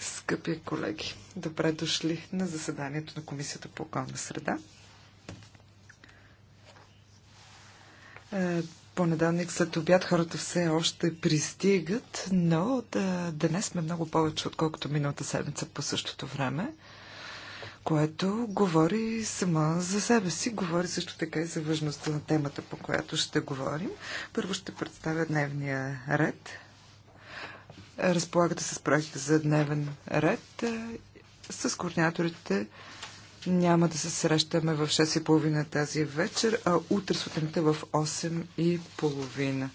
Скъпи колеги, добре дошли на заседанието на Комисията по околна среда. Е, понеделник след обяд хората все още пристигат, но да, днес сме много повече, отколкото миналата седмица по същото време което говори сама за себе си, говори също така и за важността на темата, по която ще говорим. Първо ще представя дневния ред. Разполагате с проекта за дневен ред. С координаторите няма да се срещаме в 6.30 тази вечер, а утре сутринта в 8.30.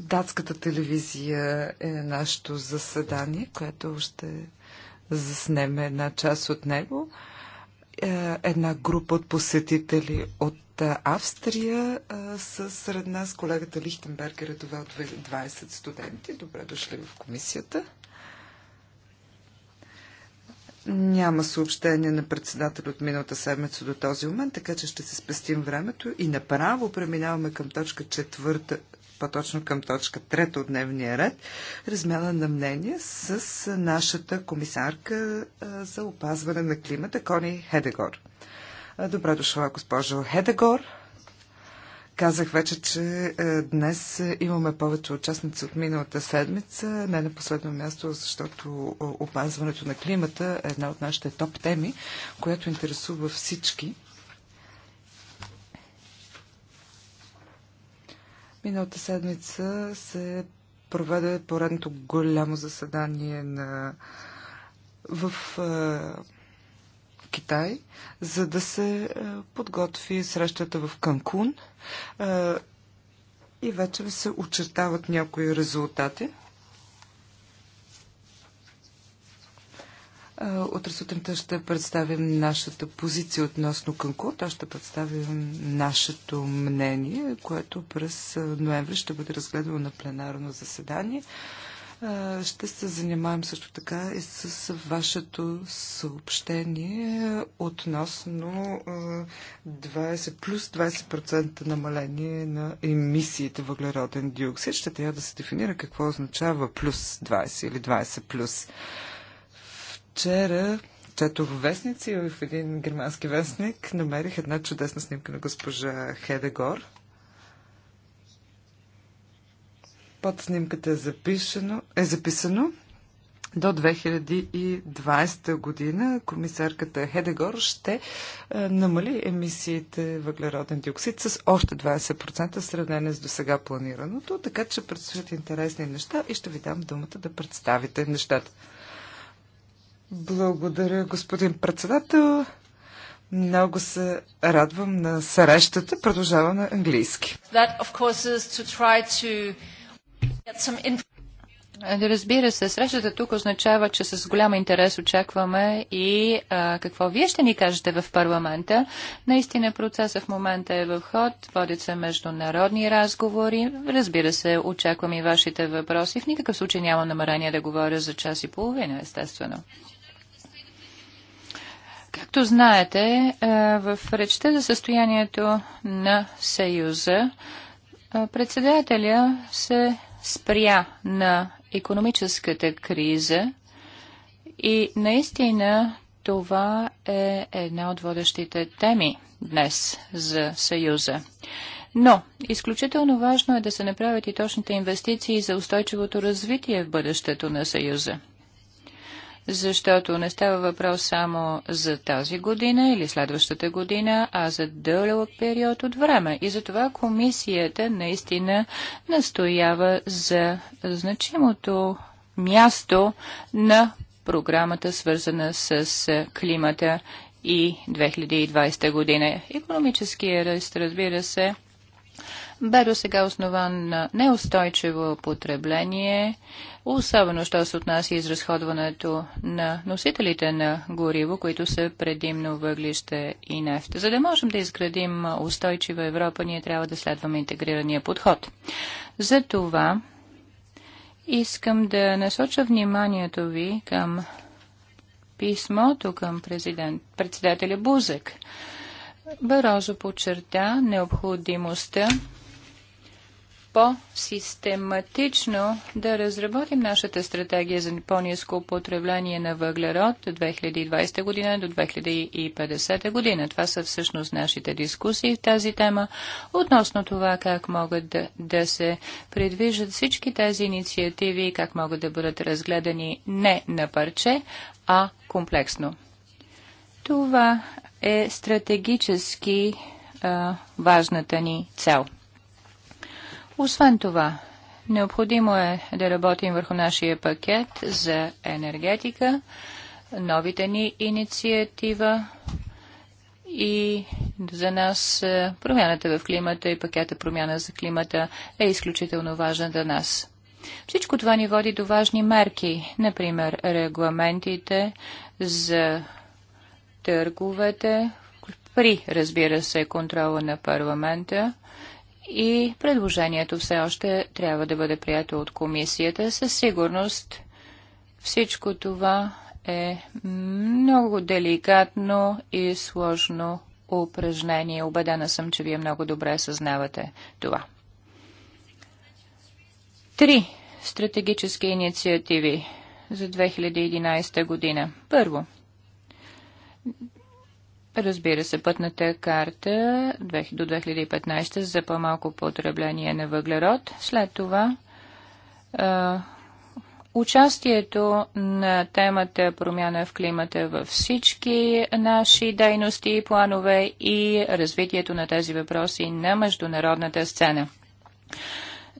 Датската телевизия е нашето заседание, което ще заснеме една част от него. Е, една група от посетители от е, Австрия е, са сред нас. Колегата Лихтенбергер е това от 20 студенти. Добре дошли в комисията. Няма съобщение на председател от миналата седмица до този момент, така че ще се спестим времето и направо преминаваме към точка четвърта по-точно към точка трета от дневния ред, размяна на мнение с нашата комисарка за опазване на климата Кони Хедегор. Добре дошла, госпожо Хедегор. Казах вече, че днес имаме повече участници от миналата седмица, не на последно място, защото опазването на климата е една от нашите топ теми, която интересува всички. Миналата седмица се проведе поредното голямо заседание на... в е, Китай, за да се е, подготви срещата в Канкун. Е, и вече се очертават някои резултати. Утре сутринта ще представим нашата позиция относно Канкур. Той ще представим нашето мнение, което през ноември ще бъде разгледано на пленарно заседание. Ще се занимаем също така и с вашето съобщение относно 20 плюс 20% намаление на емисиите въглероден диоксид. Ще трябва да се дефинира какво означава плюс 20 или 20 плюс. Вчера четох вестници и в един германски вестник намерих една чудесна снимка на госпожа Хедегор. Под снимката е записано, е записано до 2020 година комисарката Хедегор ще е, намали емисиите въглероден диоксид с още 20% в сравнение с досега планираното, така че предстоят интересни неща и ще ви дам думата да представите нещата. Благодаря, господин председател. Много се радвам на срещата. Продължавам на английски. Разбира се, срещата тук означава, че с голям интерес очакваме и а, какво вие ще ни кажете в парламента. Наистина процесът в момента е в ход, водят се международни разговори. Разбира се, очаквам и вашите въпроси. В никакъв случай нямам намерение да говоря за час и половина, естествено. Както знаете, е, в речта за състоянието на Съюза е, председателя се спря на економическата криза и наистина това е една от водещите теми днес за Съюза. Но изключително важно е да се направят и точните инвестиции за устойчивото развитие в бъдещето на Съюза защото не става въпрос само за тази година или следващата година, а за дълъг период от време. И затова комисията наистина настоява за значимото място на програмата, свързана с климата и 2020 година. Економическия ръст, разбира се, бе до сега основан на неустойчиво потребление, особено що се отнася изразходването на носителите на гориво, които са предимно въглище и нефт. За да можем да изградим устойчива Европа, ние трябва да следваме интегрирания подход. За това искам да насоча вниманието ви към писмото към президент, председателя Бузек. Барозо подчерта необходимостта по-систематично да разработим нашата стратегия за по-низко употребление на въглерод 2020 година до 2050 година. Това са всъщност нашите дискусии в тази тема относно това как могат да, да се предвижат всички тези инициативи и как могат да бъдат разгледани не на парче, а комплексно. Това е стратегически а, важната ни цел. Освен това, необходимо е да работим върху нашия пакет за енергетика, новите ни инициатива и за нас е, промяната в климата и пакета промяна за климата е изключително важна за нас. Всичко това ни води до важни мерки, например регламентите за търговете, при, разбира се, контрола на парламента и предложението все още трябва да бъде прието от комисията. Със сигурност всичко това е много деликатно и сложно упражнение. Обедена съм, че вие много добре съзнавате това. Три стратегически инициативи за 2011 година. Първо, Разбира се, пътната карта до 2015 за по-малко потребление на въглерод. След това а, участието на темата промяна в климата във всички наши дейности и планове и развитието на тези въпроси на международната сцена.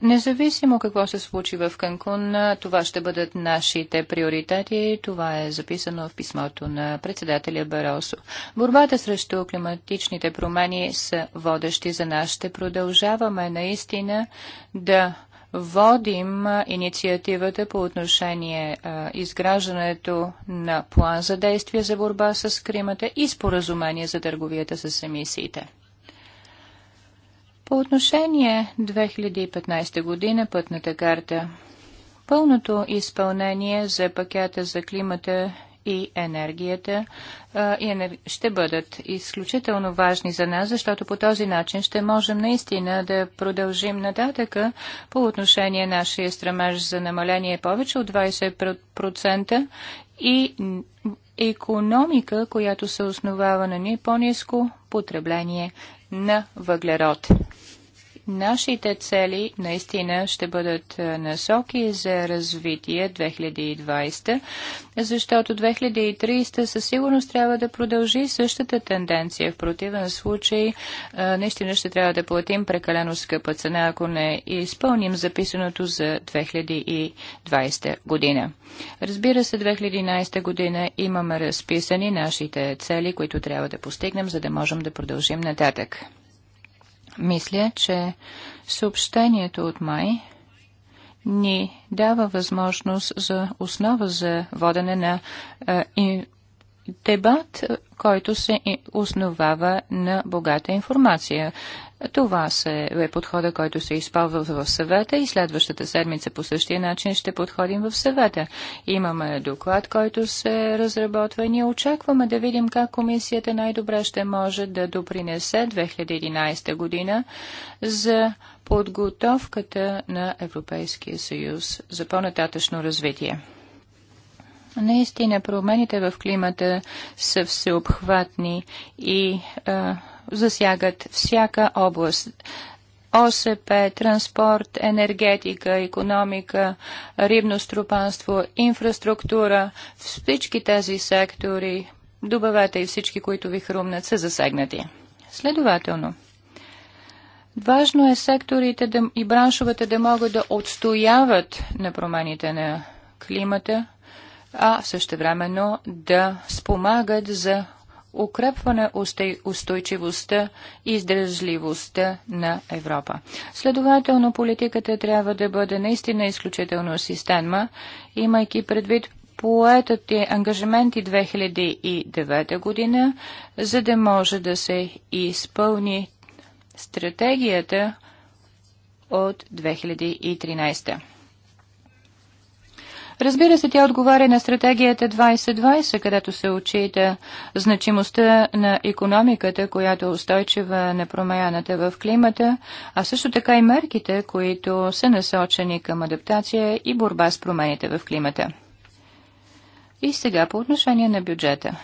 Независимо какво се случи в Канкун, това ще бъдат нашите приоритети. Това е записано в писмото на председателя Баросо. Борбата срещу климатичните промени са водещи за нас. Ще продължаваме наистина да водим инициативата по отношение а, изграждането на план за действие за борба с кримата и споразумение за търговията с емисиите. По отношение 2015 година пътната карта. Пълното изпълнение за пакета за климата и енергията ще бъдат изключително важни за нас, защото по този начин ще можем наистина да продължим нататъка по отношение нашия стремеж за намаление повече от 20% и економика, която се основава на ни по-низко потребление на въглерод. Нашите цели наистина ще бъдат е, насоки за развитие 2020, защото 2030 със сигурност трябва да продължи същата тенденция. В противен случай е, наистина ще трябва да платим прекалено скъпа цена, ако не изпълним записаното за 2020 година. Разбира се, 2011 година имаме разписани нашите цели, които трябва да постигнем, за да можем да продължим нататък. Мисля, че съобщението от май ни дава възможност за основа за водене на а, и дебат, който се основава на богата информация. Това се е подхода, който се използва в съвета и следващата седмица по същия начин ще подходим в съвета. Имаме доклад, който се разработва и ние очакваме да видим как комисията най-добре ще може да допринесе 2011 година за подготовката на Европейския съюз за по-нататъчно развитие. Наистина промените в климата са всеобхватни и а, засягат всяка област. ОСП, транспорт, енергетика, економика, рибно струпанство, инфраструктура, всички тези сектори, добавете и всички, които ви хрумнат, са засегнати. Следователно, важно е секторите да, и браншовете да могат да отстояват на промените на климата, а също времено да спомагат за укрепване устойчивостта и издръжливостта на Европа. Следователно, политиката трябва да бъде наистина изключително система, имайки предвид поетът е ангажименти 2009 година, за да може да се изпълни стратегията от 2013. Разбира се, тя отговаря на стратегията 2020, където се очита значимостта на економиката, която е устойчива на промяната в климата, а също така и мерките, които са насочени към адаптация и борба с промените в климата. И сега по отношение на бюджета.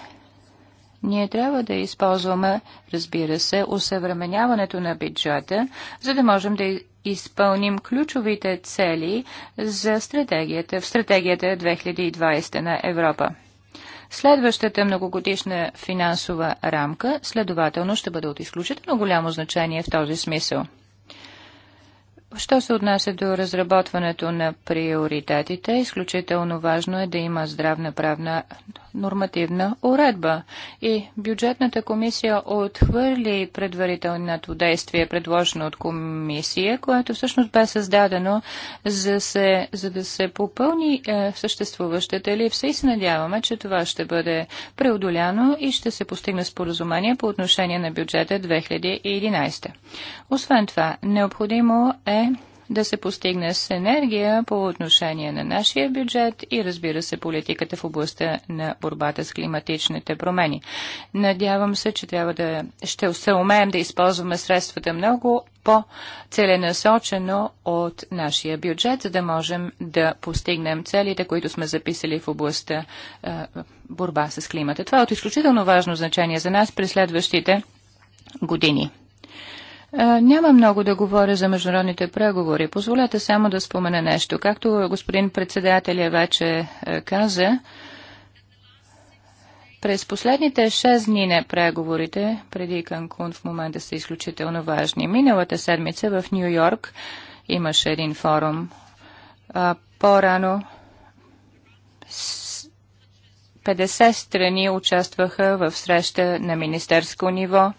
Ние трябва да използваме, разбира се, усъвременяването на бюджета, за да можем да изпълним ключовите цели за стратегията, в стратегията 2020 на Европа. Следващата многогодишна финансова рамка следователно ще бъде от изключително голямо значение в този смисъл. Що се отнася до разработването на приоритетите, изключително важно е да има здравна правна нормативна уредба. И бюджетната комисия отхвърли предварителното действие, предложено от комисия, което всъщност бе създадено за, се, за да се попълни е, съществуващата липса и се надяваме, че това ще бъде преодоляно и ще се постигне споразумение по отношение на бюджета 2011. Освен това, необходимо е да се постигне с енергия по отношение на нашия бюджет и разбира се политиката в областта на борбата с климатичните промени. Надявам се, че трябва да ще се умеем да използваме средствата много по-целенасочено от нашия бюджет, за да можем да постигнем целите, които сме записали в областта е, борба с климата. Това е от изключително важно значение за нас през следващите години. Няма много да говоря за международните преговори. Позволете само да спомена нещо. Както господин председателя вече е, каза, през последните 6 дни на преговорите, преди Канкун в момента са изключително важни. Миналата седмица в Нью Йорк имаше един форум. По-рано 50 страни участваха в среща на министерско ниво.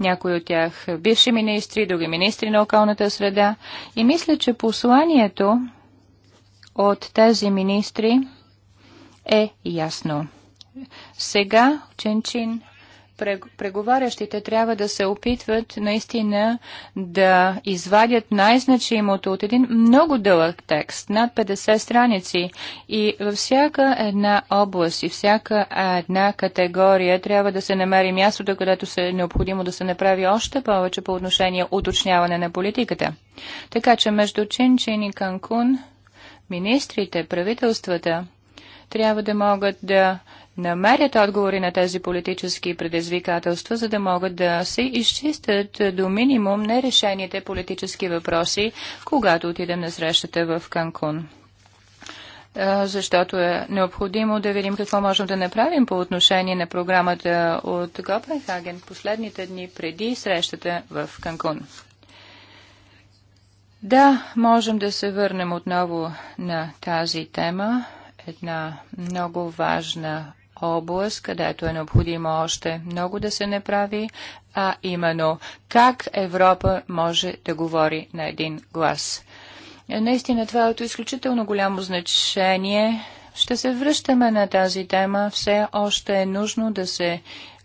Някои от тях бивши министри, други министри на околната среда. И мисля, че посланието от тези министри е ясно. Сега Ченчин преговарящите трябва да се опитват наистина да извадят най-значимото от един много дълъг текст, над 50 страници. И във всяка една област и всяка една категория трябва да се намери мястото, където се е необходимо да се направи още повече по отношение уточняване на политиката. Така че между Чинчин и Канкун, министрите, правителствата трябва да могат да намерят отговори на тези политически предизвикателства, за да могат да се изчистят е, до минимум нерешените политически въпроси, когато отидем на срещата в Канкун е, защото е необходимо да видим какво можем да направим по отношение на програмата от Копенхаген последните дни преди срещата в Канкун. Да, можем да се върнем отново на тази тема. Една много важна област, където е необходимо още много да се направи, а именно как Европа може да говори на един глас. Наистина това е от изключително голямо значение. Ще се връщаме на тази тема. Все още е нужно да се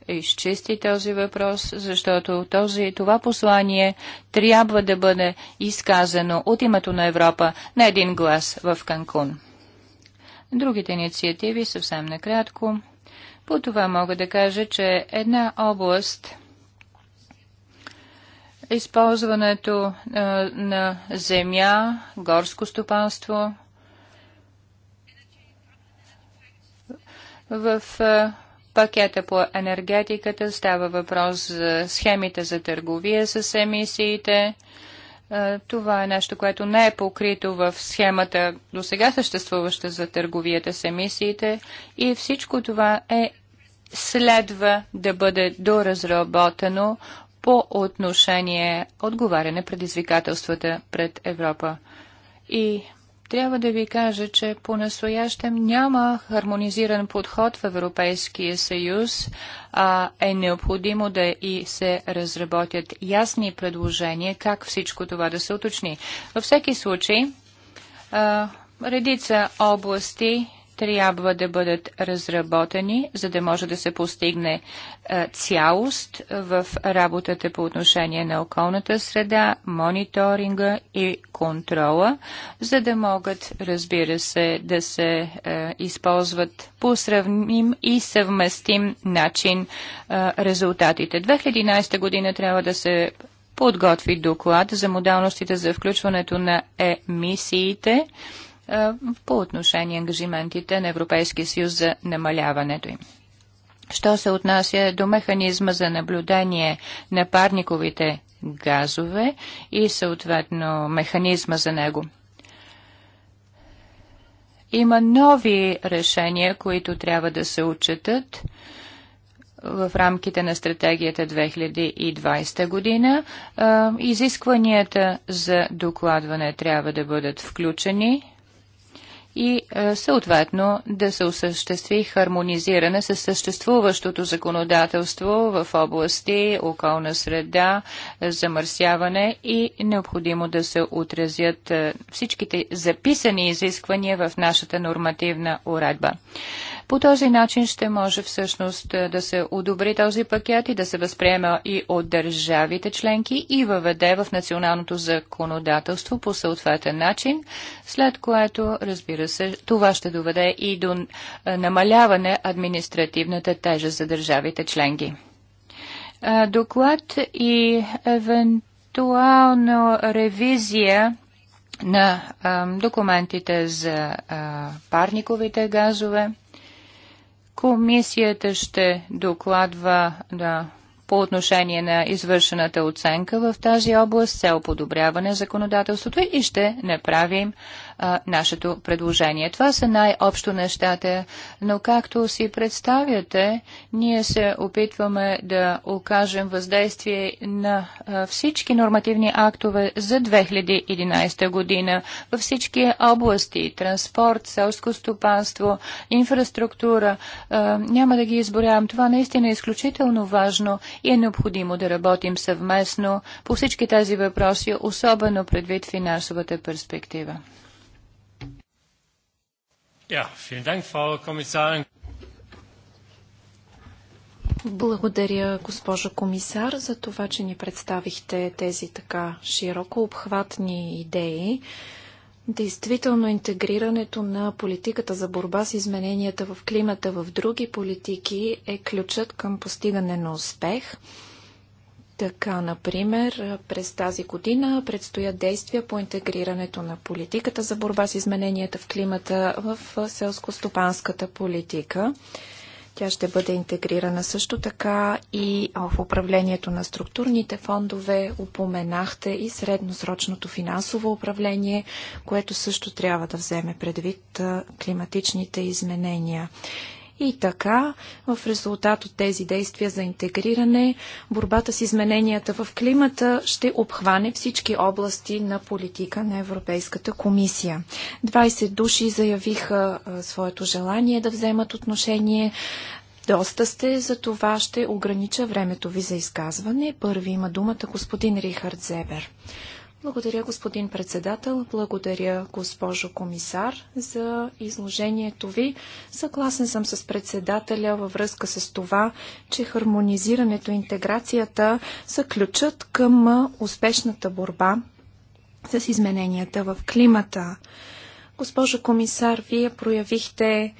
изчисти този въпрос, защото този, това послание трябва да бъде изказано от името на Европа на един глас в Канкун другите инициативи съвсем накратко. По това мога да кажа, че една област използването на земя, горско стопанство в пакета по енергетиката става въпрос за схемите за търговия с емисиите, е, това е нещо, което не е покрито в схемата до сега съществуваща за търговията с емисиите и всичко това е следва да бъде доразработено по отношение отговаряне предизвикателствата пред Европа. И трябва да ви кажа, че по-настоящем няма хармонизиран подход в Европейския съюз, а е необходимо да и се разработят ясни предложения как всичко това да се уточни. Във всеки случай, а, редица области трябва да бъдат разработени, за да може да се постигне е, цялост в работата по отношение на околната среда, мониторинга и контрола, за да могат, разбира се, да се е, използват по сравним и съвместим начин е, резултатите. 2011 година трябва да се подготви доклад за модалностите за включването на емисиите по отношение ангажиментите на Европейския съюз за намаляването им. Що се отнася до механизма за наблюдение на парниковите газове и съответно механизма за него. Има нови решения, които трябва да се отчетат в рамките на стратегията 2020 година. Изискванията за докладване трябва да бъдат включени и е, съответно да се осъществи хармонизиране с съществуващото законодателство в области околна среда, замърсяване и необходимо да се отразят е, всичките записани изисквания в нашата нормативна уредба. По този начин ще може всъщност е, да се одобри този пакет и да се възприема и от държавите членки и въведе в националното законодателство по съответен начин, след което, разбира се, това ще доведе и до е, намаляване административната тежест за държавите членки. Е, доклад и евентуално ревизия на а, документите за а, парниковите газове. Комисията ще докладва да, по отношение на извършената оценка в тази област цел подобряване законодателството и ще направим а, нашето предложение. Това са най-общо нещата, но както си представяте, ние се опитваме да окажем въздействие на а, всички нормативни актове за 2011 година във всички области транспорт, селско стопанство, инфраструктура. А, няма да ги изборявам. Това наистина е изключително важно и е необходимо да работим съвместно по всички тези въпроси, особено предвид финансовата перспектива. Dank, Frau Благодаря, госпожа комисар, за това, че ни представихте тези така широко обхватни идеи. Действително интегрирането на политиката за борба с измененията в климата в други политики е ключът към постигане на успех – така, например, през тази година предстоят действия по интегрирането на политиката за борба с измененията в климата в селско-стопанската политика. Тя ще бъде интегрирана също така и в управлението на структурните фондове. Упоменахте и средносрочното финансово управление, което също трябва да вземе предвид климатичните изменения. И така, в резултат от тези действия за интегриране, борбата с измененията в климата ще обхване всички области на политика на Европейската комисия. 20 души заявиха своето желание да вземат отношение. Доста сте, за това ще огранича времето ви за изказване. Първи има думата господин Рихард Зебер. Благодаря, господин председател. Благодаря, госпожо комисар, за изложението ви. Съгласен съм с председателя във връзка с това, че хармонизирането и интеграцията са ключът към успешната борба с измененията в климата. Госпожо комисар, вие проявихте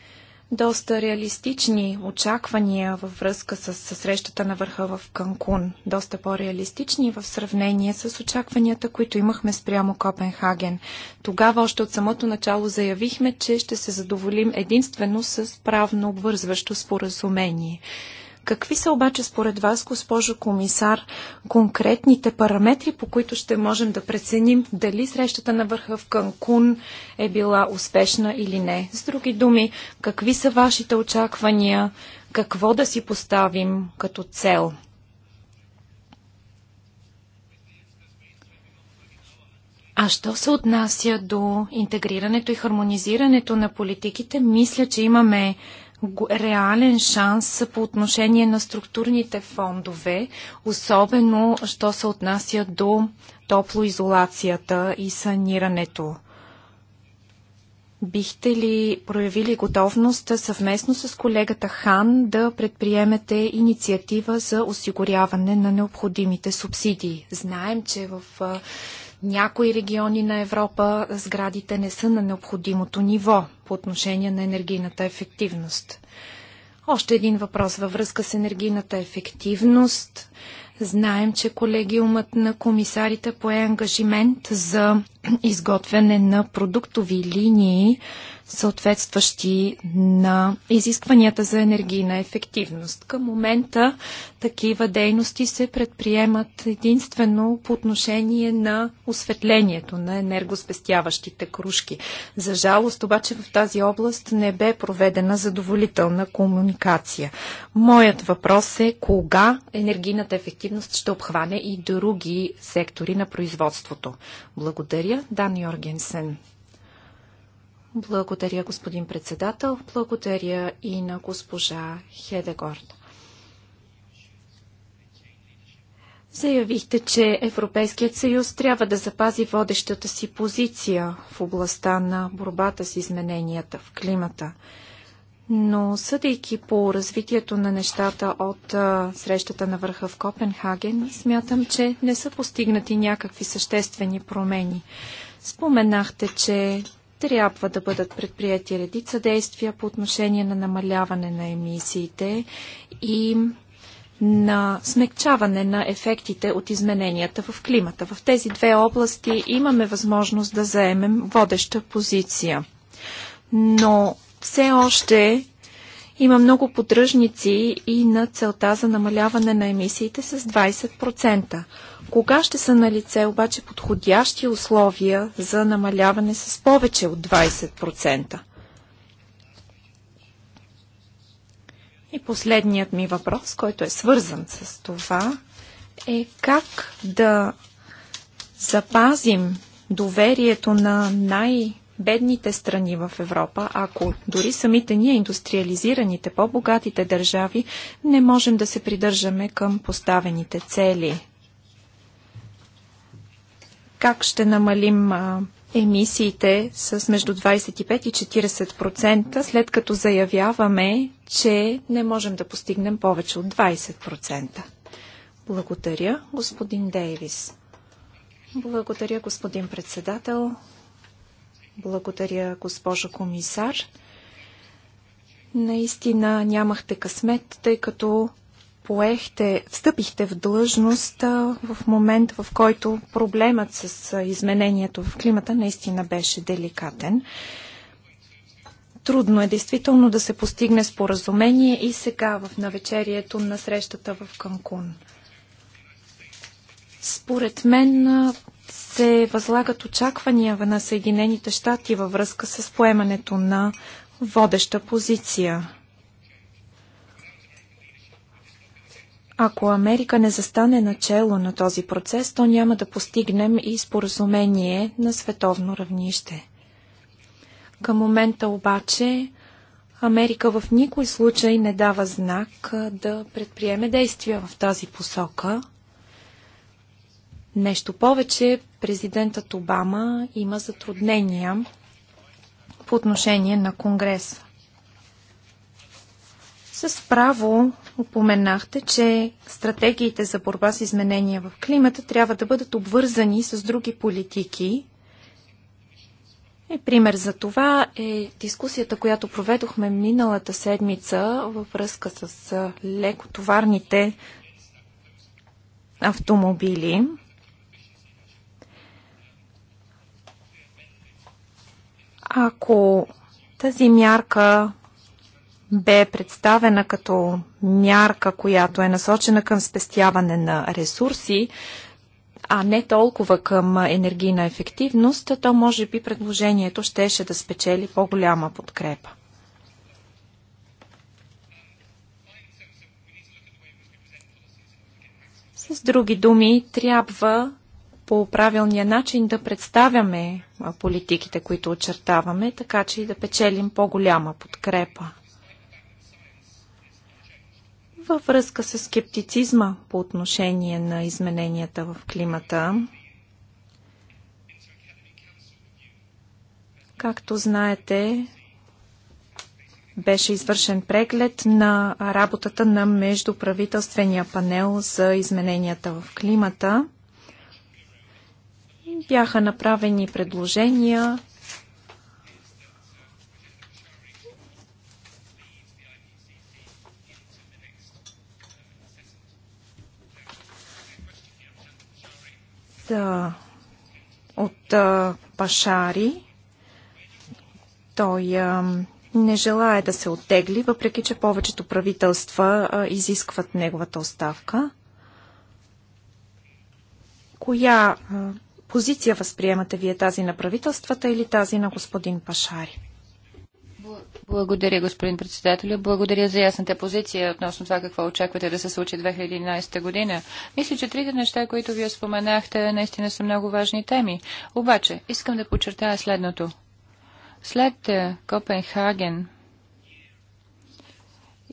доста реалистични очаквания във връзка с, срещата на върха в Канкун. Доста по-реалистични в сравнение с очакванията, които имахме спрямо Копенхаген. Тогава още от самото начало заявихме, че ще се задоволим единствено с правно обвързващо споразумение. Какви са обаче според вас, госпожо комисар, конкретните параметри, по които ще можем да преценим дали срещата на върха в Канкун е била успешна или не? С други думи, какви са вашите очаквания? Какво да си поставим като цел? А що се отнася до интегрирането и хармонизирането на политиките, мисля, че имаме реален шанс по отношение на структурните фондове, особено що се отнася до топлоизолацията и санирането. Бихте ли проявили готовност съвместно с колегата Хан да предприемете инициатива за осигуряване на необходимите субсидии? Знаем, че в някои региони на Европа сградите не са на необходимото ниво по отношение на енергийната ефективност. Още един въпрос във връзка с енергийната ефективност. Знаем, че колегиумът на комисарите пое ангажимент за изготвяне на продуктови линии съответстващи на изискванията за енергийна ефективност. Към момента такива дейности се предприемат единствено по отношение на осветлението на енергоспестяващите кружки. За жалост обаче в тази област не бе проведена задоволителна комуникация. Моят въпрос е кога енергийната ефективност ще обхване и други сектори на производството. Благодаря, Дан Йоргенсен. Благодаря, господин председател. Благодаря и на госпожа Хедегорд. Заявихте, че Европейският съюз трябва да запази водещата си позиция в областта на борбата с измененията в климата. Но съдейки по развитието на нещата от а, срещата на върха в Копенхаген, смятам, че не са постигнати някакви съществени промени. Споменахте, че трябва да бъдат предприяти редица действия по отношение на намаляване на емисиите и на смягчаване на ефектите от измененията в климата. В тези две области имаме възможност да заемем водеща позиция. Но все още има много поддръжници и на целта за намаляване на емисиите с 20%. Кога ще са на лице обаче подходящи условия за намаляване с повече от 20%? И последният ми въпрос, който е свързан с това, е как да запазим доверието на най- бедните страни в Европа, ако дори самите ние, индустриализираните, по-богатите държави, не можем да се придържаме към поставените цели. Как ще намалим а, емисиите с между 25 и 40%, след като заявяваме, че не можем да постигнем повече от 20%? Благодаря, господин Дейвис. Благодаря, господин председател. Благодаря, госпожо комисар. Наистина нямахте късмет, тъй като поехте, встъпихте в длъжност в момент, в който проблемът с изменението в климата наистина беше деликатен. Трудно е действително да се постигне споразумение и сега в навечерието на срещата в Канкун. Според мен се възлагат очаквания на Съединените щати във връзка с поемането на водеща позиция. Ако Америка не застане начало на този процес, то няма да постигнем и споразумение на световно равнище. Към момента обаче Америка в никой случай не дава знак да предприеме действия в тази посока – Нещо повече, президентът Обама има затруднения по отношение на Конгрес. С право упоменахте, че стратегиите за борба с изменения в климата трябва да бъдат обвързани с други политики. И е, пример за това е дискусията, която проведохме миналата седмица във връзка с лекотоварните автомобили. Ако тази мярка бе представена като мярка, която е насочена към спестяване на ресурси, а не толкова към енергийна ефективност, то може би предложението щеше да спечели по-голяма подкрепа. С други думи, трябва по правилния начин да представяме политиките, които очертаваме, така че и да печелим по-голяма подкрепа. Във връзка с скептицизма по отношение на измененията в климата, както знаете, беше извършен преглед на работата на междуправителствения панел за измененията в климата. Бяха направени предложения от Пашари. Той не желая да се оттегли, въпреки че повечето правителства изискват неговата оставка. Коя позиция възприемате вие тази на правителствата или тази на господин Пашари? Благодаря, господин председател. Благодаря за ясната позиция относно това какво очаквате да се случи 2011 година. Мисля, че трите неща, които вие споменахте, наистина са много важни теми. Обаче, искам да подчертая следното. След е, Копенхаген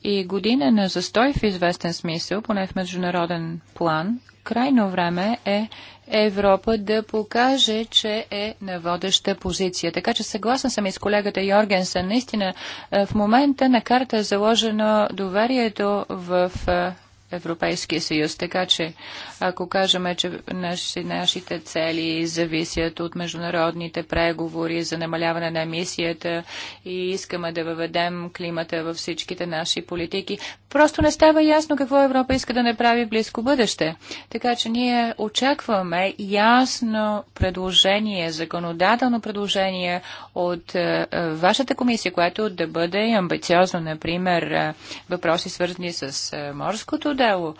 и година на застой в известен смисъл, поне в международен план, крайно време е Европа да покаже, че е на водеща позиция. Така че съгласна съм и с колегата Йоргенсен. Наистина, е, в момента на карта е заложено доверието в е, Европейския съюз. Така че, ако кажем, че наши, нашите цели зависят от международните преговори за намаляване на емисията и искаме да въведем климата във всичките наши политики, Просто не става ясно какво Европа иска да направи в близко бъдеще. Така че ние очакваме ясно предложение, законодателно предложение от е, вашата комисия, което да бъде амбициозно, например, е, въпроси свързани с е, морското дело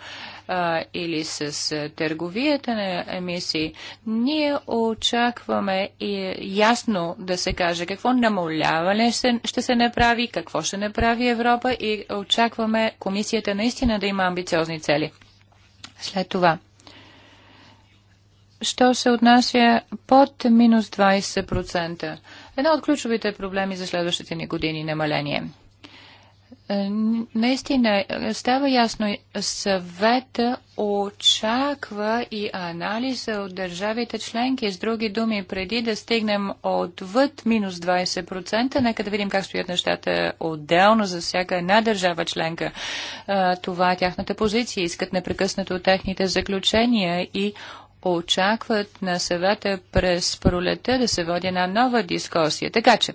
а, или с търговията на емисии, ние очакваме и е, ясно да се каже какво намоляване ще се направи, какво ще направи Европа и очакваме комисията наистина да има амбициозни цели. След това що се отнася под минус 20%. Една от ключовите проблеми за следващите ни години е намаление – е, наистина е, става ясно, съвета очаква и анализа от държавите членки. С други думи, преди да стигнем отвъд минус 20%, нека да видим как стоят нещата отделно за всяка една държава членка. Е, това е тяхната позиция. Искат непрекъснато техните заключения и очакват на съвета през пролета да се води една нова дискусия. Така че,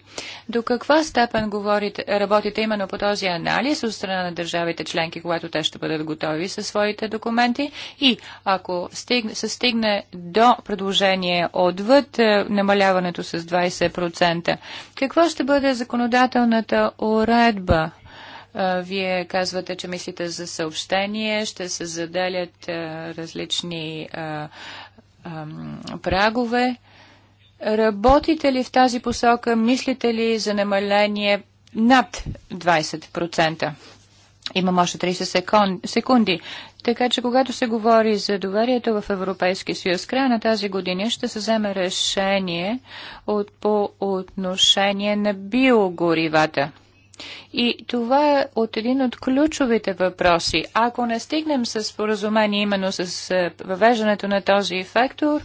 до каква степен говорите, работите именно по този анализ от страна на държавите членки, когато те ще бъдат готови със своите документи и ако стиг, се стигне до предложение отвъд е, намаляването с 20%, каква ще бъде законодателната уредба? Вие казвате, че мислите за съобщение, ще се заделят различни прагове. Работите ли в тази посока? Мислите ли за намаление над 20%? Имам още 30 секунди. Така че, когато се говори за доверието в Европейския съюз, края на тази година ще се вземе решение от, по отношение на биогоривата. И това е от един от ключовите въпроси. Ако не стигнем с споразумение именно с е, въвеждането на този фактор,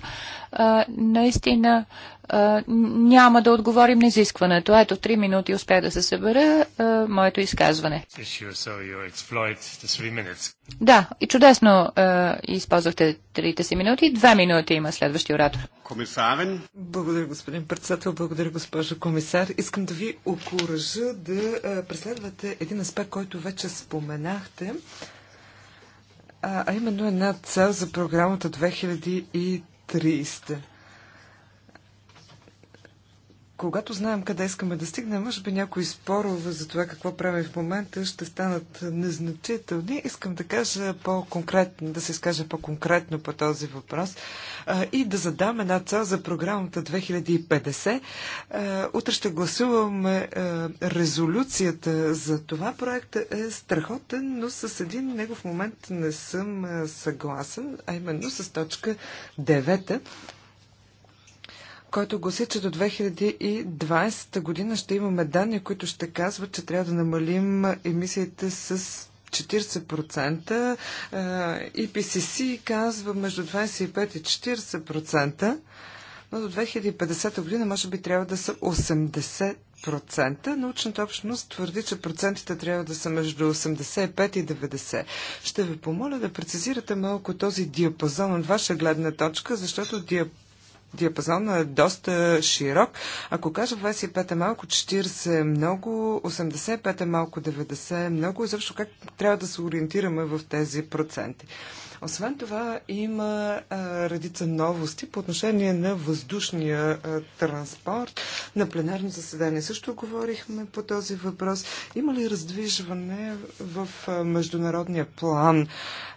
наистина няма да отговорим на изискването. Ето, три минути успя да се събера а, моето изказване. Да, и чудесно а, използвахте трите си минути. Две минути има следващия оратор. Комисарен. Благодаря, господин председател. Благодаря, госпожо комисар. Искам да ви окоръжа да преследвате един аспект, който вече споменахте, а именно една цел за програмата 2030 когато знаем къде искаме да стигнем, може би някои спорове за това какво правим в момента ще станат незначителни. Искам да кажа по-конкретно, да се изкажа по-конкретно по този въпрос а, и да задам една цел за програмата 2050. А, утре ще гласуваме а, резолюцията за това. Проектът е страхотен, но с един него в момент не съм съгласен, а именно с точка 9 който гласи, че до 2020 година ще имаме данни, които ще казват, че трябва да намалим емисиите с 40%. IPCC казва между 25 и 40%, но до 2050 година може би трябва да са 80 процента. Научната общност твърди, че процентите трябва да са между 85 и 90. Ще ви помоля да прецизирате малко този диапазон от ваша гледна точка, защото диапазон диапазон е доста широк. Ако кажа 25 е малко, 40 е много, 85 е малко, 90 е много, изобщо как трябва да се ориентираме в тези проценти. Освен това, има а, редица новости по отношение на въздушния а, транспорт. На пленарно заседание също говорихме по този въпрос. Има ли раздвижване в а, международния план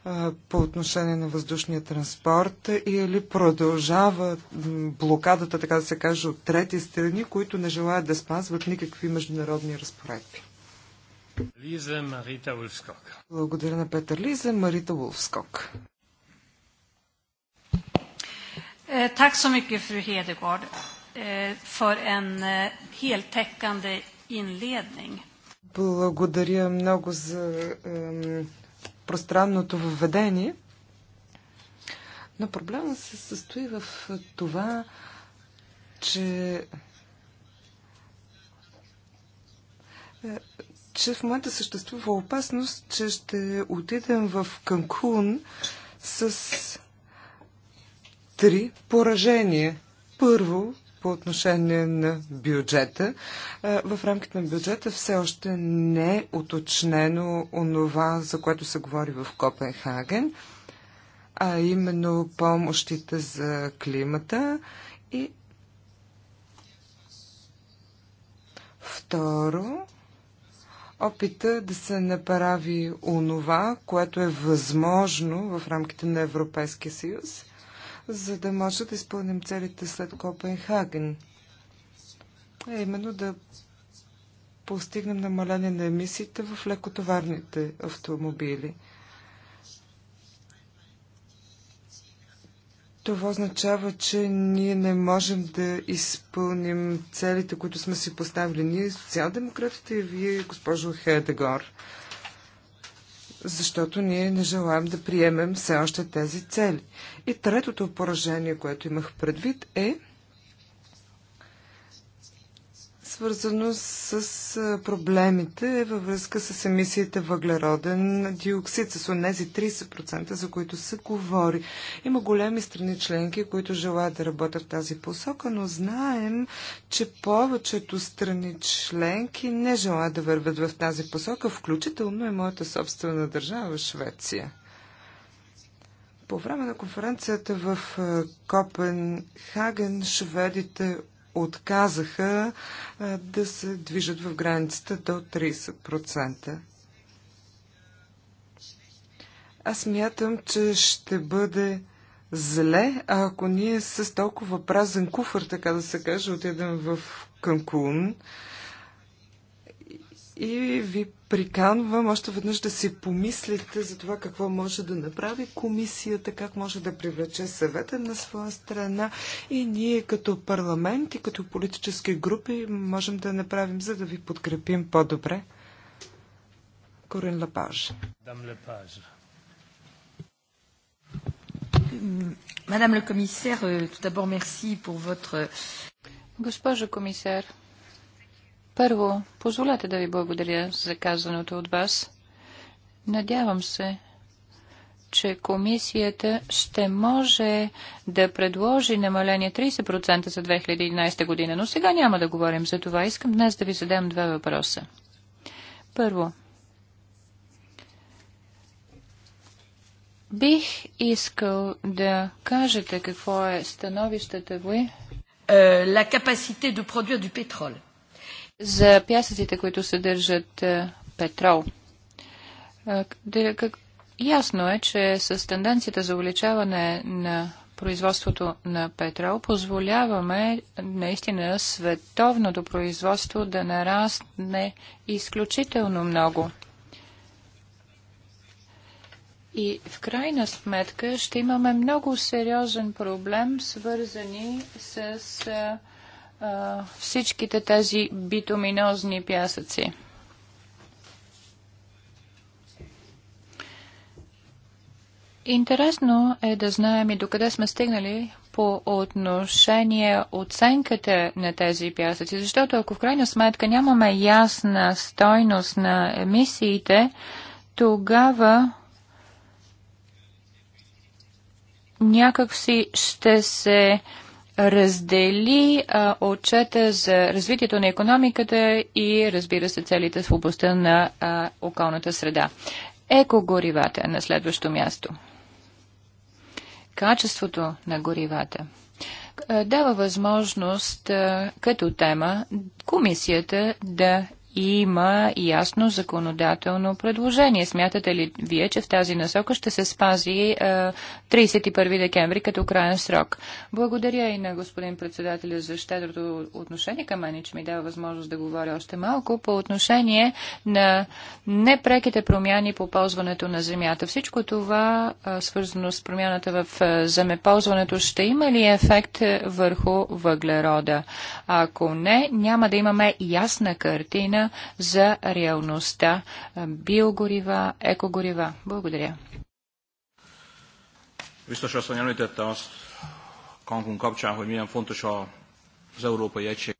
а, по отношение на въздушния транспорт или е продължава блокадата, така да се каже, от трети страни, които не желаят да спазват никакви международни разпоредби? Лиза Марита Улфскок. Благодаря на Петър Лиза. Марита Улфскок. Е, так så mycket, fru Hedegård, е, för en е, heltäckande inledning. Благодаря много за е, пространното въведение. Но проблема се състои в това, че че в момента съществува опасност, че ще отидем в Канкун с три поражения. Първо, по отношение на бюджета. В рамките на бюджета все още не е уточнено онова, за което се говори в Копенхаген, а именно помощите за климата и второ, опита да се направи онова, което е възможно в рамките на Европейския съюз, за да може да изпълним целите след Копенхаген. А именно да постигнем намаление на емисиите в лекотоварните автомобили – Това означава, че ние не можем да изпълним целите, които сме си поставили ние, социал-демократите и вие, госпожо Хедегор. Защото ние не желаем да приемем все още тези цели. И третото поражение, което имах предвид е, свързано с проблемите във връзка с емисиите въглероден диоксид, с онези 30%, за които се говори. Има големи страни членки, които желаят да работят в тази посока, но знаем, че повечето страни членки не желаят да вървят в тази посока, включително и моята собствена държава Швеция. По време на конференцията в Копенхаген шведите отказаха да се движат в границата до 30%. Аз мятам, че ще бъде зле, ако ние с толкова празен куфър, така да се каже, отидем в Канкун и ви приканвам още веднъж да си помислите за това какво може да направи комисията, как може да привлече съвета на своя страна и ние като парламент и като политически групи можем да направим, за да ви подкрепим по-добре. Корен Лапаж. Мадам ле комисар, euh, tout d'abord merci pour Госпожо комисар, първо, позволете да ви благодаря за казаното от вас. Надявам се, че комисията ще може да предложи намаление 30% за 2011 година, но сега няма да говорим за това. Искам днес да ви задам два въпроса. Първо, бих искал да кажете какво е становището ви. Е, la capacité de produire du pétrole за пясъците, които съдържат е, петрол. Е, ясно е, че с тенденцията за увеличаване на производството на петрол позволяваме наистина световното производство да нарасне изключително много. И в крайна сметка ще имаме много сериозен проблем, свързани с е, а, всичките тези битуминозни пясъци. Интересно е да знаем и докъде сме стигнали по отношение оценката на тези пясъци, защото ако в крайна сметка нямаме ясна стойност на емисиите, тогава някакси ще се раздели а, отчета за развитието на економиката и разбира се целите в областта на а, околната среда. Екогоривата на следващо място. Качеството на горивата дава възможност като тема комисията да има ясно законодателно предложение. Смятате ли вие, че в тази насока ще се спази 31 е, декември като крайен срок? Благодаря и на господин председателя за щедрото отношение към мен, че ми дава възможност да говоря още малко по отношение на непреките промяни по ползването на земята. Всичко това, е, свързано с промяната в е, земеползването, ще има ли ефект върху въглерода? Ако не, няма да имаме ясна картина за реалността биогорива, екогорива. Благодаря. Biztos asszony említette azt kapcsán, hogy milyen fontos az Európai Egység.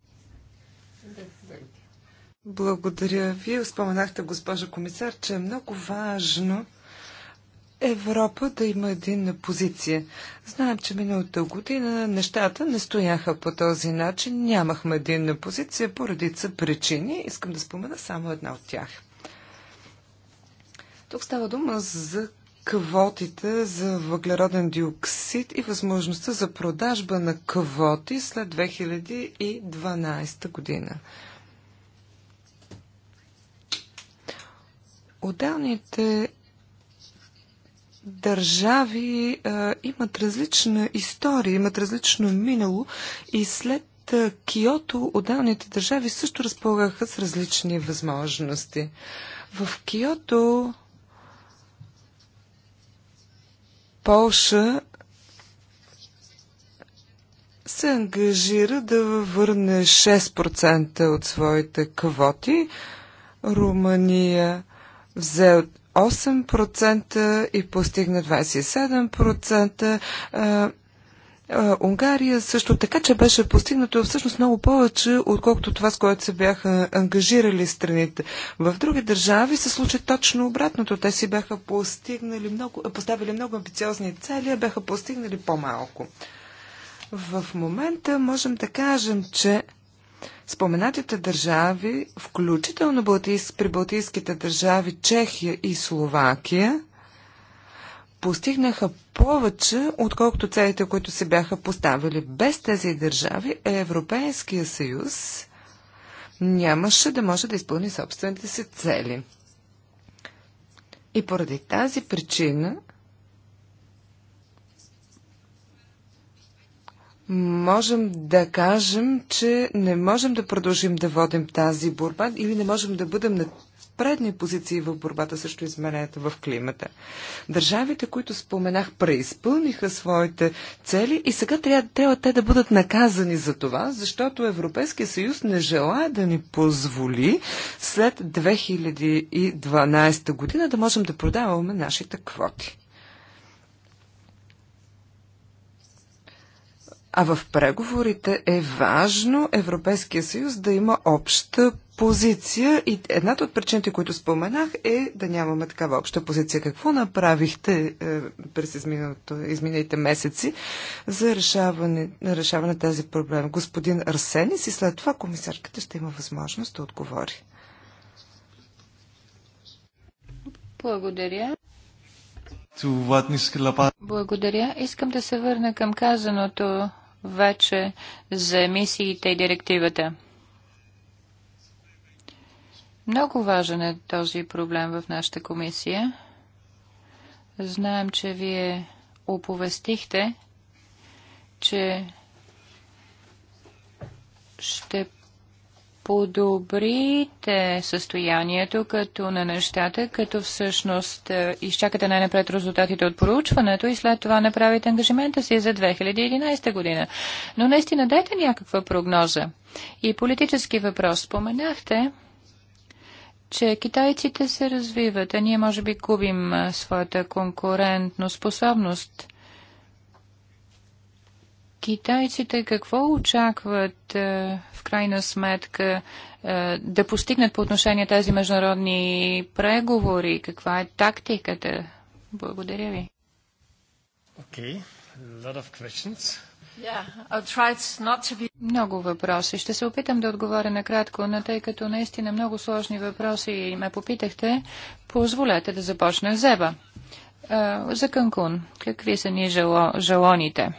Благодаря ви. Споменахте, госпожо комисар, че е много важно Европа да има единна позиция. Знаем, че миналата година нещата не стояха по този начин. Нямахме единна позиция по редица причини. Искам да спомена само една от тях. Тук става дума за квотите за въглероден диоксид и възможността за продажба на квоти след 2012 година. Отделните държави а, имат различна история, имат различно минало и след Киото отделните държави също разполагаха с различни възможности. В Киото Полша се ангажира да върне 6% от своите квоти. Румъния взе 8% и постигна 27%. А, Унгария също така, че беше постигнато всъщност много повече, отколкото това, с което се бяха ангажирали страните. В други държави се случи точно обратното. Те си бяха постигнали много, поставили много амбициозни цели, а бяха постигнали по-малко. В момента можем да кажем, че споменатите държави, включително при балтийските държави Чехия и Словакия, постигнаха повече, отколкото целите, които се бяха поставили. Без тези държави Европейския съюз нямаше да може да изпълни собствените си цели. И поради тази причина можем да кажем, че не можем да продължим да водим тази борба или не можем да бъдем на предни позиции в борбата срещу изменението в климата. Държавите, които споменах, преизпълниха своите цели и сега трябва, трябва те да бъдат наказани за това, защото Европейския съюз не желая да ни позволи след 2012 година да можем да продаваме нашите квоти. А в преговорите е важно Европейския съюз да има обща позиция и едната от причините, които споменах, е да нямаме такава обща позиция. Какво направихте е, през изминалите месеци за решаване, решаване на тази проблем? Господин Арсенис и след това комисарката ще има възможност да отговори. Благодаря. Благодаря. Искам да се върна към казаното вече за емисиите и директивата. Много важен е този проблем в нашата комисия. Знаем, че вие оповестихте, че ще подобрите състоянието като на нещата, като всъщност е, изчакате най-напред резултатите от проучването и след това направите ангажимента си за 2011 година. Но наистина дайте някаква прогноза. И политически въпрос споменахте, че китайците се развиват, а ние може би губим своята конкурентно способност – китайците какво очакват е, в крайна сметка е, да постигнат по отношение тези международни преговори? Каква е тактиката? Благодаря ви. Okay. Yeah, be... Много въпроси. Ще се опитам да отговоря накратко, но тъй като наистина много сложни въпроси ме попитахте, позволете да започна с Зеба. Е, за Канкун, какви са ни жало... жалоните?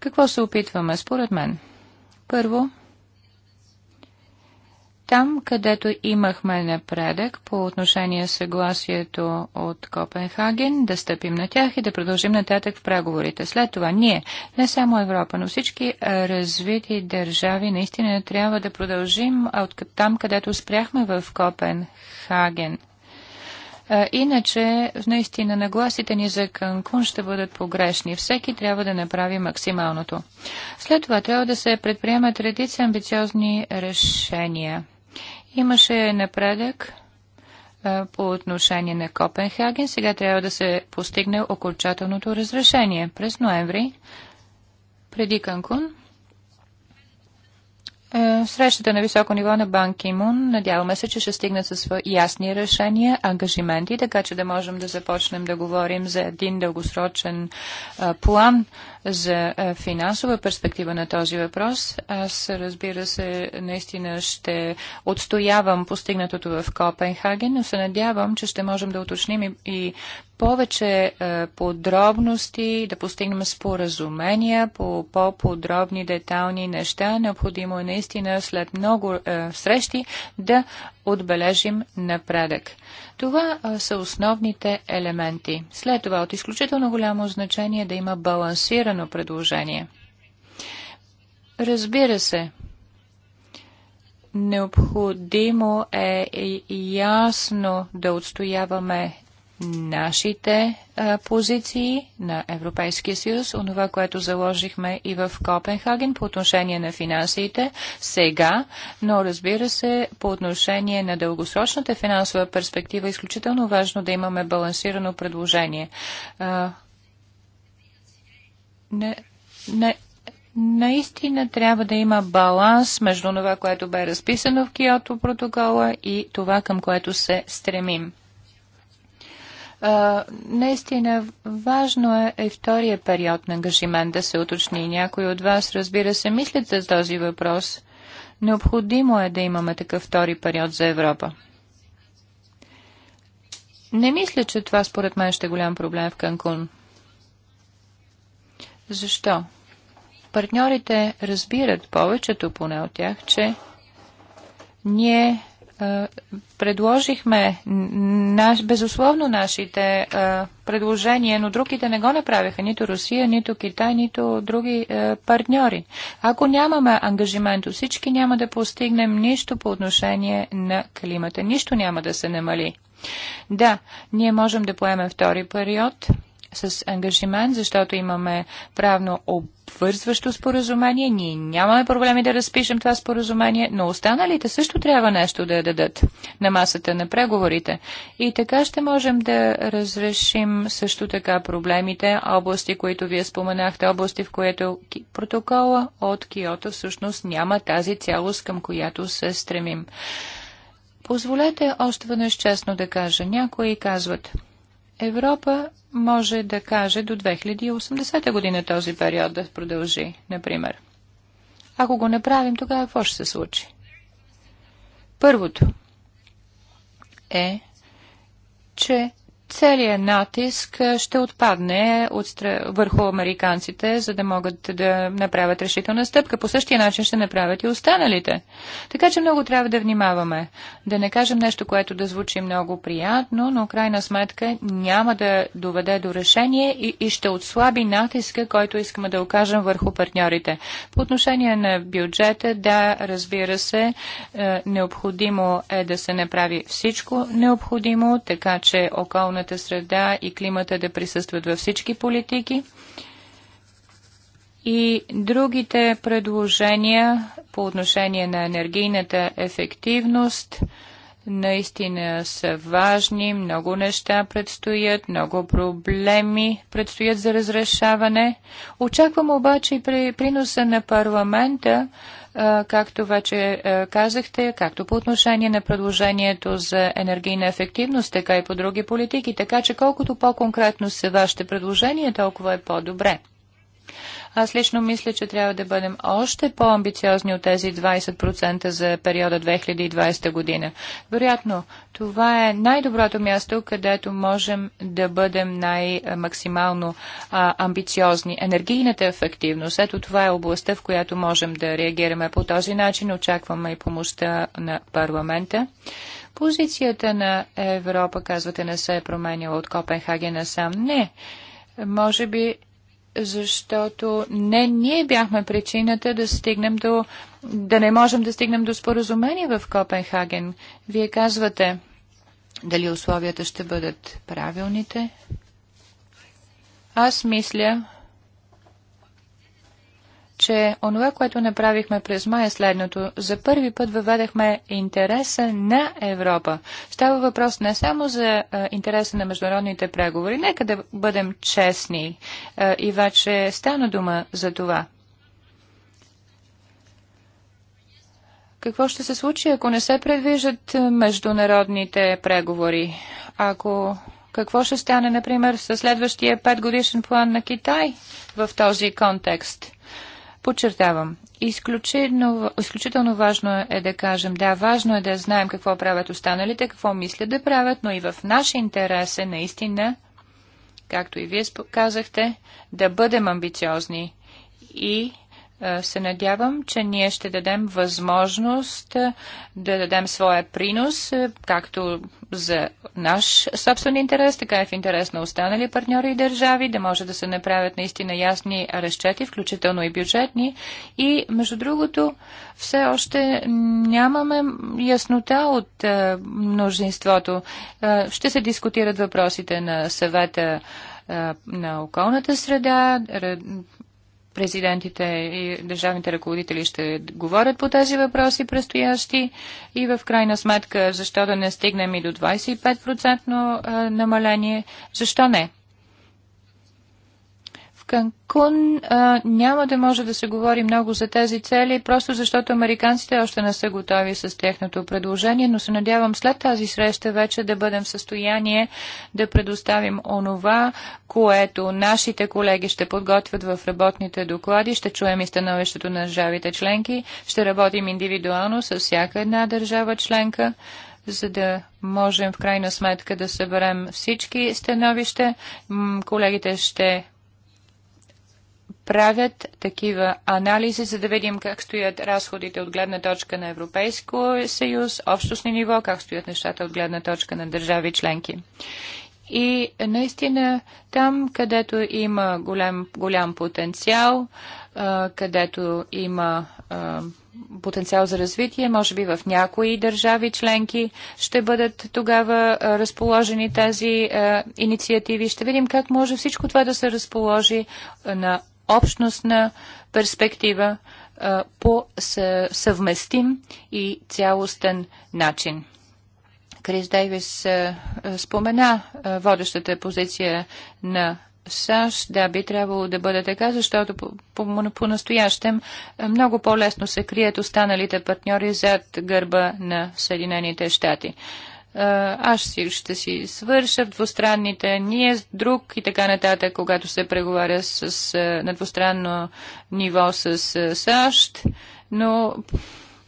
Какво се опитваме, според мен? Първо, там, където имахме напредък по отношение съгласието от Копенхаген, да стъпим на тях и да продължим нататък в преговорите. След това ние, не само Европа, но всички развити държави, наистина трябва да продължим от там, където спряхме в Копенхаген – Иначе, наистина, нагласите ни за Канкун ще бъдат погрешни. Всеки трябва да направи максималното. След това трябва да се предприемат редица амбициозни решения. Имаше напредък по отношение на Копенхаген. Сега трябва да се постигне окончателното разрешение през ноември преди Канкун. Е, срещата е на високо ниво на Банки Мун. надяваме се, че ще стигнат с ясни решения, ангажименти, така че да можем да започнем да говорим за един дългосрочен план за финансова перспектива на този въпрос. Аз, разбира се, наистина ще отстоявам постигнатото в Копенхаген, но се надявам, че ще можем да уточним и, повече подробности, да постигнем споразумения по по-подробни детални неща. Необходимо е наистина след много срещи да отбележим напредък. Това са основните елементи. След това от изключително голямо значение да има балансирано предложение. Разбира се, необходимо е ясно да отстояваме нашите а, позиции на Европейския съюз, онова, което заложихме и в Копенхаген по отношение на финансите сега, но разбира се, по отношение на дългосрочната финансова перспектива е изключително важно да имаме балансирано предложение. А, не, не, наистина трябва да има баланс между това, което бе разписано в Киото протокола и това, към което се стремим наистина важно е, и втория период на ангажимент да се уточни. Някои от вас, разбира се, мислят за този въпрос. Необходимо е да имаме такъв втори период за Европа. Не мисля, че това според мен ще е голям проблем в Канкун. Защо? Партньорите разбират, повечето поне от тях, че ние е, предложихме наш, безусловно нашите а, е, предложения, но другите не го направиха. Нито Русия, нито Китай, нито други а, е, партньори. Ако нямаме ангажимент всички, няма да постигнем нищо по отношение на климата. Нищо няма да се намали. Да, ние можем да поемем втори период с ангажимент, защото имаме правно об обвързващо споразумение. Ние нямаме проблеми да разпишем това споразумение, но останалите също трябва нещо да дадат на масата на преговорите. И така ще можем да разрешим също така проблемите, области, които вие споменахте, области, в които протокола от Киото всъщност няма тази цялост, към която се стремим. Позволете още веднъж честно да кажа. Някои казват, Европа може да каже до 2080 година този период да продължи, например. Ако го направим, тогава какво ще се случи? Първото е, че целият натиск ще отпадне от стра... върху американците, за да могат да направят решителна стъпка. По същия начин ще направят и останалите. Така че много трябва да внимаваме. Да не кажем нещо, което да звучи много приятно, но крайна сметка няма да доведе до решение и, и ще отслаби натиска, който искаме да окажем върху партньорите. По отношение на бюджета, да, разбира се, е, необходимо е да се направи всичко необходимо, така че околна околната среда и климата да присъстват във всички политики. И другите предложения по отношение на енергийната ефективност наистина са важни. Много неща предстоят, много проблеми предстоят за разрешаване. Очаквам обаче и при приноса на парламента както вече казахте, както по отношение на предложението за енергийна ефективност, така и по други политики. Така че колкото по-конкретно са вашите предложения, толкова е по-добре. Аз лично мисля, че трябва да бъдем още по-амбициозни от тези 20% за периода 2020 година. Вероятно, това е най-доброто място, където можем да бъдем най-максимално амбициозни. Енергийната ефективност, ето това е областта, в която можем да реагираме по този начин. Очакваме и помощта на парламента. Позицията на Европа, казвате, не се е променяла от Копенхаген насам. Не. Може би защото не ние бяхме причината да стигнем до да не можем да стигнем до споразумение в Копенхаген. Вие казвате дали условията ще бъдат правилните. Аз мисля, че онова, което направихме през май е следното. За първи път въведахме интереса на Европа. Става въпрос не само за а, е, интереса на международните преговори, нека да бъдем честни а, е, и вече стана дума за това. Какво ще се случи, ако не се предвижат международните преговори? Ако какво ще стане, например, със следващия петгодишен план на Китай в този контекст? Подчертавам, изключително, изключително важно е да кажем, да, важно е да знаем какво правят останалите, какво мислят да правят, но и в наш интерес е наистина, както и вие казахте, да бъдем амбициозни и е, се надявам, че ние ще дадем възможност е, да дадем своя принос, е, както за наш собствен интерес, така и в интерес на останали партньори и държави, да може да се направят наистина ясни разчети, включително и бюджетни. И, между другото, все още нямаме яснота от множеството. Ще се дискутират въпросите на съвета на околната среда, президентите и държавните ръководители ще говорят по тези въпроси предстоящи и в крайна сметка защо да не стигнем и до 25% намаление? Защо не? Канкун а, няма да може да се говори много за тези цели, просто защото американците още не са готови с тяхното предложение, но се надявам след тази среща вече да бъдем в състояние да предоставим онова, което нашите колеги ще подготвят в работните доклади, ще чуем и становището на държавите членки, ще работим индивидуално с всяка една държава членка за да можем в крайна сметка да съберем всички становища. Колегите ще правят такива анализи, за да видим как стоят разходите от гледна точка на Европейско съюз, общностни ниво, как стоят нещата от гледна точка на държави членки. И наистина там, където има голям, голям потенциал, където има потенциал за развитие, може би в някои държави членки ще бъдат тогава разположени тези инициативи. Ще видим как може всичко това да се разположи на общностна перспектива по съвместим и цялостен начин. Крис Дейвис спомена водещата позиция на САЩ, да, би трябвало да бъде така, защото по-настоящем по, по много по-лесно се крият останалите партньори зад гърба на Съединените щати аз си, ще си свърша в двустранните, ние с друг и така нататък, когато се преговаря с, на двустранно ниво с САЩ, но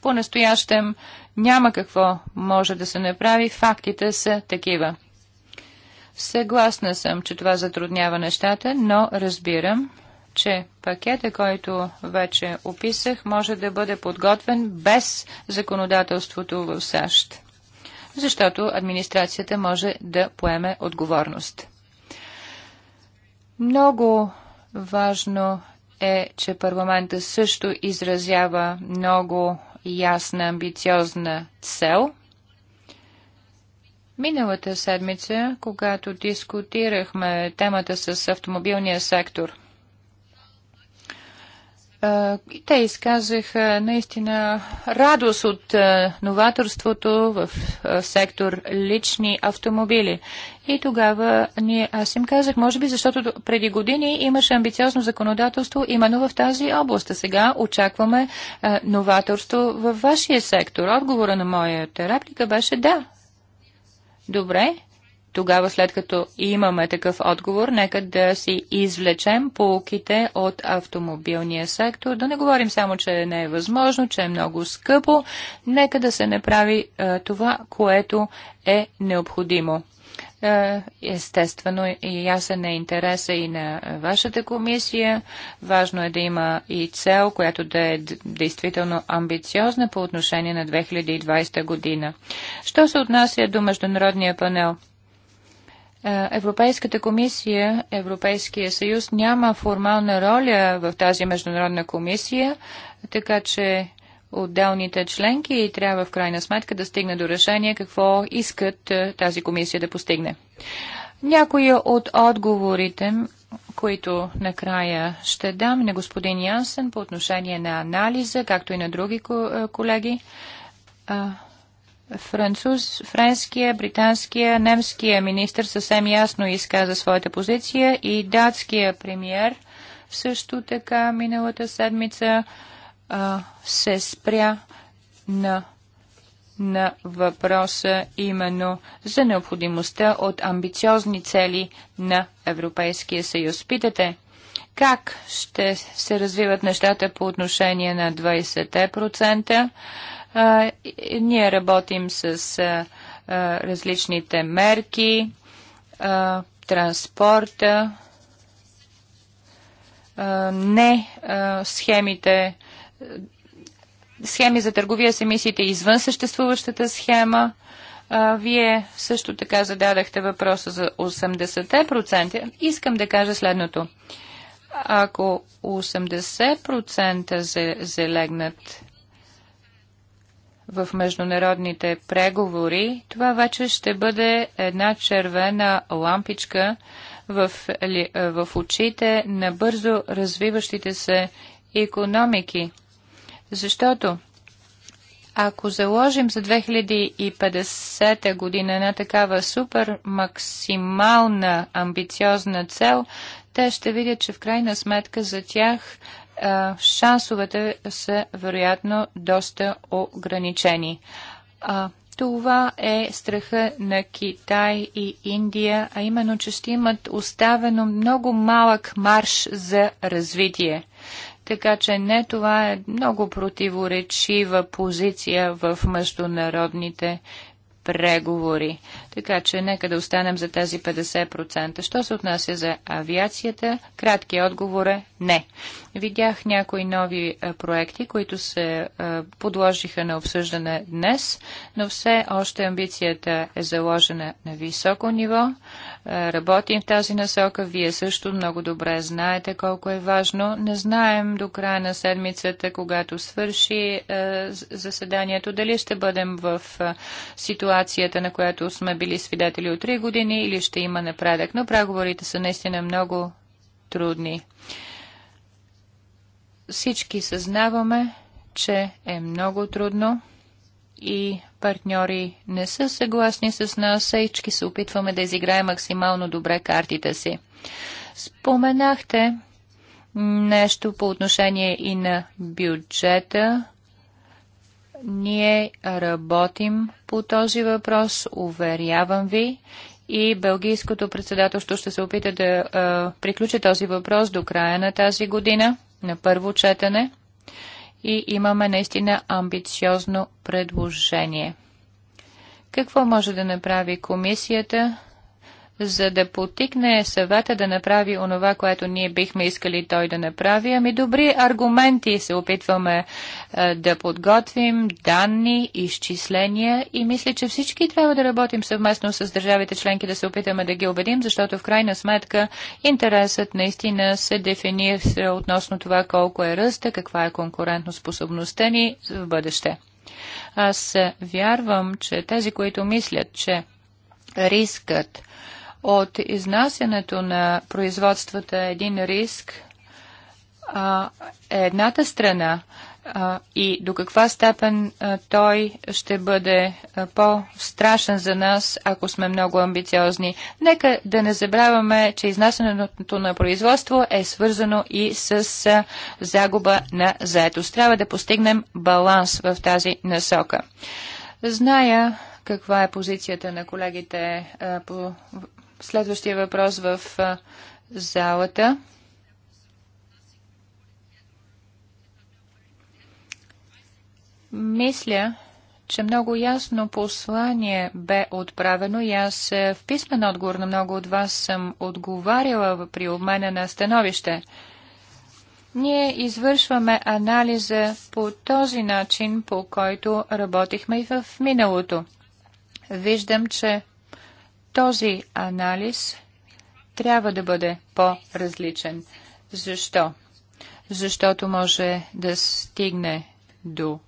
по-настоящем няма какво може да се направи, фактите са такива. Съгласна съм, че това затруднява нещата, но разбирам, че пакета, който вече описах, може да бъде подготвен без законодателството в САЩ защото администрацията може да поеме отговорност. Много важно е, че парламента също изразява много ясна, амбициозна цел. Миналата седмица, когато дискутирахме темата с автомобилния сектор – те изказаха наистина радост от новаторството в сектор лични автомобили. И тогава ние, аз им казах, може би защото преди години имаше амбициозно законодателство именно в тази област. А сега очакваме новаторство във вашия сектор. Отговора на моята реплика беше да. Добре, тогава след като имаме такъв отговор, нека да си извлечем полуките от автомобилния сектор. Да не говорим само, че не е възможно, че е много скъпо. Нека да се направи а, е, това, което е необходимо. Е, естествено и ясен е интереса и на вашата комисия. Важно е да има и цел, която да е действително амбициозна по отношение на 2020 година. Що се отнася до Международния панел? Е, Европейската комисия, Европейския съюз няма формална роля в тази международна комисия, така че отделните членки и трябва в крайна сметка да стигне до решение какво искат е, тази комисия да постигне. Някои от отговорите, които накрая ще дам на господин Янсен по отношение на анализа, както и на други е, колеги француз, френския, британския, немския министр съвсем ясно изказа своята позиция и датския премьер също така миналата седмица а, се спря на, на въпроса именно за необходимостта от амбициозни цели на Европейския съюз. Питате, как ще се развиват нещата по отношение на 20%? Ние работим с различните мерки, транспорта, не схемите, схеми за търговия с емисиите извън съществуващата схема. Вие също така зададахте въпроса за 80%. Искам да кажа следното. Ако 80% залегнат в международните преговори, това вече ще бъде една червена лампичка в, е, в очите на бързо развиващите се економики. Защото ако заложим за 2050 година една такава супер максимална амбициозна цел, те ще видят, че в крайна сметка за тях шансовете са вероятно доста ограничени. Това е страха на Китай и Индия, а именно, че ще имат оставено много малък марш за развитие. Така че не това е много противоречива позиция в международните преговори. Така че нека да останем за тези 50%. Що се отнася за авиацията, краткият отговор е не. Видях някои нови проекти, които се подложиха на обсъждане днес, но все още амбицията е заложена на високо ниво. Е, работим в тази насока. Вие също много добре знаете колко е важно. Не знаем до края на седмицата, когато свърши е, заседанието, дали ще бъдем в е, ситуацията, на която сме били свидетели от 3 години или ще има напредък. Но преговорите са наистина много трудни. Всички съзнаваме, че е много трудно и партньори не са съгласни с нас, всички се опитваме да изиграем максимално добре картите си. Споменахте нещо по отношение и на бюджета. Ние работим по този въпрос, уверявам ви, и Белгийското председателство ще се опита да а, приключи този въпрос до края на тази година, на първо четене и имаме наистина амбициозно предложение. Какво може да направи комисията? за да потикне съвета да направи онова, което ние бихме искали той да направи. Ами добри аргументи се опитваме е, да подготвим, данни, изчисления и мисля, че всички трябва да работим съвместно с държавите членки, да се опитаме да ги убедим, защото в крайна сметка интересът наистина се дефинира относно това колко е ръста, каква е конкурентоспособността ни в бъдеще. Аз вярвам, че тези, които мислят, че рискът от изнасянето на производствата е един риск а, е едната страна а, и до каква степен а, той ще бъде по-страшен за нас, ако сме много амбициозни. Нека да не забравяме, че изнасянето на производство е свързано и с а, загуба на заетост. Трябва да постигнем баланс в тази насока. Зная каква е позицията на колегите а, по Следващия въпрос в залата. Мисля, че много ясно послание бе отправено и аз е, в писмен отговор на много от вас съм отговаряла при обмена на становище. Ние извършваме анализа по този начин, по който работихме и в миналото. Виждам, че този анализ трябва да бъде по-различен. Защо? Защото може да стигне до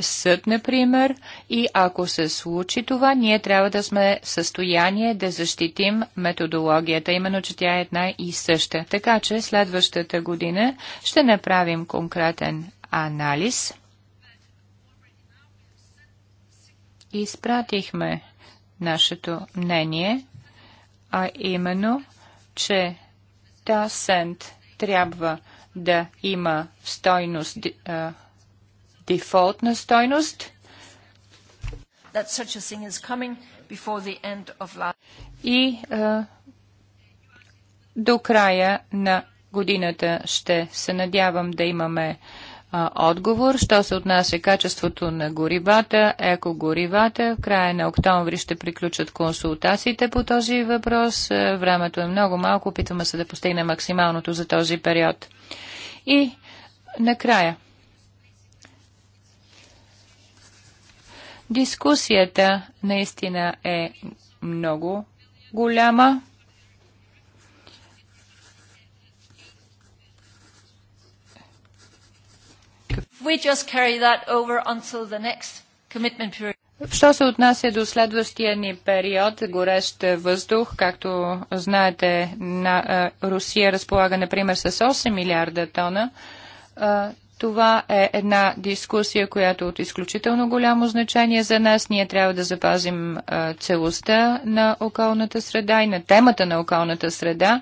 съд, например, и ако се случи това, ние трябва да сме в състояние да защитим методологията, именно, че тя е една и съща. Така че следващата година ще направим конкретен анализ. Изпратихме нашето мнение, а именно, че Тасент трябва да има стойност, дефолтна стойност. И до края на годината ще се надявам да имаме а, отговор. Що се отнася качеството на горивата, екогоривата, в края на октомври ще приключат консултациите по този въпрос. Времето е много малко, опитваме се да постигне максималното за този период. И накрая. Дискусията наистина е много голяма. Що се отнася до следващия ни период, горещ въздух, както знаете, на Русия разполага, например, с 8 милиарда тона, това е една дискусия, която е от изключително голямо значение за нас. Ние трябва да запазим целостта на околната среда и на темата на околната среда.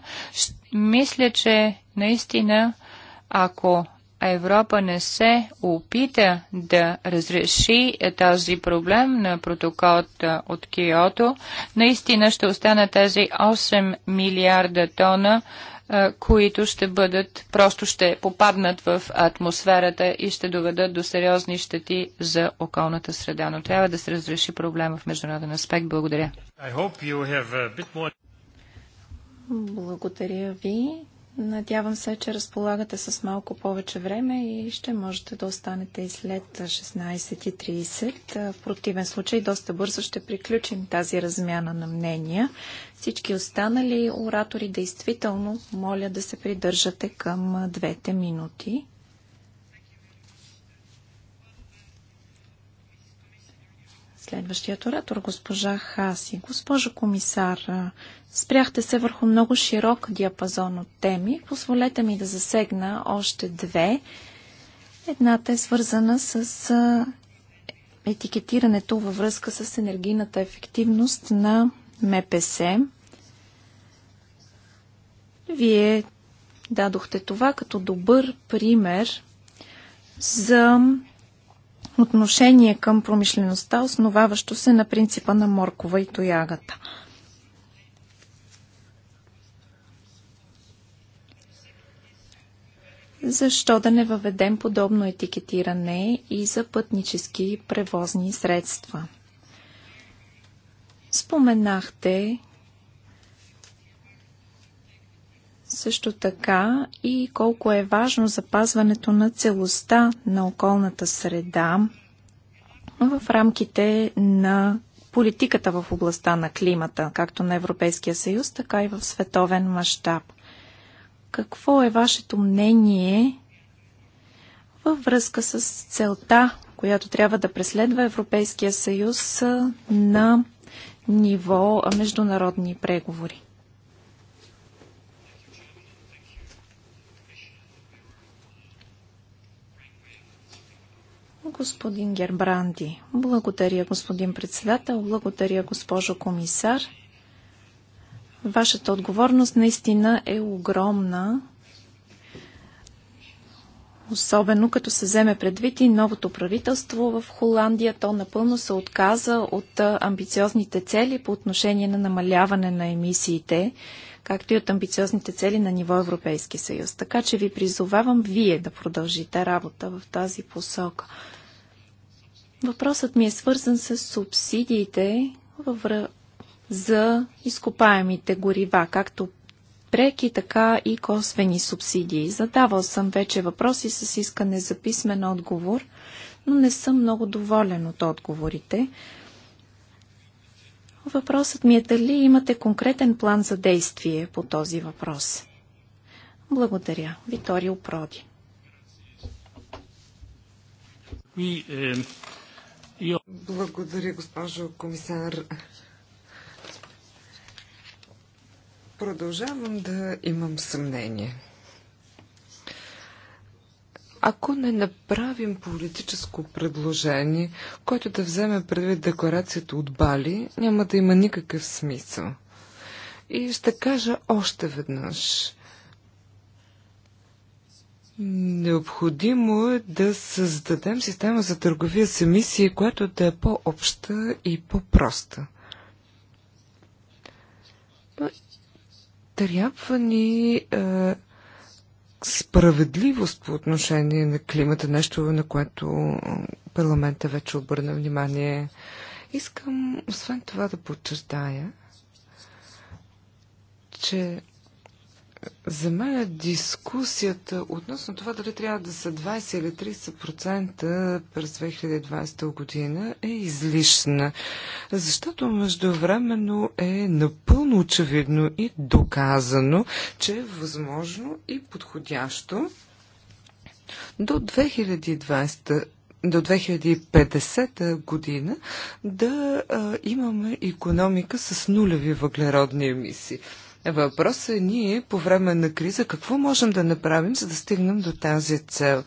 Мисля, че наистина, ако а Европа не се опита да разреши е, този проблем на протоколът е, от Киото, наистина ще остана тези 8 милиарда тона, е, които ще бъдат, просто ще попаднат в атмосферата и ще доведат до сериозни щети за околната среда. Но трябва да се разреши проблема в международен аспект. Благодаря. Благодаря ви. Надявам се, че разполагате с малко повече време и ще можете да останете и след 16.30. В противен случай доста бързо ще приключим тази размяна на мнения. Всички останали оратори действително моля да се придържате към двете минути. Следващият оратор, госпожа Хаси. Госпожо комисар, спряхте се върху много широк диапазон от теми. Позволете ми да засегна още две. Едната е свързана с етикетирането във връзка с енергийната ефективност на МПС. Вие дадохте това като добър пример за отношение към промишлеността, основаващо се на принципа на моркова и тоягата. Защо да не въведем подобно етикетиране и за пътнически превозни средства? Споменахте също така и колко е важно запазването на целостта на околната среда в рамките на политиката в областта на климата, както на Европейския съюз, така и в световен мащаб. Какво е вашето мнение във връзка с целта, която трябва да преследва Европейския съюз на ниво международни преговори? Господин Гербранди, благодаря господин председател, благодаря госпожо комисар. Вашата отговорност наистина е огромна, особено като се вземе предвид и новото правителство в Холандия. То напълно се отказа от амбициозните цели по отношение на намаляване на емисиите, както и от амбициозните цели на ниво Европейски съюз. Така че ви призовавам вие да продължите работа в тази посока. Въпросът ми е свързан с субсидиите за изкопаемите горива, както преки, така и косвени субсидии. Задавал съм вече въпроси с искане за писмен отговор, но не съм много доволен от отговорите. Въпросът ми е дали имате конкретен план за действие по този въпрос. Благодаря. Виторио Проди. Euh, благодаря, госпожо комисар. Продължавам да имам съмнение. Ако не направим политическо предложение, което да вземе предвид декларацията от Бали, няма да има никакъв смисъл. И ще кажа още веднъж. Необходимо е да създадем система за търговия с емисии, която да е по-обща и по-проста. Трябва ни е, справедливост по отношение на климата, нещо на което парламента вече обърна внимание. Искам, освен това, да подчертая, че за мен е дискусията относно това дали трябва да са 20 или 30% през 2020 година е излишна, защото междувременно е напълно очевидно и доказано, че е възможно и подходящо до 2020 до 2050 година да а, имаме економика с нулеви въглеродни емисии. Въпросът е ние по време на криза какво можем да направим, за да стигнем до тази цел.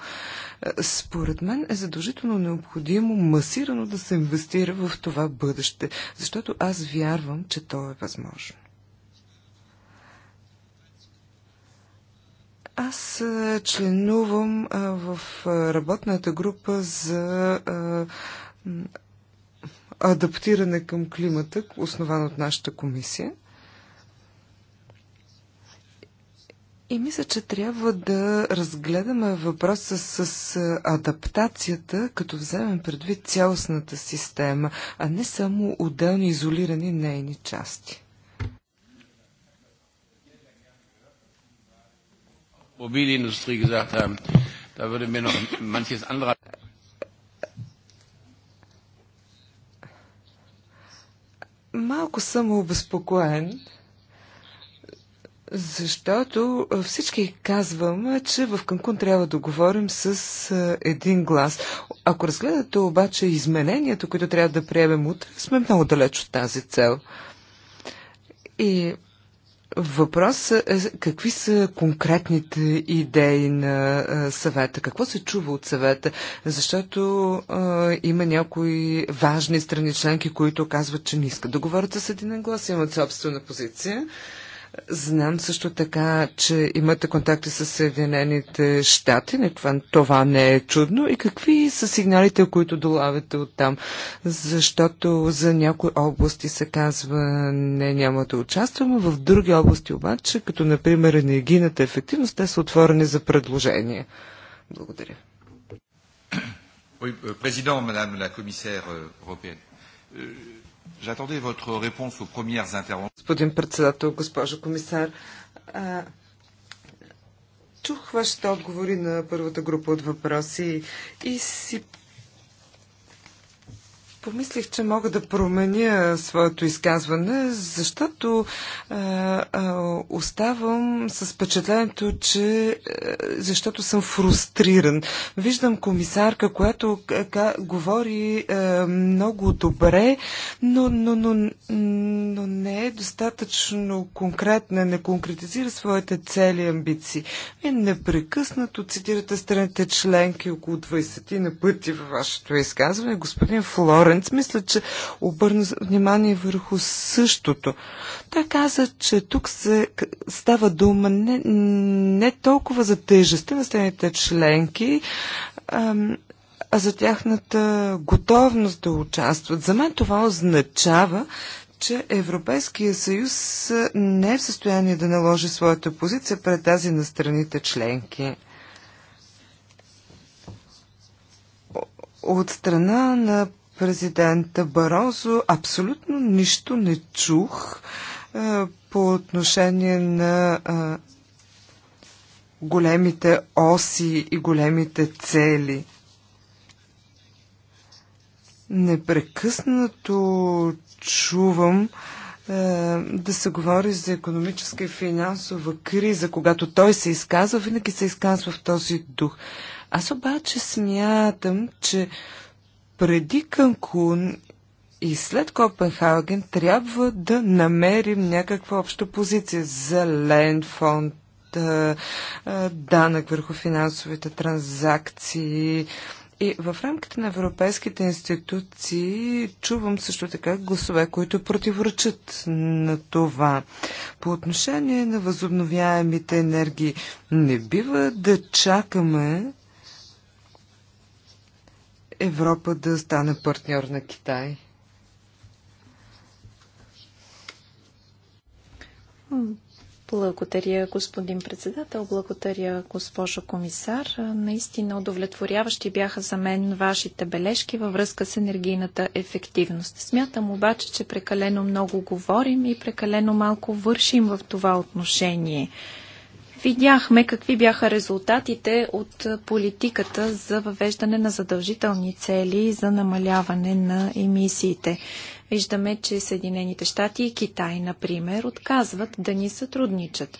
Е, според мен е задължително необходимо масирано да се инвестира в това бъдеще, защото аз вярвам, че то е възможно. Аз е, членувам е, в работната група за адаптиране към климата, основан от нашата комисия – И мисля, че трябва да разгледаме въпроса с адаптацията, като вземем предвид цялостната система, а не само отделни изолирани нейни части. Малко съм обезпокоен защото всички казваме, че в Канкун трябва да говорим с един глас. Ако разгледате обаче измененията, които трябва да приемем утре, сме много далеч от тази цел. И въпросът е какви са конкретните идеи на съвета, какво се чува от съвета, защото е, има някои важни страни членки, които казват, че не искат да говорят с един глас, имат собствена позиция. Знам също така, че имате контакти с Съединените щати. това, това не е чудно. И какви са сигналите, които долавяте от там. Защото за някои области се казва не няма да участваме, в други области обаче, като например енергийната ефективност, те са отворени за предложения. Благодаря. Президент, мадам euh, madame la commissaire euh, J'attendais votre réponse aux premières interventions. Господин председател, госпожо комисар, а, чух вашите отговори на първата група от въпроси и си Помислих, че мога да променя своето изказване, защото а, а, оставам с впечатлението, че а, е, защото съм фрустриран. Виждам комисарка, която ка, говори а, е, много добре, но, но, но, но не е достатъчно конкретна, не конкретизира своите цели и амбиции. И непрекъснато цитирате страните членки около 20 на пъти във вашето изказване. Господин Флорен Флоренц, мисля, че обърна внимание върху същото. Той каза, че тук се става дума не, не толкова за тежестта на страните членки, а за тяхната готовност да участват. За мен това означава, че Европейския съюз не е в състояние да наложи своята позиция пред тази на страните членки. От страна на президента Барозо абсолютно нищо не чух а, е, по отношение на а, е, големите оси и големите цели. Непрекъснато чувам е, да се говори за економическа и финансова криза. Когато той се изказва, винаги се изказва в този дух. Аз обаче смятам, че преди Канкун и след Копенхаген трябва да намерим някаква обща позиция. Зелен фонд, данък върху финансовите транзакции. И в рамките на европейските институции чувам също така гласове, които противоречат на това. По отношение на възобновяемите енергии, не бива да чакаме Европа да стане партньор на Китай? Благодаря, господин председател. Благодаря, госпожо комисар. Наистина удовлетворяващи бяха за мен вашите бележки във връзка с енергийната ефективност. Смятам обаче, че прекалено много говорим и прекалено малко вършим в това отношение. Видяхме какви бяха резултатите от политиката за въвеждане на задължителни цели за намаляване на емисиите. Виждаме, че Съединените щати и Китай, например, отказват да ни сътрудничат.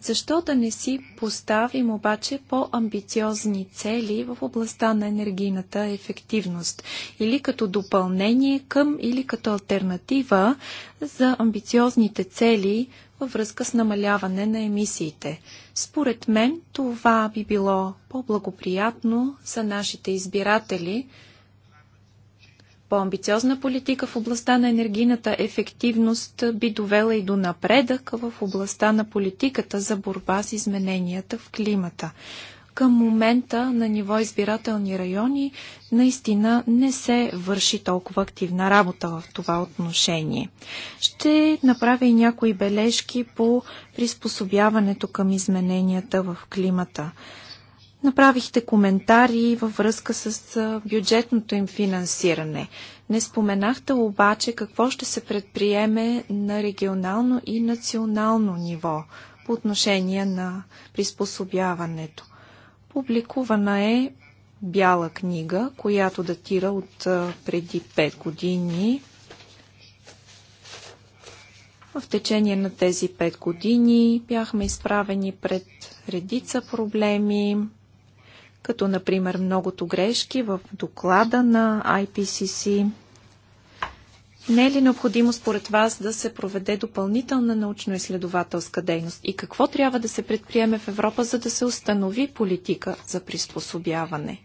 Защо да не си поставим обаче по-амбициозни цели в областта на енергийната ефективност? Или като допълнение към, или като альтернатива за амбициозните цели във връзка с намаляване на емисиите. Според мен това би било по-благоприятно за нашите избиратели. По-амбициозна политика в областта на енергийната ефективност би довела и до напредък в областта на политиката за борба с измененията в климата към момента на ниво избирателни райони наистина не се върши толкова активна работа в това отношение. Ще направя и някои бележки по приспособяването към измененията в климата. Направихте коментари във връзка с бюджетното им финансиране. Не споменахте обаче какво ще се предприеме на регионално и национално ниво по отношение на приспособяването. Публикувана е бяла книга, която датира от преди 5 години. В течение на тези 5 години бяхме изправени пред редица проблеми, като например многото грешки в доклада на IPCC – не е ли необходимо според вас да се проведе допълнителна научно-изследователска дейност? И какво трябва да се предприеме в Европа, за да се установи политика за приспособяване?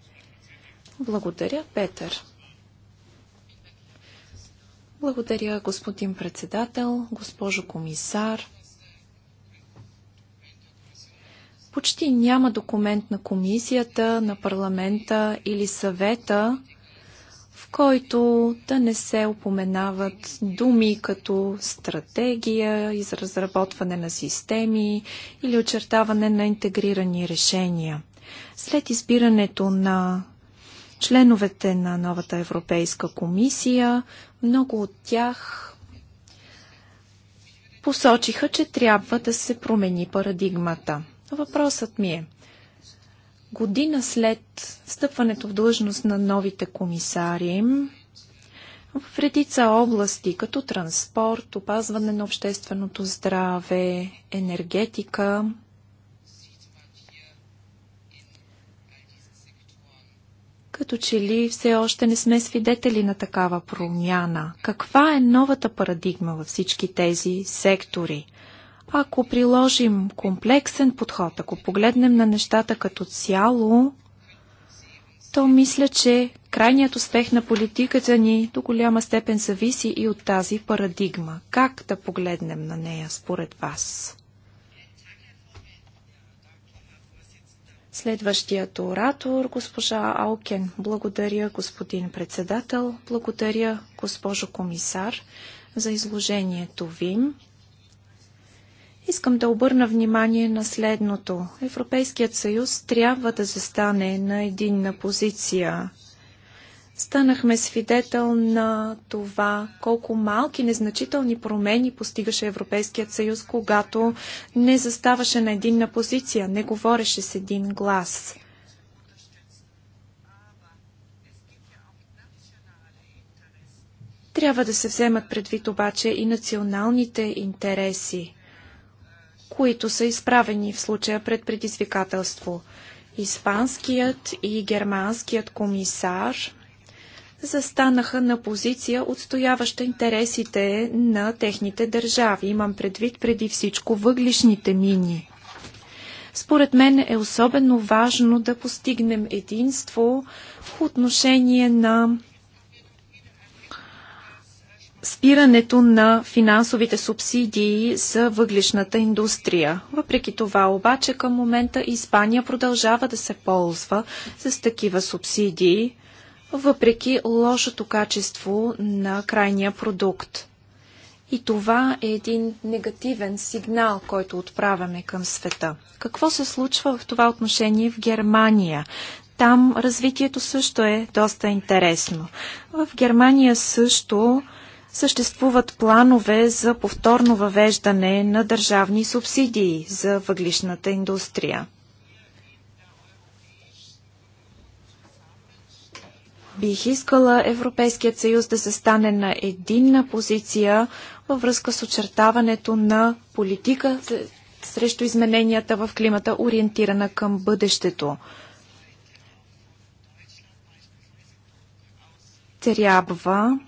Благодаря, Петър. Благодаря, господин председател, госпожо комисар. Почти няма документ на комисията, на парламента или съвета, който да не се упоменават думи като стратегия, изразработване разработване на системи или очертаване на интегрирани решения. След избирането на членовете на новата Европейска комисия, много от тях посочиха, че трябва да се промени парадигмата. Въпросът ми е, Година след встъпването в длъжност на новите комисари, в редица области, като транспорт, опазване на общественото здраве, енергетика, като че ли все още не сме свидетели на такава промяна. Каква е новата парадигма във всички тези сектори? Ако приложим комплексен подход, ако погледнем на нещата като цяло, то мисля, че крайният успех на политиката ни до голяма степен зависи и от тази парадигма. Как да погледнем на нея според вас? Следващият оратор, госпожа Алкен. Благодаря, господин председател. Благодаря, госпожо комисар, за изложението ви. Искам да обърна внимание на следното. Европейският съюз трябва да застане на единна позиция. Станахме свидетел на това колко малки незначителни промени постигаше Европейският съюз, когато не заставаше на единна позиция, не говореше с един глас. Трябва да се вземат предвид обаче и националните интереси които са изправени в случая пред предизвикателство. Испанският и германският комисар застанаха на позиция, отстояваща интересите на техните държави. Имам предвид преди всичко въглишните мини. Според мен е особено важно да постигнем единство в отношение на спирането на финансовите субсидии за въглишната индустрия. Въпреки това обаче към момента Испания продължава да се ползва с такива субсидии, въпреки лошото качество на крайния продукт. И това е един негативен сигнал, който отправяме към света. Какво се случва в това отношение в Германия? Там развитието също е доста интересно. В Германия също съществуват планове за повторно въвеждане на държавни субсидии за въглишната индустрия. Бих искала Европейският съюз да се стане на единна позиция във връзка с очертаването на политика срещу измененията в климата, ориентирана към бъдещето. Трябва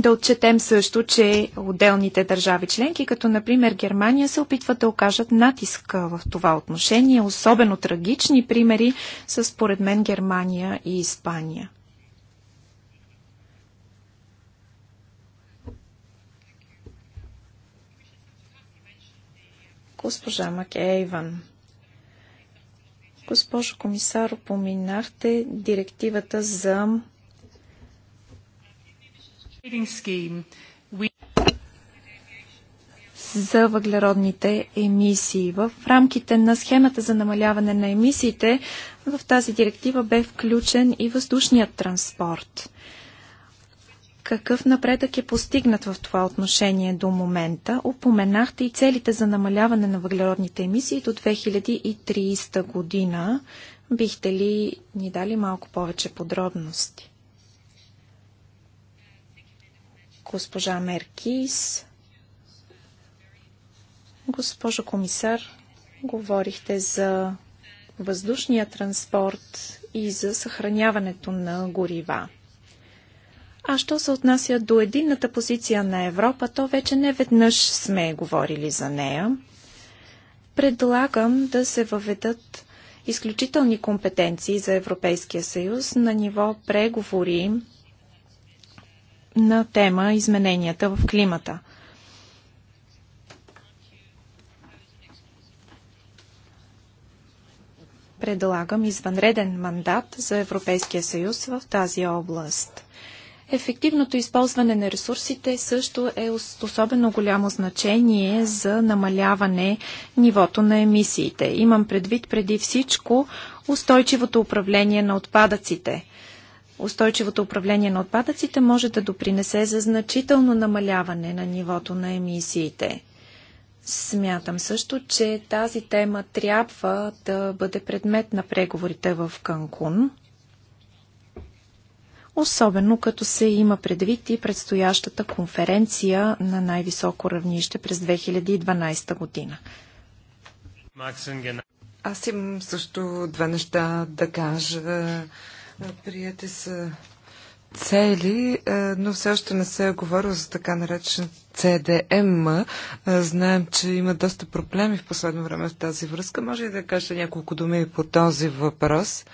да отчетем също, че отделните държави членки, като например Германия, се опитват да окажат натиск в това отношение. Особено трагични примери са според мен Германия и Испания. Госпожа Макейван. Госпожо комисар, упоминахте директивата за за въглеродните емисии. В рамките на схемата за намаляване на емисиите в тази директива бе включен и въздушният транспорт. Какъв напредък е постигнат в това отношение до момента? Опоменахте и целите за намаляване на въглеродните емисии до 2030 година. Бихте ли ни дали малко повече подробности? госпожа Меркис. Госпожо комисар, говорихте за въздушния транспорт и за съхраняването на горива. А що се отнася до единната позиция на Европа, то вече не веднъж сме говорили за нея. Предлагам да се въведат изключителни компетенции за Европейския съюз на ниво преговори на тема измененията в климата. Предлагам извънреден мандат за Европейския съюз в тази област. Ефективното използване на ресурсите също е особено голямо значение за намаляване нивото на емисиите. Имам предвид преди всичко устойчивото управление на отпадъците – устойчивото управление на отпадъците може да допринесе за значително намаляване на нивото на емисиите. Смятам също, че тази тема трябва да бъде предмет на преговорите в Канкун, особено като се има предвид и предстоящата конференция на най-високо равнище през 2012 година. Аз им също две неща да кажа Приятели са цели, е, но все още не се е говорил за така наречен CDM. Е, знаем, че има доста проблеми в последно време в тази връзка. Може ли да кажете няколко думи по този въпрос?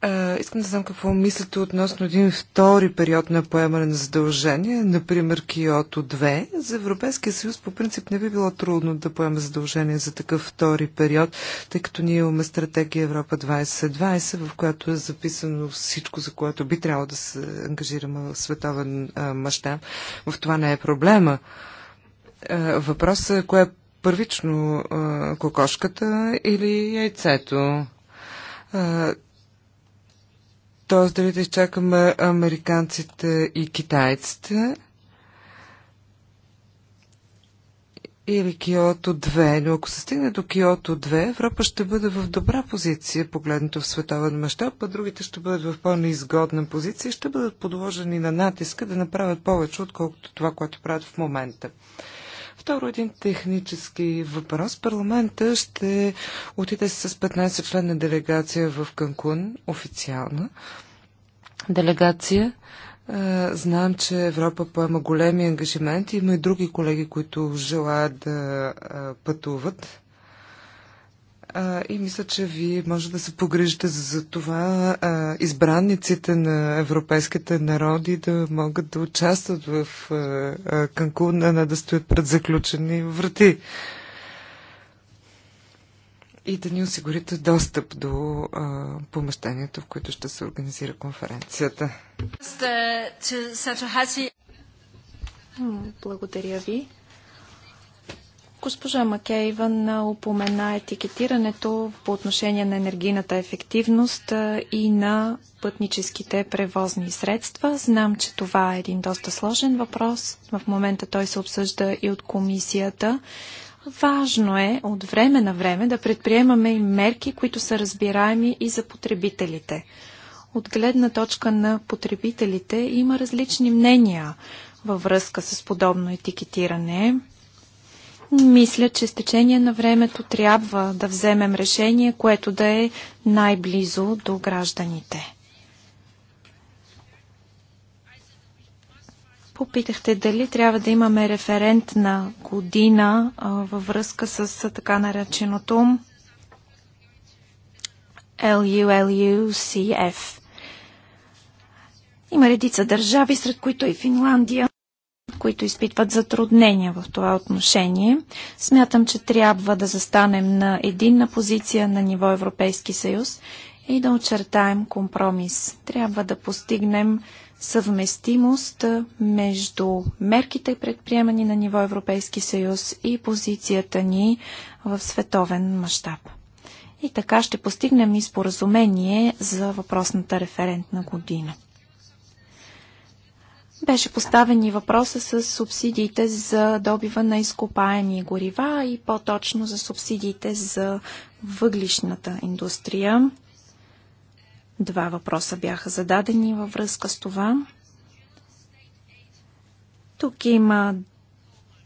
А, искам да знам какво мислите относно един втори период на поемане на задължения, например Киото 2. За Европейския съюз по принцип не би било трудно да поеме задължения за такъв втори период, тъй като ние имаме стратегия Европа 2020, в която е записано всичко, за което би трябвало да се ангажираме в световен мащаб. В това не е проблема. Въпросът е кое е първично кокошката или яйцето Тоест дали да изчакаме американците и китайците или Киото 2, но ако се стигне до Киото 2, Европа ще бъде в добра позиция, погледнато в световен мащаб, а другите ще бъдат в по-неизгодна позиция и ще бъдат подложени на натиска да направят повече, отколкото това, което правят в момента. Второ, един технически въпрос. Парламента ще отиде с 15 членна делегация в Канкун, официална делегация. Знам, че Европа поема големи ангажименти. Има и други колеги, които желаят да пътуват. А, и мисля, че вие може да се погрижите за, за това а, избранниците на европейските народи да могат да участват в Канкун, а не да стоят пред заключени врати. И да ни осигурите достъп до а, помещението, в което ще се организира конференцията. Благодаря ви. Госпожа Макееван упомена етикетирането по отношение на енергийната ефективност и на пътническите превозни средства. Знам, че това е един доста сложен въпрос. В момента той се обсъжда и от комисията. Важно е от време на време да предприемаме и мерки, които са разбираеми и за потребителите. От гледна точка на потребителите има различни мнения във връзка с подобно етикетиране. Мисля, че с течение на времето трябва да вземем решение, което да е най-близо до гражданите. Попитахте дали трябва да имаме референтна година а, във връзка с а, така нареченото LULUCF. Има редица държави, сред които и Финландия, които изпитват затруднения в това отношение. Смятам, че трябва да застанем на единна позиция на ниво Европейски съюз и да очертаем компромис. Трябва да постигнем съвместимост между мерките предприемани на ниво Европейски съюз и позицията ни в световен мащаб. И така ще постигнем и споразумение за въпросната референтна година. Беше поставен и въпроса с субсидиите за добива на изкопаеми горива и по-точно за субсидиите за въглишната индустрия. Два въпроса бяха зададени във връзка с това. Тук има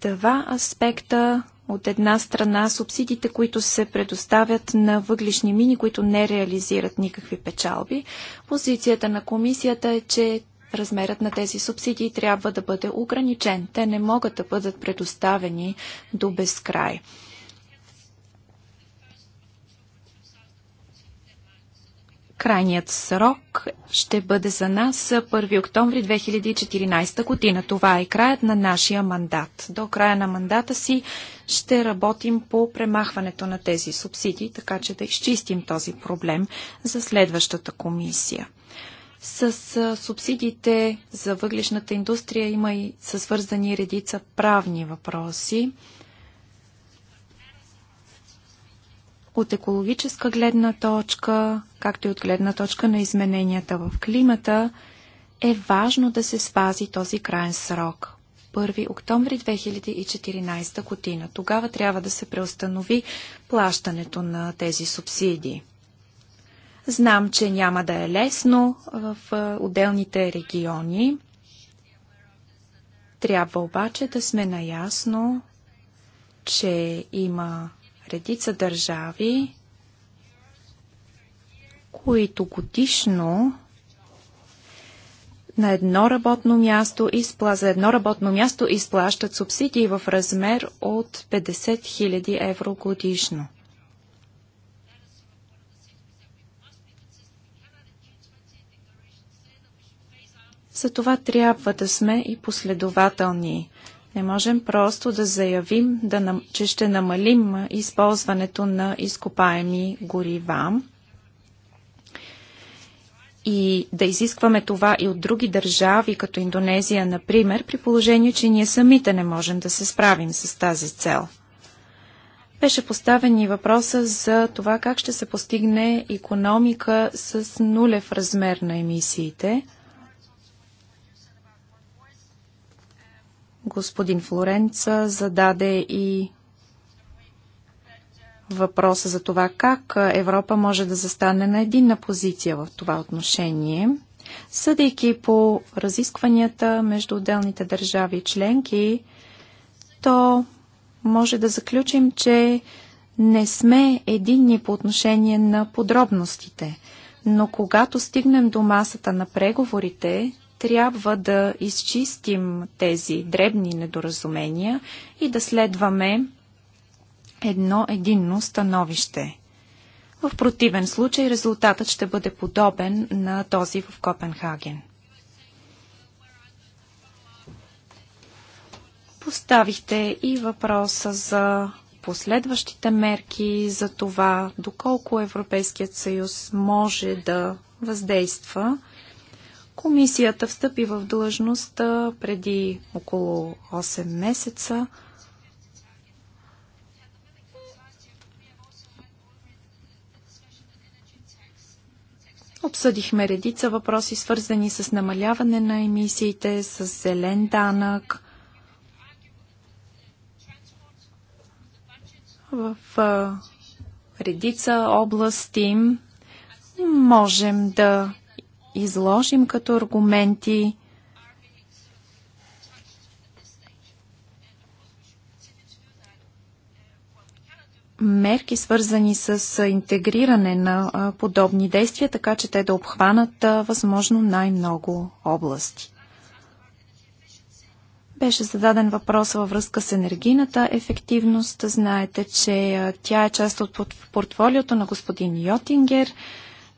два аспекта. От една страна субсидиите, които се предоставят на въглишни мини, които не реализират никакви печалби. Позицията на комисията е, че размерът на тези субсидии трябва да бъде ограничен. Те не могат да бъдат предоставени до безкрай. Крайният срок ще бъде за нас 1 октомври 2014 година. Това е краят на нашия мандат. До края на мандата си ще работим по премахването на тези субсидии, така че да изчистим този проблем за следващата комисия. С субсидиите за въглишната индустрия има и със свързани редица правни въпроси. От екологическа гледна точка, както и от гледна точка на измененията в климата, е важно да се спази този крайен срок. 1 октомври 2014 година. Тогава трябва да се преустанови плащането на тези субсидии. Знам, че няма да е лесно в отделните региони. Трябва обаче да сме наясно, че има редица държави, които годишно на едно работно място изпла... за едно работно място изплащат субсидии в размер от 50 000 евро годишно. За това трябва да сме и последователни. Не можем просто да заявим, да нам, че ще намалим използването на изкопаеми горива и да изискваме това и от други държави, като Индонезия, например, при положение, че ние самите не можем да се справим с тази цел. Беше поставен и въпроса за това как ще се постигне економика с нулев размер на емисиите – Господин Флоренца зададе и въпроса за това как Европа може да застане на единна позиция в това отношение. Съдейки по разискванията между отделните държави и членки, то може да заключим, че не сме единни по отношение на подробностите. Но когато стигнем до масата на преговорите, трябва да изчистим тези дребни недоразумения и да следваме едно единно становище. В противен случай резултатът ще бъде подобен на този в Копенхаген. Поставихте и въпроса за последващите мерки, за това доколко Европейският съюз може да въздейства Комисията встъпи в длъжност преди около 8 месеца. Обсъдихме редица въпроси, свързани с намаляване на емисиите, с зелен данък. В редица области можем да изложим като аргументи мерки, свързани с интегриране на подобни действия, така че те да обхванат възможно най-много области. Беше зададен въпрос във връзка с енергийната ефективност. Знаете, че тя е част от портфолиото на господин Йотингер.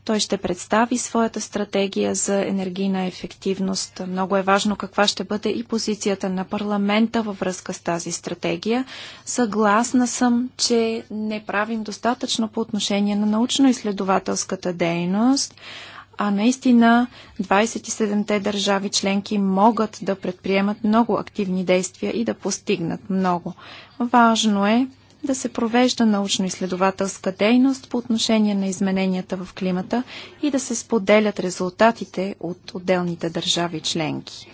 Той ще представи своята стратегия за енергийна ефективност. Много е важно каква ще бъде и позицията на парламента във връзка с тази стратегия. Съгласна съм, че не правим достатъчно по отношение на научно-изследователската дейност а наистина 27-те държави членки могат да предприемат много активни действия и да постигнат много. Важно е да се провежда научно-изследователска дейност по отношение на измененията в климата и да се споделят резултатите от отделните държави членки.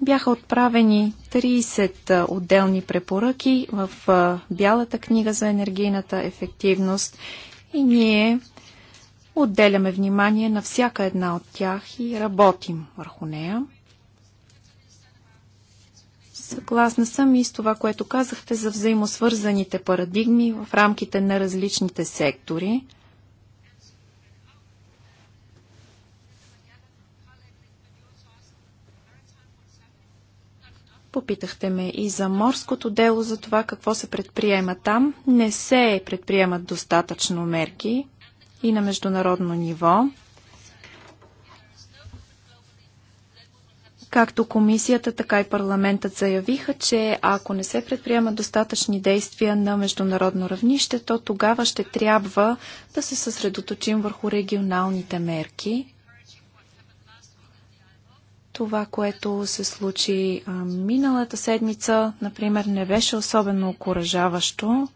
Бяха отправени 30 отделни препоръки в Бялата книга за енергийната ефективност и ние отделяме внимание на всяка една от тях и работим върху нея. Съгласна съм и с това, което казахте за взаимосвързаните парадигми в рамките на различните сектори. Попитахте ме и за морското дело, за това какво се предприема там. Не се предприемат достатъчно мерки и на международно ниво. Както комисията, така и парламентът заявиха, че ако не се предприемат достатъчни действия на международно равнище, то тогава ще трябва да се съсредоточим върху регионалните мерки. Това, което се случи а, миналата седмица, например, не беше особено окоръжаващо.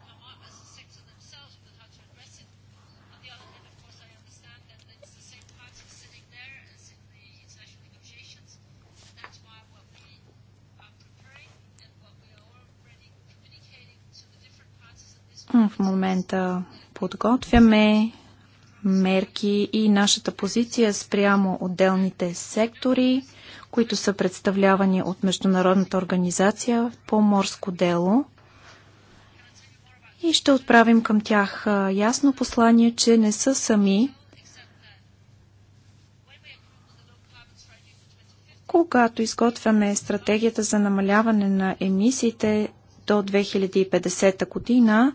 В момента подготвяме мерки и нашата позиция спрямо отделните сектори, които са представлявани от Международната организация по морско дело. И ще отправим към тях ясно послание, че не са сами. Когато изготвяме стратегията за намаляване на емисиите до 2050 година,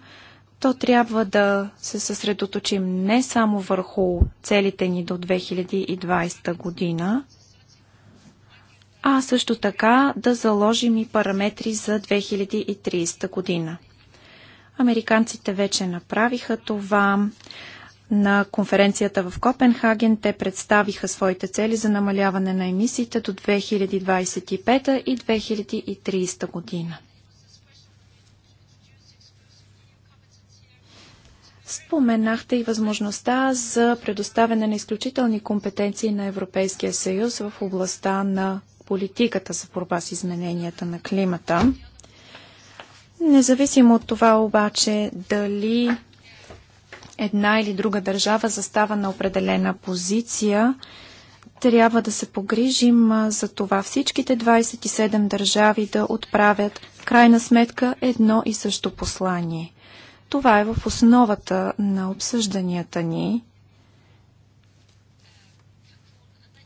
то трябва да се съсредоточим не само върху целите ни до 2020 година, а също така да заложим и параметри за 2030 година. Американците вече направиха това. На конференцията в Копенхаген те представиха своите цели за намаляване на емисиите до 2025 и 2030 година. Споменахте и възможността за предоставяне на изключителни компетенции на Европейския съюз в областта на политиката за борба с измененията на климата. Независимо от това обаче дали една или друга държава застава на определена позиция, трябва да се погрижим за това всичките 27 държави да отправят крайна сметка едно и също послание. Това е в основата на обсъжданията ни.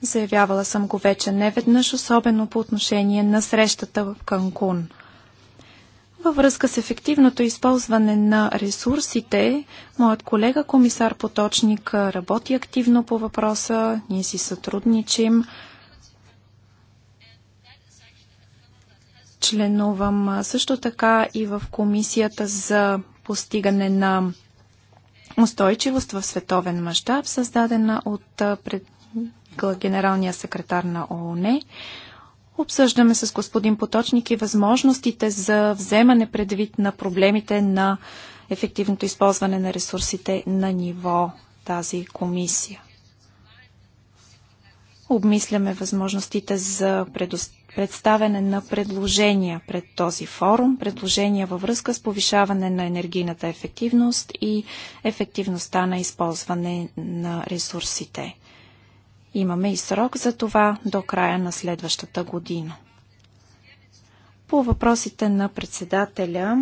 Заявявала съм го вече неведнъж, особено по отношение на срещата в Канкун. Във връзка с ефективното използване на ресурсите, моят колега комисар Поточник работи активно по въпроса, ние си сътрудничим. Членувам също така и в комисията за постигане на устойчивост в световен мащаб, създадена от пред... генералния секретар на ООН. Обсъждаме с господин Поточник и възможностите за вземане предвид на проблемите на ефективното използване на ресурсите на ниво тази комисия. Обмисляме възможностите за предоставяне представене на предложения пред този форум, предложения във връзка с повишаване на енергийната ефективност и ефективността на използване на ресурсите. Имаме и срок за това до края на следващата година. По въпросите на председателя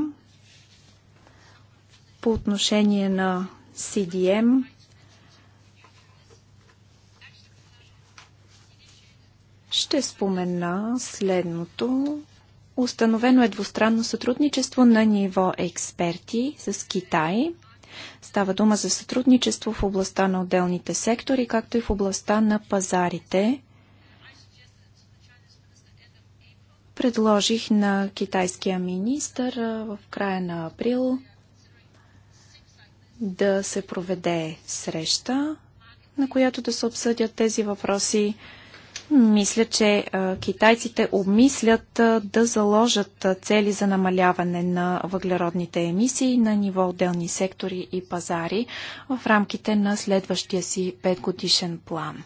по отношение на CDM Ще спомена следното. Установено е двустранно сътрудничество на ниво експерти с Китай. Става дума за сътрудничество в областта на отделните сектори, както и в областта на пазарите. Предложих на китайския министър в края на април да се проведе среща, на която да се обсъдят тези въпроси. Мисля, че китайците обмислят да заложат цели за намаляване на въглеродните емисии на ниво отделни сектори и пазари в рамките на следващия си петгодишен план.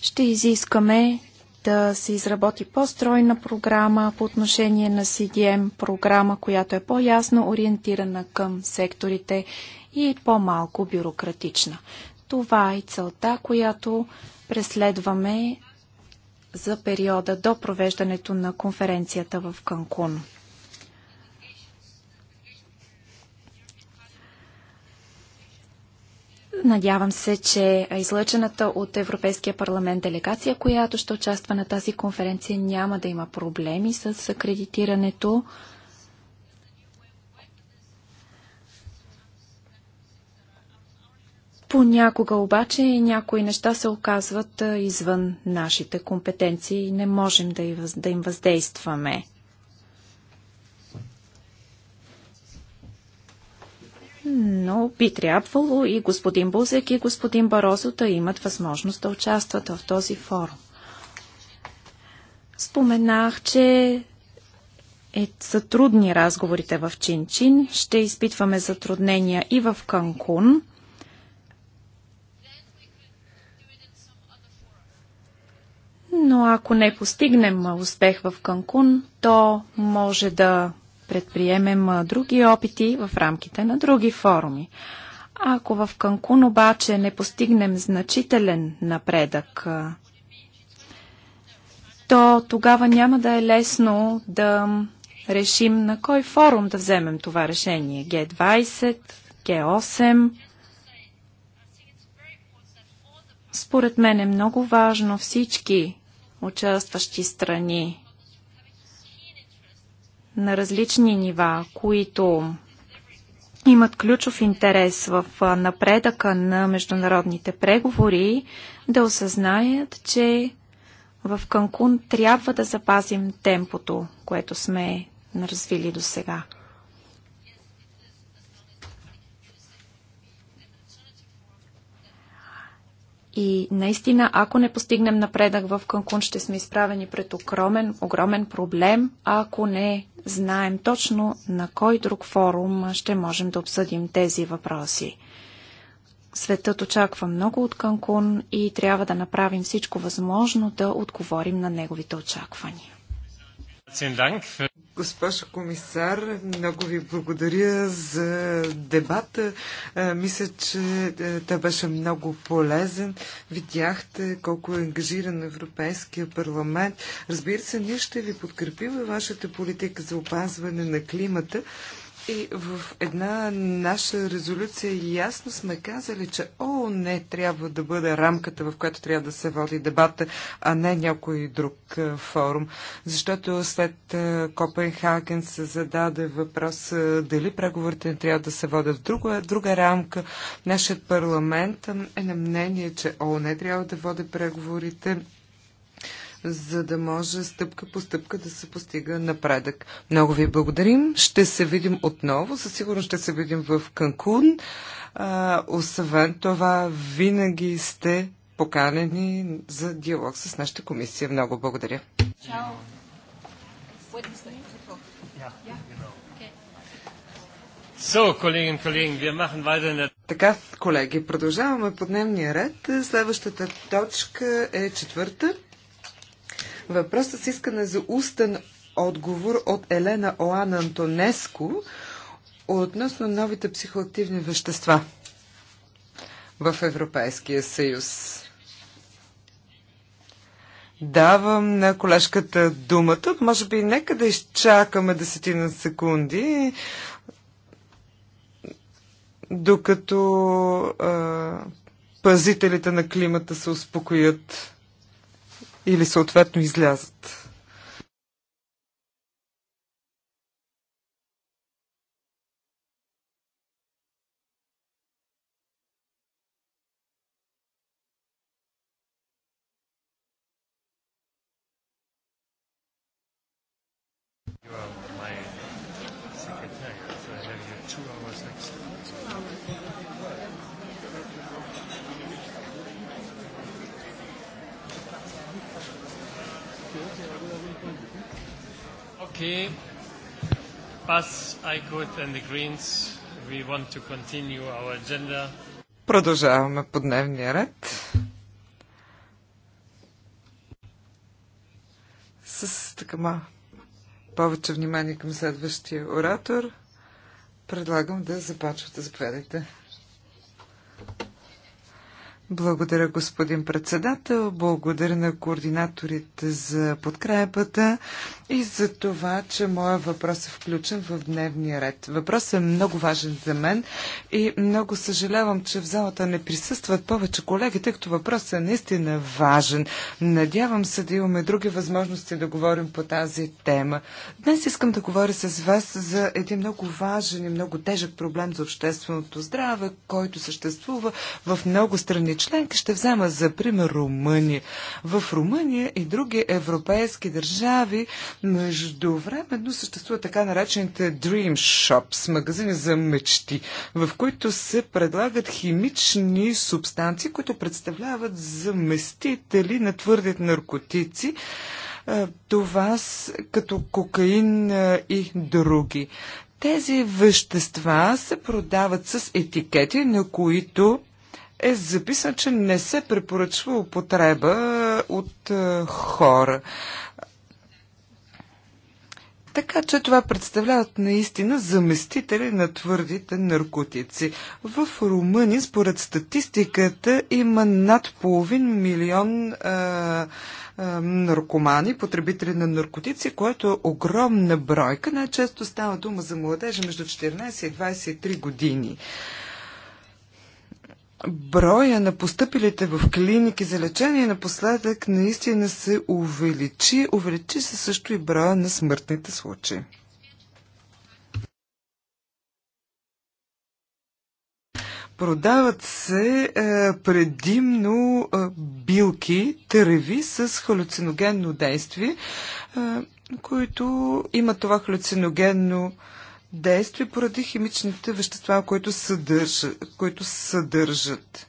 Ще изискаме да се изработи по-стройна програма по отношение на CDM, програма, която е по-ясно ориентирана към секторите и по-малко бюрократична. Това е целта, която преследваме за периода до провеждането на конференцията в Канкун. Надявам се, че излъчената от Европейския парламент делегация, която ще участва на тази конференция, няма да има проблеми с акредитирането. Понякога обаче някои неща се оказват извън нашите компетенции и не можем да им въздействаме. но би трябвало и господин Бузек и господин Барозо да имат възможност да участват в този форум. Споменах, че е, са трудни разговорите в Чинчин. -чин. Ще изпитваме затруднения и в Канкун. но ако не постигнем успех в Канкун, то може да предприемем други опити в рамките на други форуми. Ако в Канкун обаче не постигнем значителен напредък, то тогава няма да е лесно да решим на кой форум да вземем това решение. Г20, Г8. Според мен е много важно всички участващи страни на различни нива, които имат ключов интерес в напредъка на международните преговори, да осъзнаят, че в Канкун трябва да запазим темпото, което сме развили до сега. И наистина, ако не постигнем напредък в Канкун, ще сме изправени пред огромен, огромен проблем, ако не знаем точно на кой друг форум ще можем да обсъдим тези въпроси. Светът очаква много от Канкун и трябва да направим всичко възможно да отговорим на неговите очаквания. Госпожо комисар, много ви благодаря за дебата. Е, мисля, че е, той беше много полезен. Видяхте колко е ангажиран Европейския парламент. Разбира се, ние ще ви подкрепим във вашата политика за опазване на климата, и в една наша резолюция ясно сме казали, че ООН не трябва да бъде рамката, в която трябва да се води дебата, а не някой друг е, форум. Защото след е, Копенхаген се зададе въпрос е, дали преговорите не трябва да се водят в друга, друга рамка. Нашият парламент е на мнение, че ООН не трябва да води преговорите за да може стъпка по стъпка да се постига напредък. Много ви благодарим. Ще се видим отново. Със сигурност ще се видим в Канкун. освен това, винаги сте поканени за диалог с нашата комисия. Много благодаря. Чао. Така, колеги, продължаваме по дневния ред. Следващата точка е четвърта. Въпросът с искане за устен отговор от Елена Оана Антонеско относно новите психоактивни вещества в Европейския съюз. Давам на колежката думата. Може би нека да изчакаме десетина секунди, докато а, пазителите на климата се успокоят или съответно излязат. Продължаваме по дневния ред. С така повече внимание към следващия оратор, предлагам да започвате. Заповядайте. Благодаря, господин председател. Благодаря на координаторите за подкрепата и за това, че моя въпрос е включен в дневния ред. Въпросът е много важен за мен и много съжалявам, че в залата не присъстват повече колеги, тъй като въпросът е наистина важен. Надявам се да имаме други възможности да говорим по тази тема. Днес искам да говоря с вас за един много важен и много тежък проблем за общественото здраве, който съществува в много страни членки. Ще взема за пример Румъния. В Румъния и други европейски държави междувременно съществуват така наречените Dream Shops, магазини за мечти, в които се предлагат химични субстанции, които представляват заместители на твърдите наркотици това с, като кокаин и други. Тези вещества се продават с етикети, на които е записано, че не се препоръчва употреба от е, хора. Така че това представляват наистина заместители на твърдите наркотици. В Румъния, според статистиката, има над половин милион а, е, а, е, наркомани, потребители на наркотици, което е огромна бройка. Най-често става дума за младежи между 14 и 23 години. А, броя на поступилите в клиники за лечение напоследък наистина се увеличи. Увеличи се също и броя на смъртните случаи. Продават се е, предимно е, билки, тръви с халюциногенно действие, е, които имат това халюциногенно е, действие поради химичните вещества, които съдържат. Които съдържат.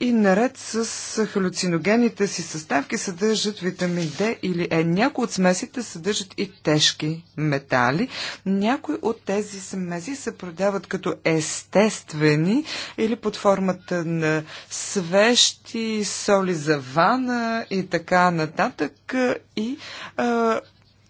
И наред с халюциногените си съставки съдържат витамин D или Е. Някои от смесите съдържат и тежки метали. Някои от тези смеси се продават като естествени или под формата на свещи, соли за вана и така нататък. И а,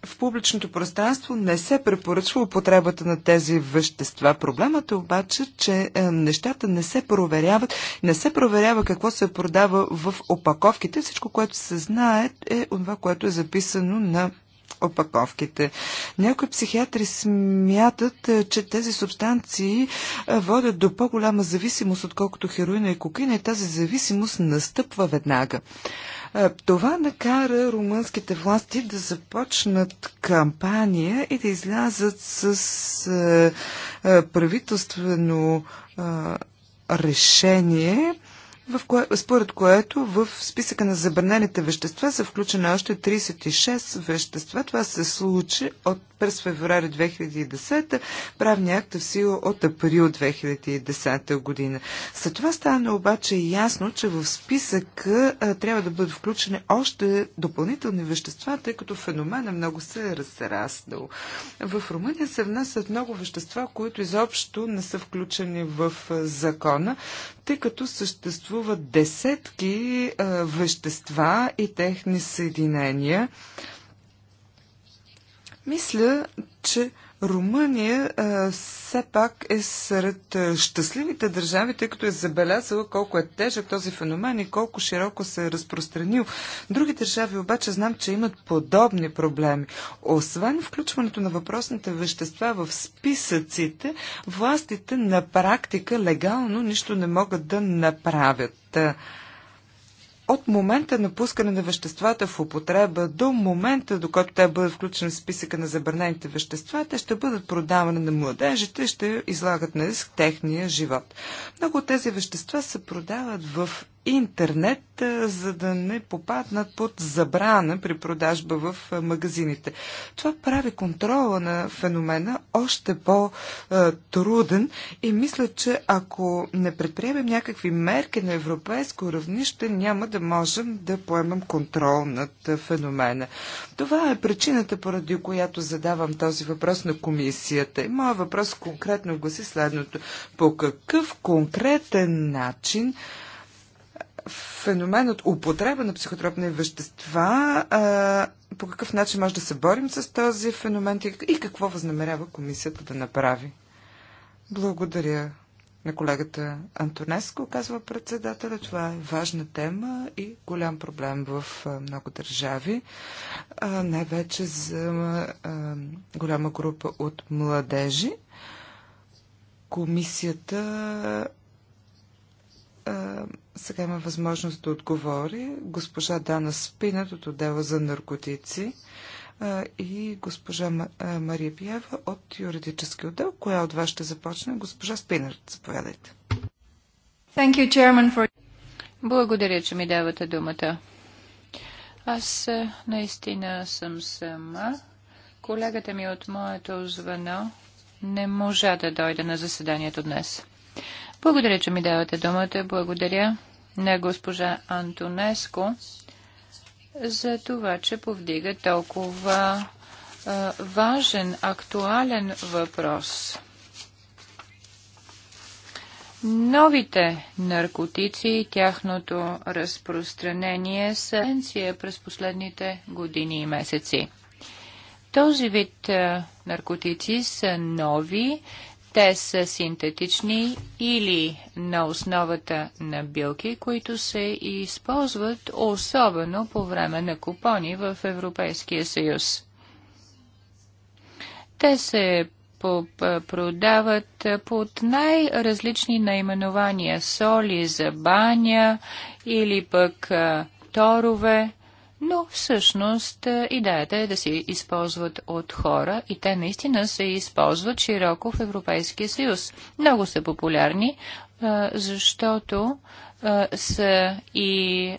в публичното пространство не се препоръчва употребата на тези вещества. Проблемът е обаче, че е, нещата не се проверяват, не се проверява какво се продава в опаковките. Всичко, което се знае е това, което е записано на опаковките. Някои психиатри смятат, е, че тези субстанции е, водят до по-голяма зависимост, отколкото хероина и кокаина и тази зависимост настъпва веднага. Е, това накара румънските власти да започнат кампания и да излязат с е, е, правителствено решение в кое, според което в списъка на забранените вещества са включени още 36 вещества. Това се случи от през февруари 2010, правния акт е в сила от април 2010 година. След това стана обаче ясно, че в списъка а, трябва да бъдат включени още допълнителни вещества, тъй като феномена много се е разраснал. В Румъния се внасят много вещества, които изобщо не са включени в закона тъй като съществуват десетки а, вещества и техни съединения. Мисля, че Румъния а, все пак е сред щастливите държави, тъй като е забелязала колко е тежък този феномен и колко широко се е разпространил. Други държави обаче знам, че имат подобни проблеми. Освен включването на въпросните вещества в списъците, властите на практика легално нищо не могат да направят от момента на пускане на веществата в употреба до момента, до който те бъдат включени в списъка на забранените вещества, те ще бъдат продавани на младежите и ще излагат на риск техния живот. Много от тези вещества се продават в интернет, за да не попаднат под забрана при продажба в магазините. Това прави контрола на феномена още по-труден и мисля, че ако не предприемем някакви мерки на европейско равнище, няма да можем да поемем контрол над феномена. Това е причината, поради която задавам този въпрос на комисията. И моят въпрос конкретно гласи следното. По какъв конкретен начин Феномен от употреба на психотропни вещества, а, по какъв начин може да се борим с този феномен и какво възнамерява комисията да направи? Благодаря на колегата Антонеско, казва председателя. Това е важна тема и голям проблем в много държави, най-вече за голяма група от младежи. Комисията сега има възможност да отговори госпожа Дана Спинат от отдела за наркотици а, и госпожа Мария Пиева от юридически отдел. Коя от вас ще започне? Госпожа Спинат, заповядайте. Thank you, Chairman, for... Благодаря, че ми давате думата. Аз наистина съм сама. Колегата ми от моето звено не можа да дойде на заседанието днес. Благодаря, че ми давате думата. Благодаря на госпожа Антонеско за това, че повдига толкова е, важен, актуален въпрос. Новите наркотици и тяхното разпространение са тенденция през последните години и месеци. Този вид наркотици са нови те са синтетични или на основата на билки, които се използват особено по време на купони в Европейския съюз. Те се продават под най-различни наименования соли за баня или пък торове но всъщност е, идеята е да се използват от хора и те наистина се използват широко в Европейския съюз. Много са популярни, е, защото е, са и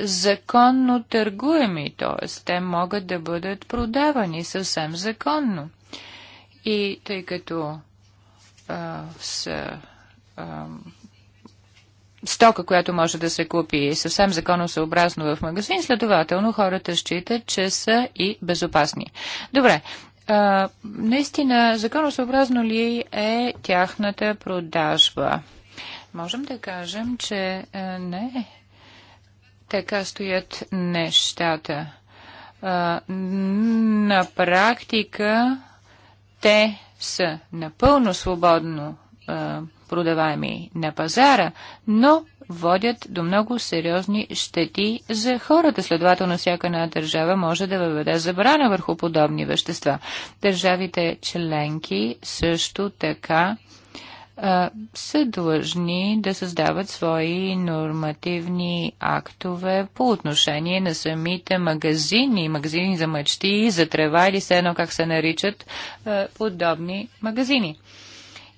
законно търгуеми, т.е. те могат да бъдат продавани съвсем законно. И тъй като са стока, която може да се купи съвсем законосъобразно в магазин, следователно хората считат, че са и безопасни. Добре, а, наистина законосъобразно ли е тяхната продажба? Можем да кажем, че а, не. Така стоят нещата. А, на практика те са напълно свободно е, продаваеми на пазара, но водят до много сериозни щети за хората. Следователно, всяка една държава може да въведе забрана върху подобни вещества. Държавите членки също така а, е, са длъжни да създават свои нормативни актове по отношение на самите магазини, магазини за мъчти, за трева или все едно как се наричат а, е, подобни магазини.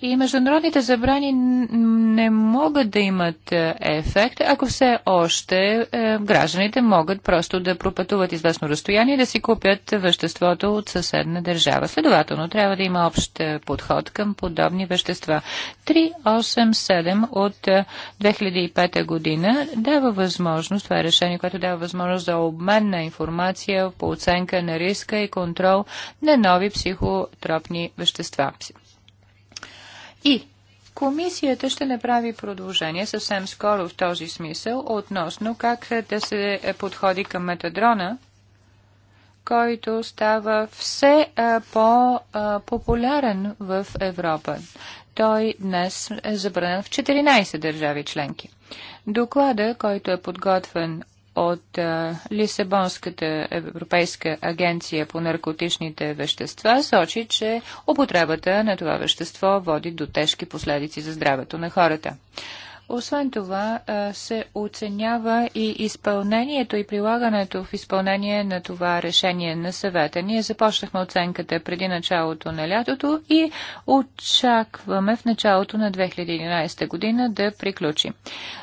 И международните забрани не могат да имат е, ефект, ако все още е, гражданите могат просто да пропътуват известно разстояние и да си купят веществото от съседна държава. Следователно, трябва да има общ е, подход към подобни вещества. 387 от 2005 година дава възможност, това е решение, което дава възможност за обмен на информация по оценка на риска и контрол на нови психотропни вещества и Комисията ще направи продължение съвсем скоро в този смисъл относно как да се подходи към метадрона, който става все по-популярен в Европа. Той днес е забранен в 14 държави членки. Доклада, който е подготвен от Лисабонската Европейска агенция по наркотичните вещества сочи, че употребата на това вещество води до тежки последици за здравето на хората. Освен това се оценява и изпълнението и прилагането в изпълнение на това решение на съвета. Ние започнахме оценката преди началото на лятото и очакваме в началото на 2011 година да приключи.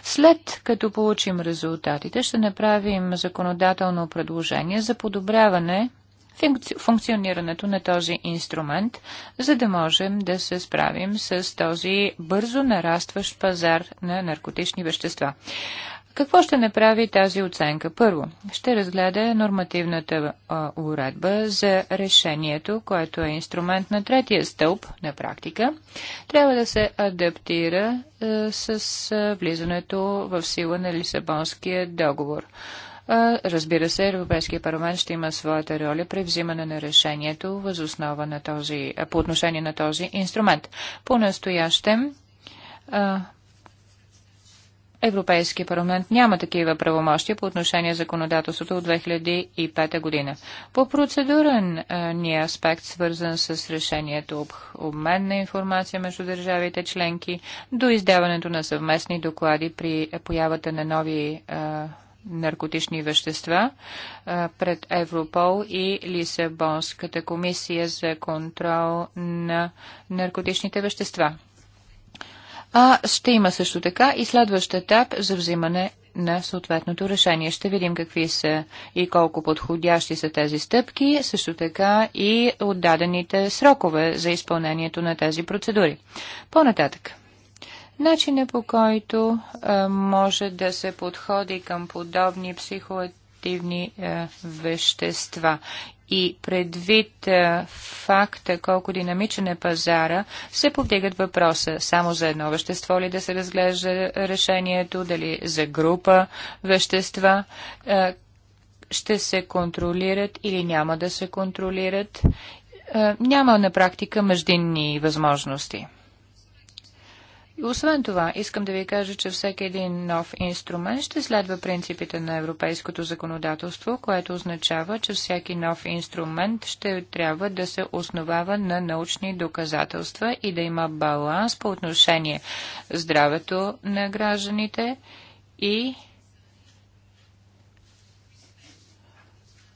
След като получим резултатите, ще направим законодателно предложение за подобряване функционирането на този инструмент, за да можем да се справим с този бързо нарастващ пазар на наркотични вещества. Какво ще направи тази оценка? Първо, ще разгледа нормативната уредба за решението, което е инструмент на третия стълб на практика. Трябва да се адаптира с влизането в сила на Лисабонския договор. Разбира се, Европейския парламент ще има своята роля при взимане на решението възоснова на този, по отношение на този инструмент. По настоящем Европейския парламент няма такива правомощия по отношение законодателството от 2005 година. По процедурен ни аспект, свързан с решението обмен на информация между държавите членки до издаването на съвместни доклади при появата на нови а, наркотични вещества пред Европол и Лисабонската комисия за контрол на наркотичните вещества. А ще има също така и следващ етап за взимане на съответното решение. Ще видим какви са и колко подходящи са тези стъпки, също така и отдадените срокове за изпълнението на тези процедури. По-нататък. Начина по който може да се подходи към подобни психоактивни вещества и предвид а, факта колко динамичен е пазара, се повдигат въпроса само за едно вещество ли да се разглежда решението, дали за група вещества, а, ще се контролират или няма да се контролират. А, няма на практика междинни възможности. И освен това, искам да ви кажа, че всеки един нов инструмент ще следва принципите на европейското законодателство, което означава, че всеки нов инструмент ще трябва да се основава на научни доказателства и да има баланс по отношение здравето на гражданите и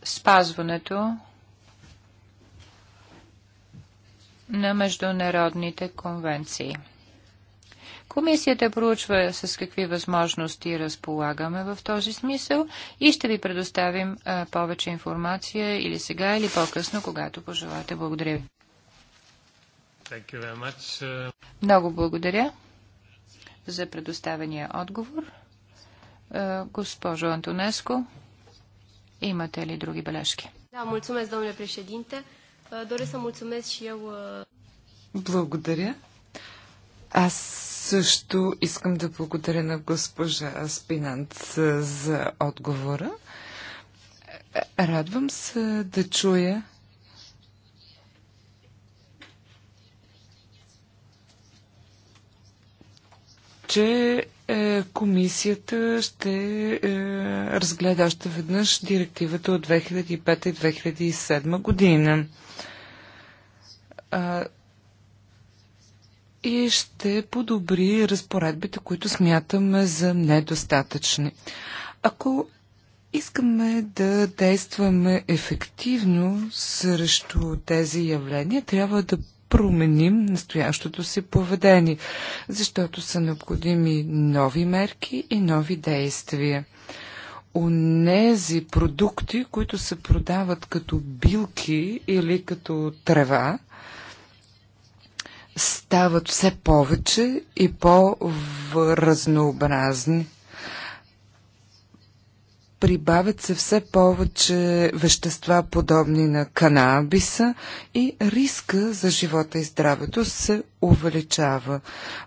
спазването на международните конвенции. Комисията проучва с какви възможности разполагаме в този смисъл и ще ви предоставим повече информация или сега, или по-късно, когато пожелате. Благодаря ви. Uh, Много благодаря за предоставения отговор. госпожо Антонеско, имате ли други бележки? Да, мулцумес, домнule președинте. Doresc съм мулцумес și я... Благодаря. Аз също искам да благодаря на госпожа Спинант за отговора. Радвам се да чуя че е, комисията ще е, разгледа още веднъж директивата от 2005 и 2007 година. А, и ще подобри разпоредбите, които смятаме за недостатъчни. Ако искаме да действаме ефективно срещу тези явления, трябва да променим настоящото си поведение, защото са необходими нови мерки и нови действия. Онези продукти, които се продават като билки или като трева, стават все повече и по-разнообразни. Прибавят се все повече вещества, подобни на канабиса и риска за живота и здравето се увеличава.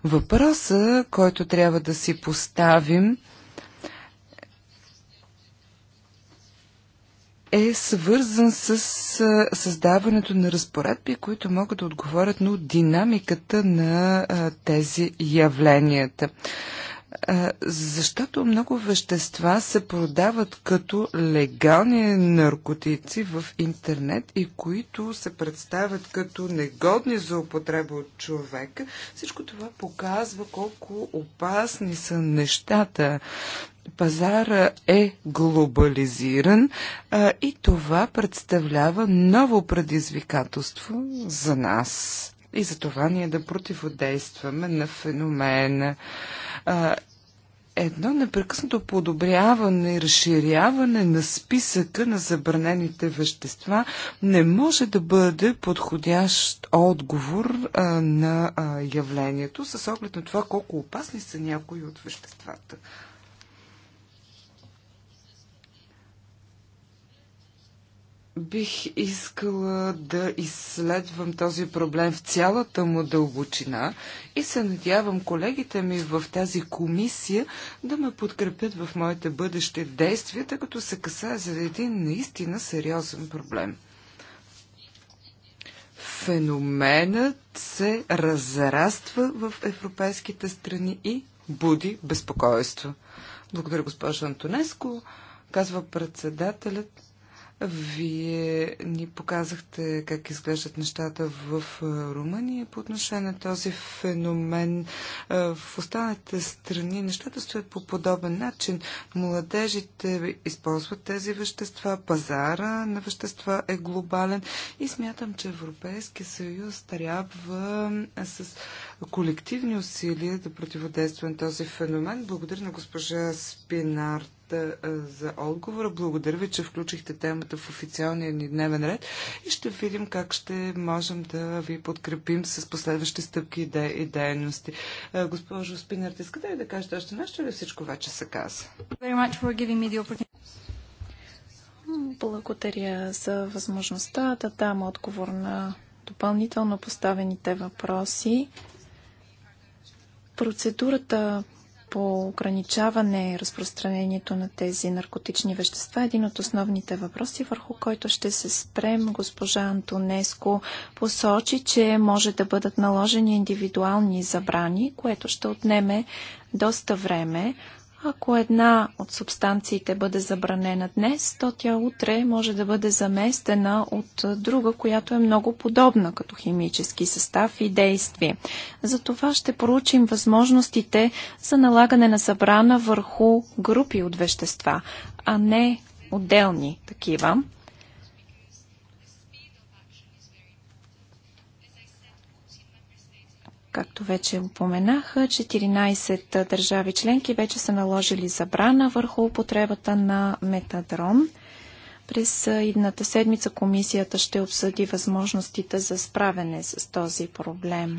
Въпросът, който трябва да си поставим, е свързан с създаването на разпоредби, които могат да отговорят на динамиката на тези явленията. Защото много вещества се продават като легални наркотици в интернет и които се представят като негодни за употреба от човека. Всичко това показва колко опасни са нещата пазара е глобализиран а, и това представлява ново предизвикателство за нас. И за това ние да противодействаме на феномена. А, едно непрекъснато подобряване и разширяване на списъка на забранените вещества не може да бъде подходящ отговор а, на а, явлението с оглед на това колко опасни са някои от веществата. Бих искала да изследвам този проблем в цялата му дълбочина и се надявам колегите ми в тази комисия да ме подкрепят в моите бъдещи действия, тъй като се касае за един наистина сериозен проблем. Феноменът се разраства в европейските страни и буди безпокойство. Благодаря, госпожа Антонеско, казва председателят вие ни показахте как изглеждат нещата в е, Румъния по отношение на този феномен. Е, в останалите страни нещата стоят по подобен начин. Младежите използват тези вещества, пазара на вещества е глобален и смятам, че Европейския съюз трябва е, с колективни усилия да противодейства на този феномен. Благодаря на госпожа Спинарт темата за отговора. Благодаря ви, че включихте темата в официалния ни дневен ред и ще видим как ще можем да ви подкрепим с последващи стъпки и дейности. Госпожо Спинерт, искате ли да кажете още нещо или всичко вече се каза? Благодаря за възможността да дам отговор на допълнително поставените въпроси. Процедурата по ограничаване разпространението на тези наркотични вещества един от основните въпроси, върху който ще се спрем. Госпожа Антонеско посочи, че може да бъдат наложени индивидуални забрани, което ще отнеме доста време. Ако една от субстанциите бъде забранена днес, то тя утре може да бъде заместена от друга, която е много подобна като химически състав и действие. За това ще проучим възможностите за налагане на забрана върху групи от вещества, а не отделни такива. Както вече упоменаха, 14 държави членки вече са наложили забрана върху употребата на метадрон. През идната седмица комисията ще обсъди възможностите за справяне с този проблем.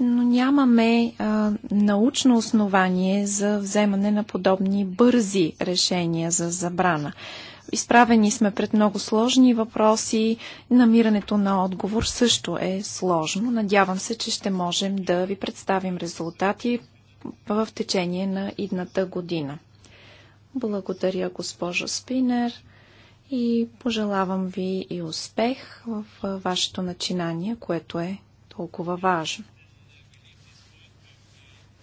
Но нямаме а, научно основание за вземане на подобни бързи решения за забрана изправени сме пред много сложни въпроси. Намирането на отговор също е сложно. Надявам се, че ще можем да ви представим резултати в течение на идната година. Благодаря, госпожо Спинер, и пожелавам ви и успех в вашето начинание, което е толкова важно.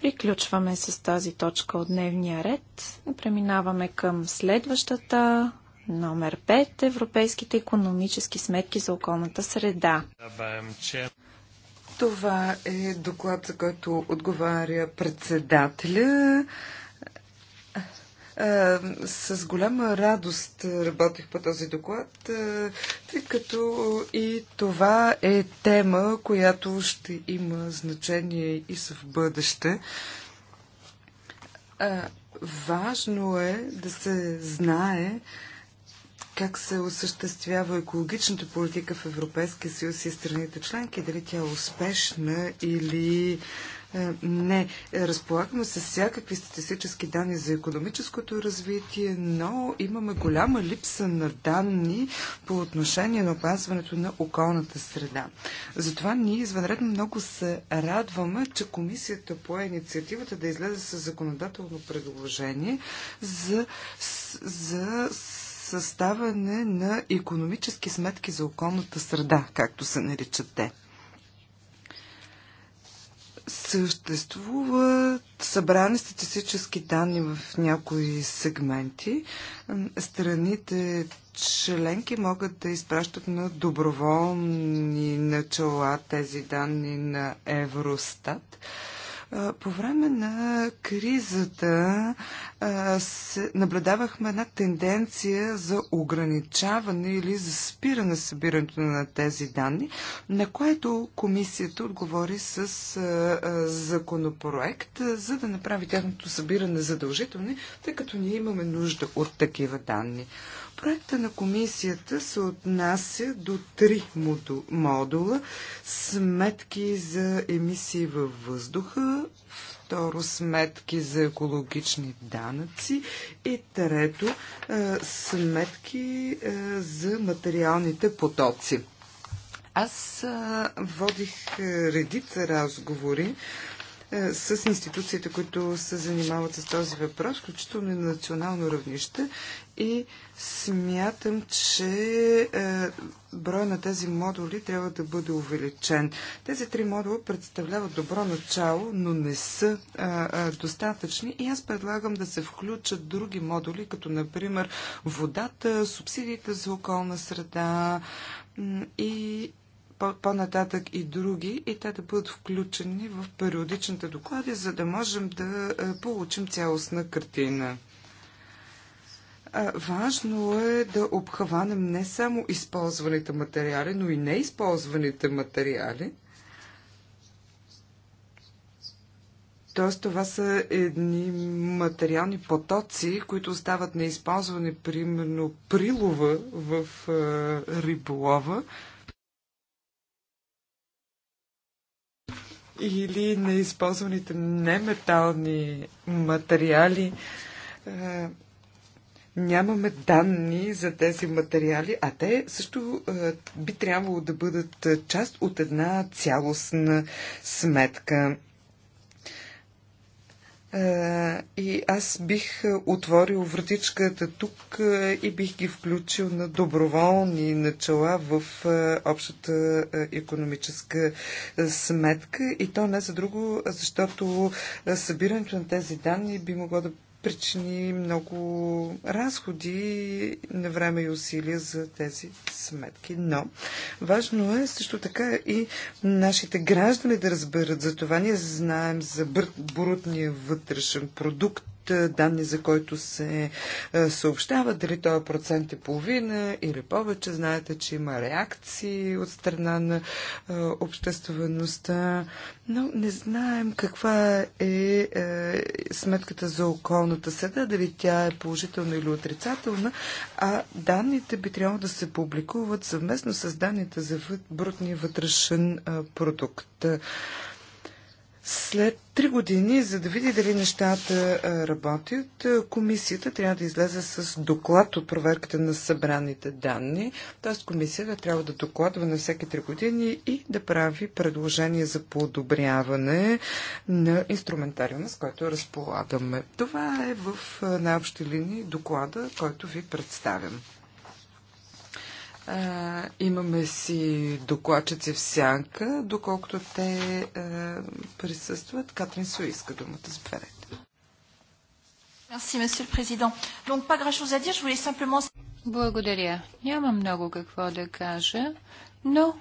Приключваме с тази точка от дневния ред. Преминаваме към следващата Номер 5. Европейските економически сметки за околната среда. Това е доклад, за който отговаря председателя. Е, с голяма радост работих по този доклад, е, тъй като и това е тема, която ще има значение и в бъдеще. Е, важно е да се знае, как се осъществява екологичната политика в Европейския съюз и страните членки, дали тя е успешна или е, не. Разполагаме с всякакви статистически данни за економическото развитие, но имаме голяма липса на данни по отношение на опазването на околната среда. Затова ние извънредно много се радваме, че комисията по инициативата да излезе с законодателно предложение за, за съставане на економически сметки за околната среда, както се наричат те. Съществуват събрани статистически данни в някои сегменти. Страните членки могат да изпращат на доброволни начала тези данни на Евростат по време на кризата наблюдавахме една тенденция за ограничаване или за спиране събирането на тези данни, на което комисията отговори с законопроект, за да направи тяхното събиране задължително, тъй като ние имаме нужда от такива данни. Проекта на комисията се отнася до три модула. Сметки за емисии във въздуха, второ сметки за екологични данъци и трето е, сметки е, за материалните потоци. Аз е, водих редица разговори е, с институциите, които се занимават с този въпрос, включително и на национално равнище. И смятам, че е, броя на тези модули трябва да бъде увеличен. Тези три модула представляват добро начало, но не са е, достатъчни и аз предлагам да се включат други модули, като например водата, субсидиите за околна среда и по-нататък и други, и те да бъдат включени в периодичните доклади, за да можем да е, получим цялостна картина. Важно е да обхванем не само използваните материали, но и неизползваните материали. Тоест, това са едни материални потоци, които остават неизползвани, примерно прилова в е, риболова. или неизползваните неметални материали. Е, нямаме данни за тези материали, а те също е, би трябвало да бъдат част от една цялостна сметка. Е, и аз бих е, отворил вратичката тук е, и бих ги включил на доброволни начала в общата економическа сметка. И то не за друго, защото събирането на тези данни би могло да причини много разходи на време и усилия за тези сметки. Но важно е също така и нашите граждани да разберат за това. Ние знаем за брутния вътрешен продукт е, данни, за който се е, съобщава, дали той е процент и половина или повече. Знаете, че има реакции от страна на е, обществеността, но не знаем каква е сметката за околната среда, дали тя е положителна или отрицателна, а данните би трябвало да се публикуват съвместно с данните за брутния вътрешен продукт. След три години, за да види дали нещата работят, комисията трябва да излезе с доклад от проверката на събраните данни. Т.е. комисията трябва да докладва на всеки три години и да прави предложение за подобряване на инструментариума, с който разполагаме. Това е в най-общи линии доклада, който ви представям. А, имаме си докладчици в сянка, доколкото те а, присъстват. Катрин Су иска думата. Заповядайте. Merci, monsieur le président. Donc, pas grand chose à dire, je voulais simplement... Благодаря. Няма много какво да кажа, но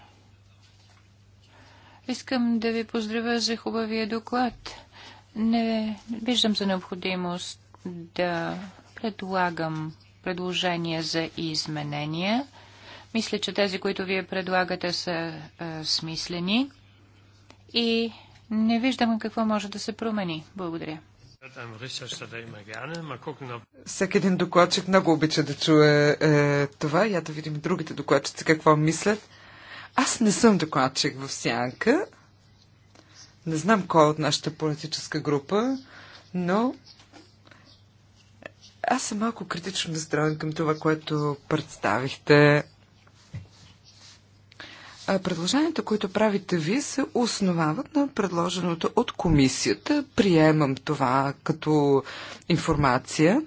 искам да ви поздравя за хубавия доклад. Не виждам за необходимост да предлагам предложения за изменения. Мисля, че тези, които вие предлагате, са а, смислени и не виждам какво може да се промени. Благодаря. Всеки един докладчик много обича да чуе е, това. Я да видим другите докладчици какво мислят. Аз не съм докладчик в Сянка. Не знам кой от нашата политическа група, но аз съм малко критично настроен към това, което представихте. Предложенията, които правите ви, се основават на предложеното от комисията. Приемам това като информация.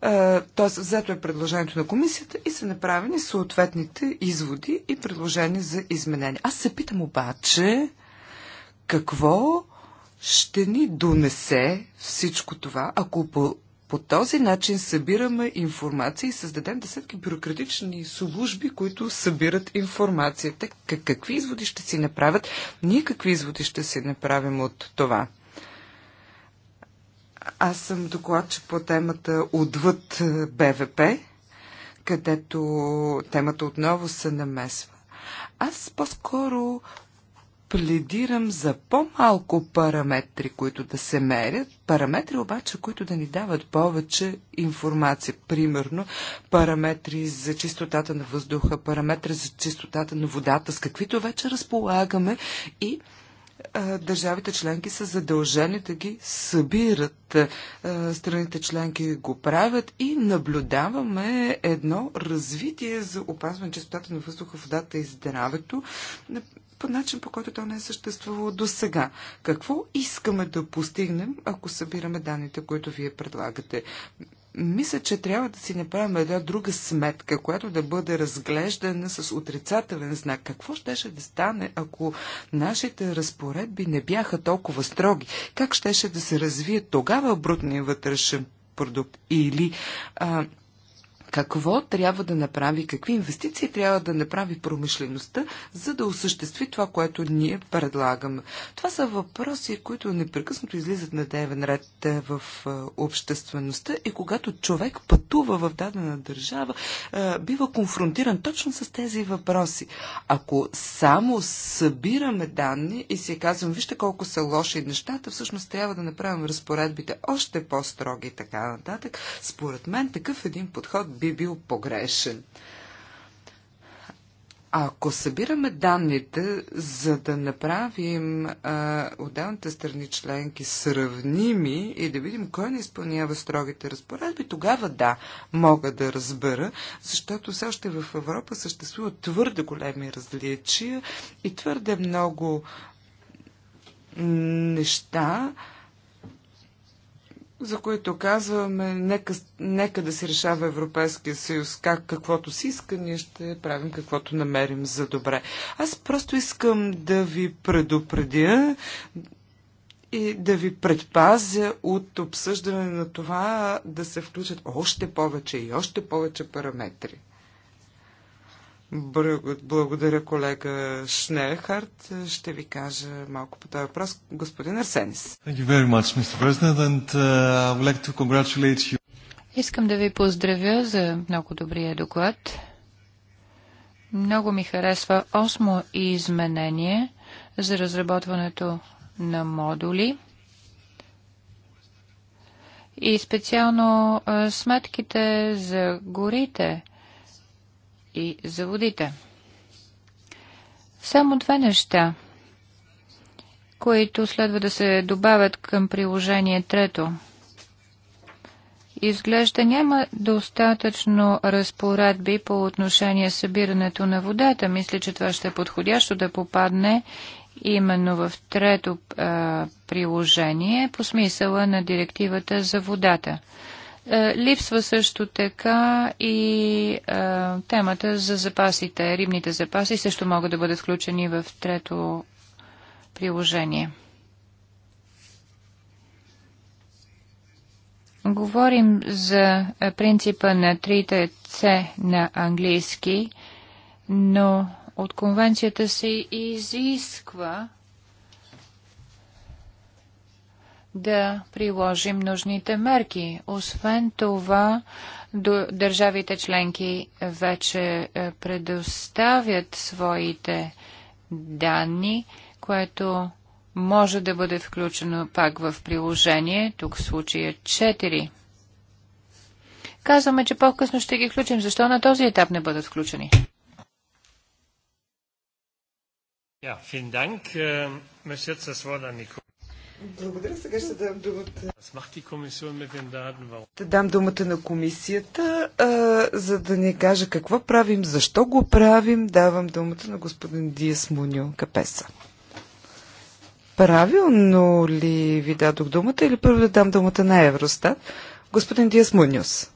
Т.е. взето е предложението на комисията и са направени съответните изводи и предложения за изменения. Аз се питам обаче какво ще ни донесе всичко това, ако по този начин събираме информация и създадем десетки бюрократични служби, които събират информацията. Какви изводи ще си направят? Ние какви изводи ще си направим от това? Аз съм докладчик по темата Отвъд БВП, където темата отново се намесва. Аз по-скоро пледирам за по-малко параметри, които да се мерят, параметри обаче, които да ни дават повече информация. Примерно, параметри за чистотата на въздуха, параметри за чистотата на водата, с каквито вече разполагаме и държавите членки са задължени да ги събират. Страните членки го правят и наблюдаваме едно развитие за опазване чистотата на въздуха, водата и здравето по начин, по който то не е съществувало до сега. Какво искаме да постигнем, ако събираме данните, които вие предлагате? мисля, че трябва да си направим една друга сметка, която да бъде разглеждана с отрицателен знак. Какво щеше да стане, ако нашите разпоредби не бяха толкова строги? Как щеше да се развие тогава брутния вътрешен продукт? Или а, какво трябва да направи, какви инвестиции трябва да направи промишлеността, за да осъществи това, което ние предлагаме. Това са въпроси, които непрекъснато излизат на дневен ред е, в е, обществеността и когато човек пътува в дадена държава, е, бива конфронтиран точно с тези въпроси. Ако само събираме данни и си казвам, вижте колко са лоши нещата, всъщност трябва да направим разпоредбите още по-строги и така нататък, според мен такъв един подход би бил погрешен. Ако събираме данните, за да направим а, отделните страни членки сравними и да видим кой не изпълнява строгите разпоредби, тогава да, мога да разбера, защото все още в Европа съществуват твърде големи различия и твърде много неща, за които казваме, нека, нека да се решава Европейския съюз как, каквото си иска, ние ще правим каквото намерим за добре. Аз просто искам да ви предупредя и да ви предпазя от обсъждане на това да се включат още повече и още повече параметри. Благодаря, колега Шнелхарт. Ще ви кажа малко по този въпрос. Господин Арсенис. Much, uh, Искам да ви поздравя за много добрия доклад. Много ми харесва осмо изменение за разработването на модули и специално сметките за горите – и за водите. Само две неща, които следва да се добавят към приложение трето. Изглежда няма достатъчно разпоредби по отношение събирането на водата. Мисля, че това ще е подходящо да попадне именно в трето а, приложение по смисъла на директивата за водата. Е, липсва също така и а, е, темата за запасите. Рибните запаси също могат да бъдат включени в трето приложение. Говорим за е, принципа на трите С на английски, но от конвенцията се изисква да приложим нужните мерки. Освен това, държавите членки вече е, предоставят своите данни, което може да бъде включено пак в приложение, тук в случая 4. Казваме, че по-късно ще ги включим. Защо на този етап не бъдат включени? Ja, vielen Dank. Äh, благодаря. Сега ще дам думата. Ще дам думата на комисията, а, за да ни каже какво правим, защо го правим. Давам думата на господин Диас Муньо Капеса. Правилно ли ви дадох думата или първо да дам думата на Евростат? Господин Диас Муньос.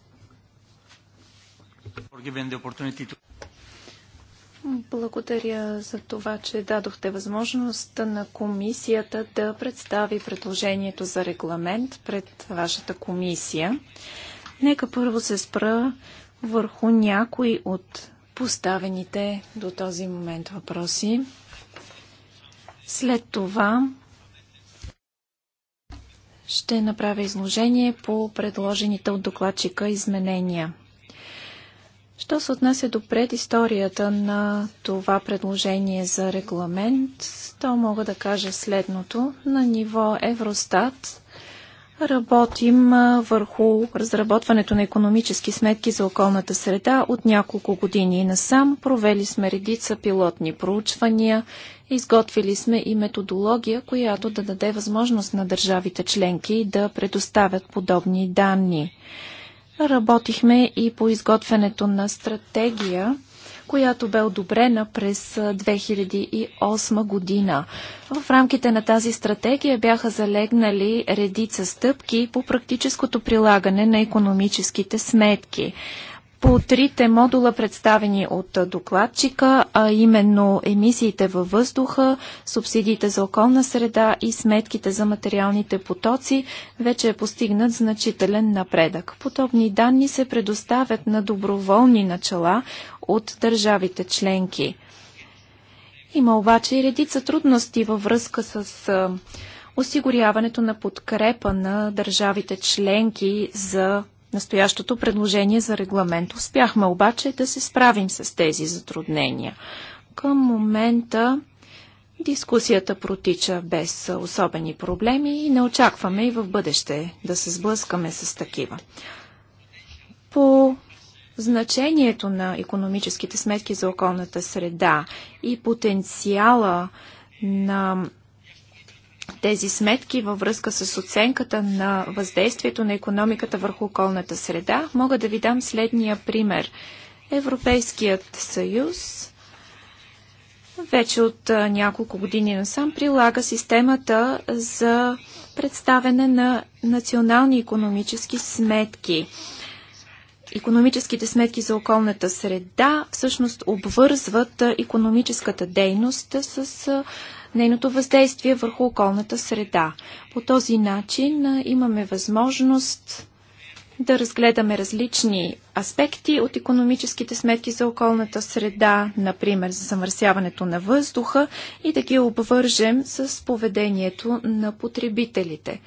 Благодаря за това, че дадохте възможност на комисията да представи предложението за регламент пред вашата комисия. Нека първо се спра върху някои от поставените до този момент въпроси. След това ще направя изложение по предложените от докладчика изменения. Що се отнася до предисторията на това предложение за регламент, то мога да кажа следното. На ниво Евростат работим върху разработването на економически сметки за околната среда от няколко години насам. Провели сме редица пилотни проучвания, изготвили сме и методология, която да даде възможност на държавите членки да предоставят подобни данни. Работихме и по изготвянето на стратегия, която бе одобрена през 2008 година. В рамките на тази стратегия бяха залегнали редица стъпки по практическото прилагане на економическите сметки по трите модула, представени от докладчика, а именно емисиите във въздуха, субсидиите за околна среда и сметките за материалните потоци, вече е постигнат значителен напредък. Подобни данни се предоставят на доброволни начала от държавите членки. Има обаче и редица трудности във връзка с осигуряването на подкрепа на държавите членки за настоящото предложение за регламент. Успяхме обаче да се справим с тези затруднения. Към момента дискусията протича без особени проблеми и не очакваме и в бъдеще да се сблъскаме с такива. По значението на економическите сметки за околната среда и потенциала на тези сметки във връзка с оценката на въздействието на економиката върху околната среда, мога да ви дам следния пример. Европейският съюз вече от няколко години насам прилага системата за представене на национални економически сметки. Економическите сметки за околната среда всъщност обвързват економическата дейност с нейното въздействие върху околната среда. По този начин имаме възможност да разгледаме различни аспекти от економическите сметки за околната среда, например за замърсяването на въздуха и да ги обвържем с поведението на потребителите.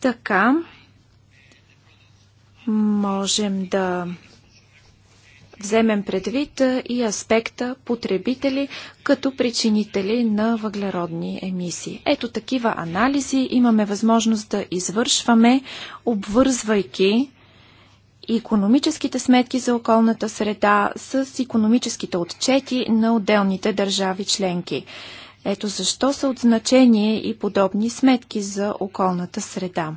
Така можем да вземем предвид и аспекта потребители като причинители на въглеродни емисии. Ето такива анализи имаме възможност да извършваме, обвързвайки економическите сметки за околната среда с економическите отчети на отделните държави членки. Ето защо са от значение и подобни сметки за околната среда.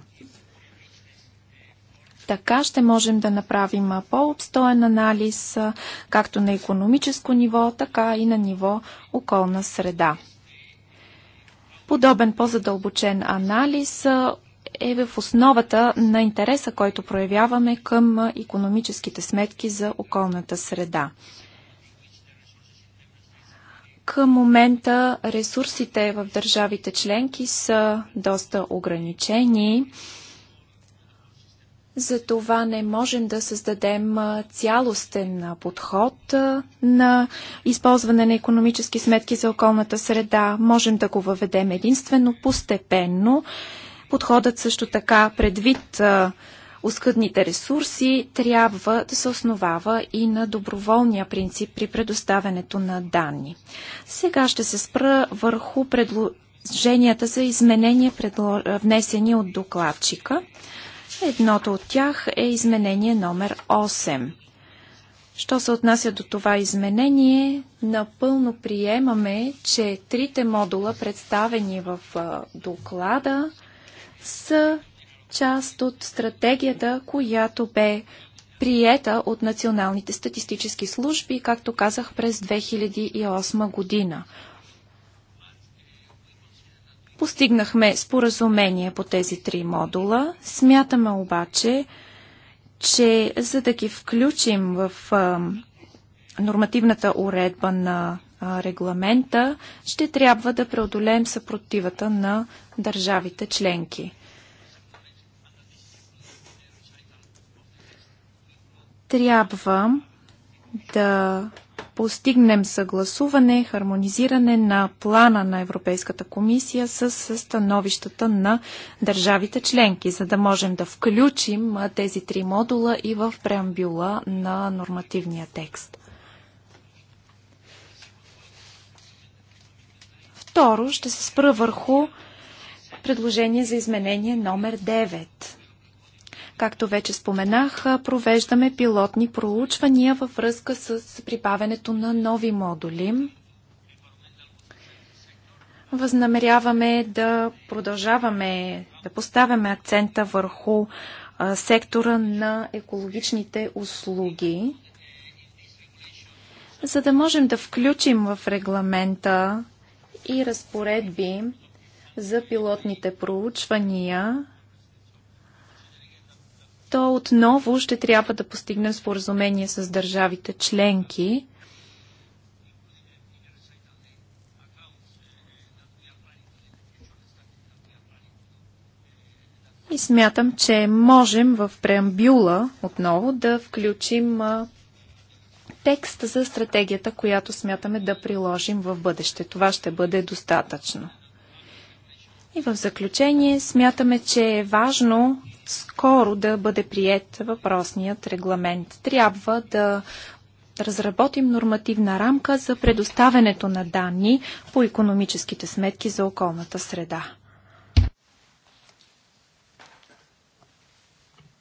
Така ще можем да направим по-обстоен анализ както на економическо ниво, така и на ниво околна среда. Подобен по-задълбочен анализ е в основата на интереса, който проявяваме към економическите сметки за околната среда. Към момента ресурсите в държавите членки са доста ограничени. Затова не можем да създадем цялостен подход на използване на економически сметки за околната среда. Можем да го въведем единствено постепенно. Подходът също така предвид оскъдните ресурси трябва да се основава и на доброволния принцип при предоставянето на данни. Сега ще се спра върху предложенията за изменения, внесени от докладчика. Едното от тях е изменение номер 8. Що се отнася до това изменение, напълно приемаме, че трите модула, представени в доклада, са част от стратегията, която бе приета от националните статистически служби, както казах, през 2008 година. Постигнахме споразумение по тези три модула. Смятаме обаче, че за да ги включим в нормативната уредба на регламента, ще трябва да преодолеем съпротивата на държавите членки. Трябва да постигнем съгласуване, хармонизиране на плана на Европейската комисия с становищата на държавите членки, за да можем да включим тези три модула и в преамбюла на нормативния текст. Второ, ще се спра върху предложение за изменение номер 9. Както вече споменах, провеждаме пилотни проучвания във връзка с прибавенето на нови модули. Възнамеряваме да продължаваме да поставяме акцента върху сектора на екологичните услуги, за да можем да включим в регламента и разпоредби за пилотните проучвания, то отново ще трябва да постигнем споразумение с държавите членки. И смятам, че можем в преамбюла отново да включим текст за стратегията, която смятаме да приложим в бъдеще. Това ще бъде достатъчно. И в заключение смятаме, че е важно скоро да бъде прият въпросният регламент. Трябва да разработим нормативна рамка за предоставянето на данни по економическите сметки за околната среда.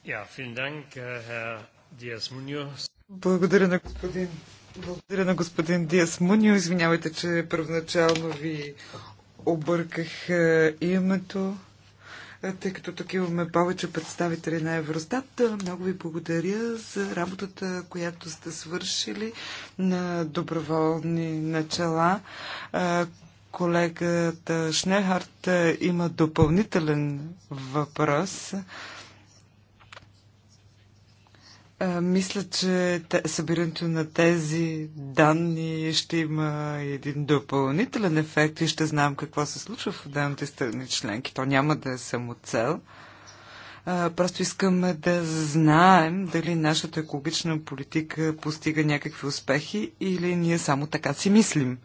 Äh, благодаря на господин благодаря на господин Диас Мунио. Извинявайте, че първоначално ви обърках е, името. Е, тъй като тук имаме повече представители на Евростат. Е, много ви благодаря за работата, която сте свършили на доброволни начала. Е, колегата Шнехарт има допълнителен въпрос. Мисля, че събирането на тези данни ще има един допълнителен ефект и ще знаем какво се случва в отделните страни членки. То няма да е само цел. Просто искаме да знаем дали нашата екологична политика постига някакви успехи или ние само така си мислим.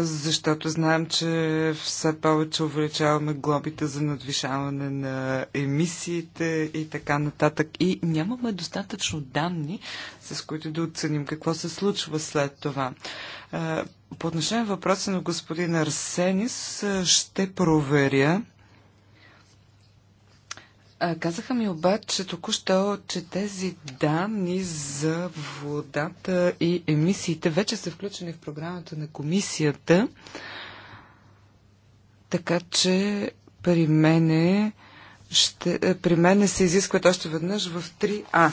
защото знаем, че все повече увеличаваме глобите за надвишаване на емисиите и така нататък. И нямаме достатъчно данни, с които да оценим какво се случва след това. По отношение на въпроса на господин Арсенис, ще проверя Казаха ми обаче току-що, че тези данни за водата и емисиите вече са включени в програмата на комисията, така че при мене, ще, е, при мене се изискват още веднъж в 3А.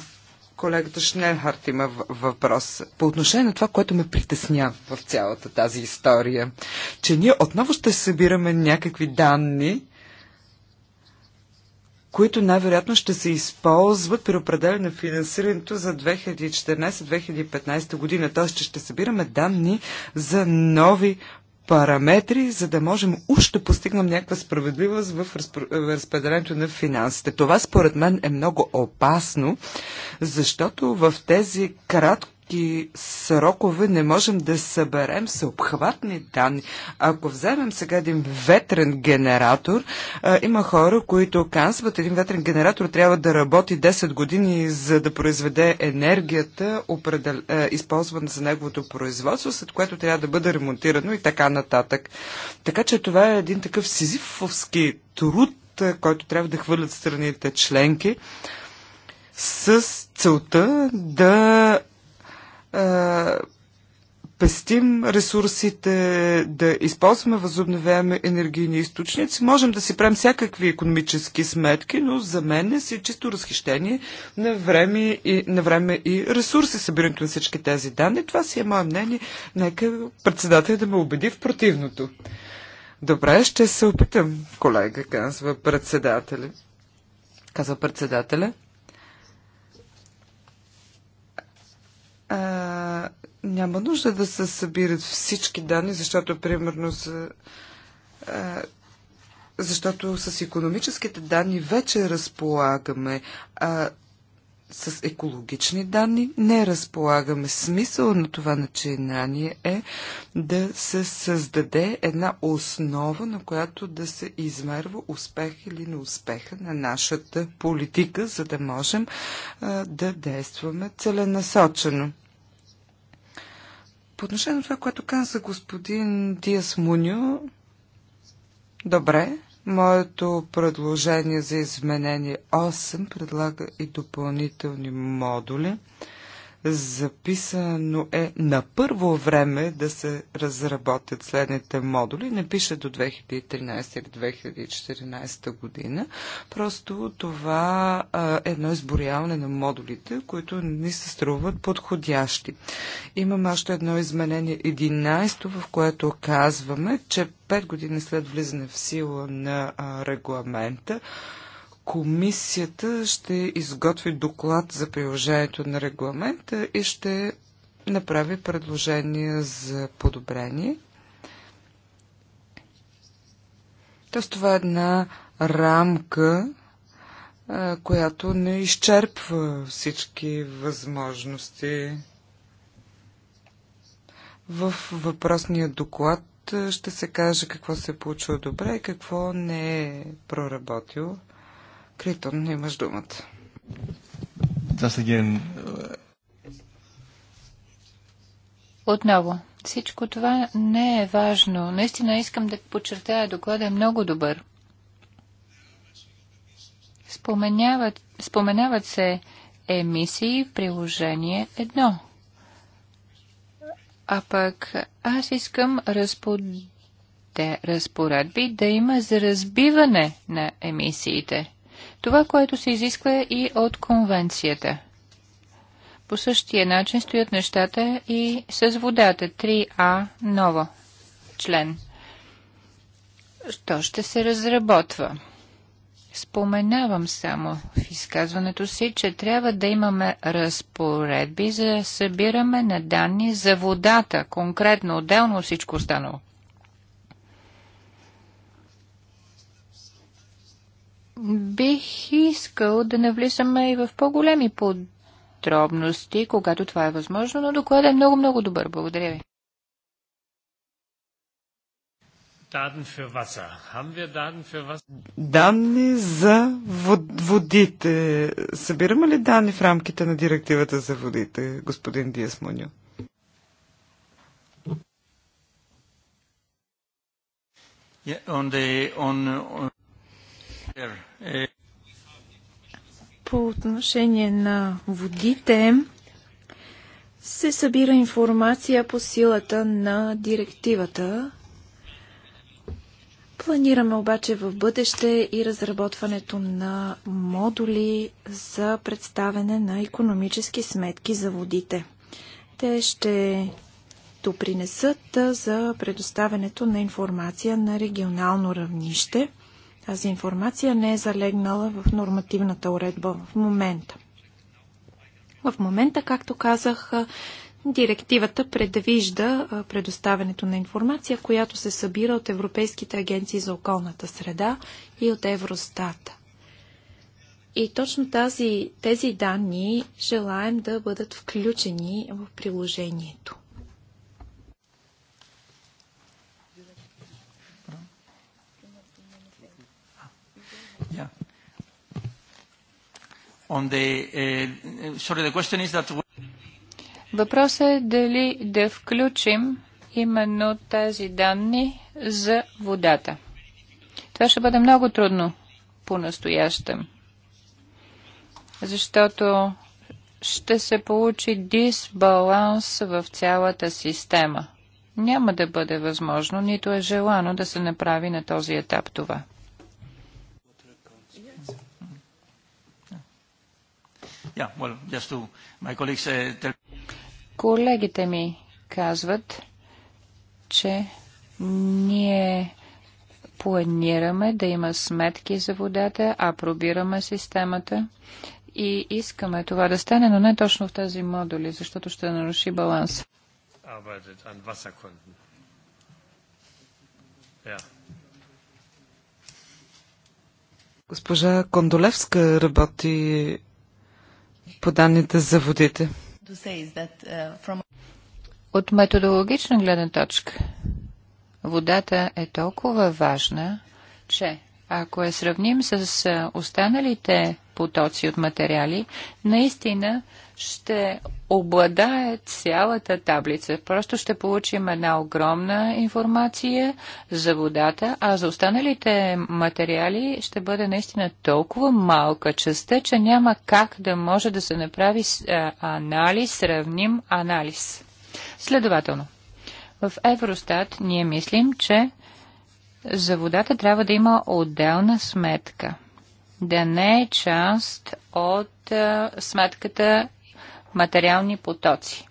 Колегата Шнелхарт има въпрос. По отношение на това, което ме притеснява в цялата тази история, че ние отново ще събираме някакви данни, които най-вероятно ще се използват при определяне на финансирането за 2014-2015 година. Т.е. че ще събираме данни за нови параметри, за да можем уж да постигнем някаква справедливост в разпределението на финансите. Това според мен е много опасно, защото в тези кратко кратки срокове не можем да съберем съобхватни данни. Ако вземем сега един ветрен генератор, а, има хора, които казват, един ветрен генератор трябва да работи 10 години, за да произведе енергията, определ... а, използвана за неговото производство, след което трябва да бъде ремонтирано и така нататък. Така че това е един такъв сизифовски труд, който трябва да хвърлят страните членки с целта да е, пестим ресурсите, да използваме възобновяеми енергийни източници. Можем да си правим всякакви економически сметки, но за мен е си чисто разхищение на време и, на време и ресурси, събирането на всички тези данни. Това си е мое мнение. Нека председател да ме убеди в противното. Добре, ще се опитам, колега, казва председателя. Казва председателя. а, няма нужда да се събират всички данни, защото, примерно, за, а, защото с економическите данни вече разполагаме. А, с екологични данни не разполагаме. Смисъл на това начинание е да се създаде една основа, на която да се измерва успех или неуспеха на нашата политика, за да можем а, да действаме целенасочено. По отношение на това, което каза господин Диас Муньо, добре, Моето предложение за изменение 8 предлага и допълнителни модули записано е на първо време да се разработят следните модули. Не пише до 2013 или 2014 година. Просто това е едно изборяване на модулите, които ни се струват подходящи. Имам още едно изменение 11, в което казваме, че 5 години след влизане в сила на регламента, комисията ще изготви доклад за приложението на регламента и ще направи предложения за подобрение. Тоест това е една рамка, която не изчерпва всички възможности. В въпросния доклад ще се каже какво се е получило добре и какво не е проработило. Критон, имаш думата. Uh, Отново, всичко това не е важно. Наистина искам да подчертая, доклада е много добър. Споменяват, споменават се емисии в приложение едно. А пък аз искам разпоредби да има за разбиване на емисиите. Това, което се изисква е и от конвенцията. По същия начин стоят нещата и с водата 3А ново член. Що ще се разработва? Споменавам само в изказването си, че трябва да имаме разпоредби за събираме на данни за водата, конкретно, отделно всичко останало. Бих искал да навлизаме и в по-големи подробности, когато това е възможно, но докладът е много-много добър. Благодаря ви. Данни за водите. Събираме ли данни в рамките на директивата за водите, господин Диас Муньо? Yeah, on the, on, on... По отношение на водите, се събира информация по силата на директивата. Планираме обаче в бъдеще и разработването на модули за представене на економически сметки за водите. Те ще допринесат за предоставянето на информация на регионално равнище – тази информация не е залегнала в нормативната уредба в момента. В момента, както казах, директивата предвижда предоставянето на информация, която се събира от Европейските агенции за околната среда и от Евростата. И точно тази, тези данни желаем да бъдат включени в приложението. Eh, Въпросът е дали да включим именно тези данни за водата. Това ще бъде много трудно по-настоящем, защото ще се получи дисбаланс в цялата система. Няма да бъде възможно, нито е желано да се направи на този етап това. Yeah, well, just to my colleagues, uh, tell... Колегите ми казват, че ние планираме да има сметки за водата, а пробираме системата и искаме това да стане, но не точно в тези модули, защото ще наруши баланс. Госпожа Кондолевска работи по данните за водите. От методологична гледна точка, водата е толкова важна, че ако я сравним с останалите потоци от материали, наистина ще обладае цялата таблица. Просто ще получим една огромна информация за водата, а за останалите материали ще бъде наистина толкова малка частта, че няма как да може да се направи анализ, сравним анализ. Следователно, в Евростат ние мислим, че за водата трябва да има отделна сметка. Да не е част от сметката материални потоци.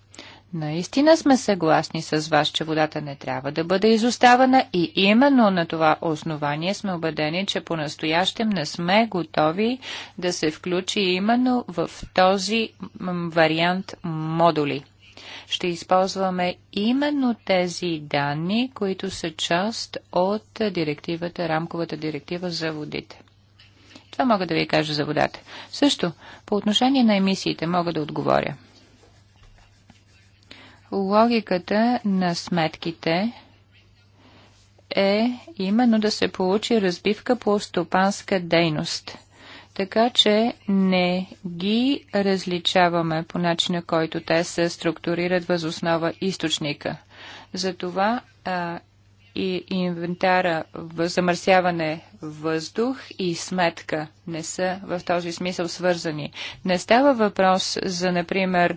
Наистина сме съгласни с вас, че водата не трябва да бъде изоставана и именно на това основание сме убедени, че по-настоящем не сме готови да се включи именно в този вариант модули. Ще използваме именно тези данни, които са част от директивата, рамковата директива за водите. Това мога да ви кажа за водата. Също, по отношение на емисиите мога да отговоря. Логиката на сметките е именно да се получи разбивка по стопанска дейност. Така че не ги различаваме по начина, който те се структурират възоснова източника. Затова а, и инвентара замърсяване въздух и сметка не са в този смисъл свързани. Не става въпрос за, например,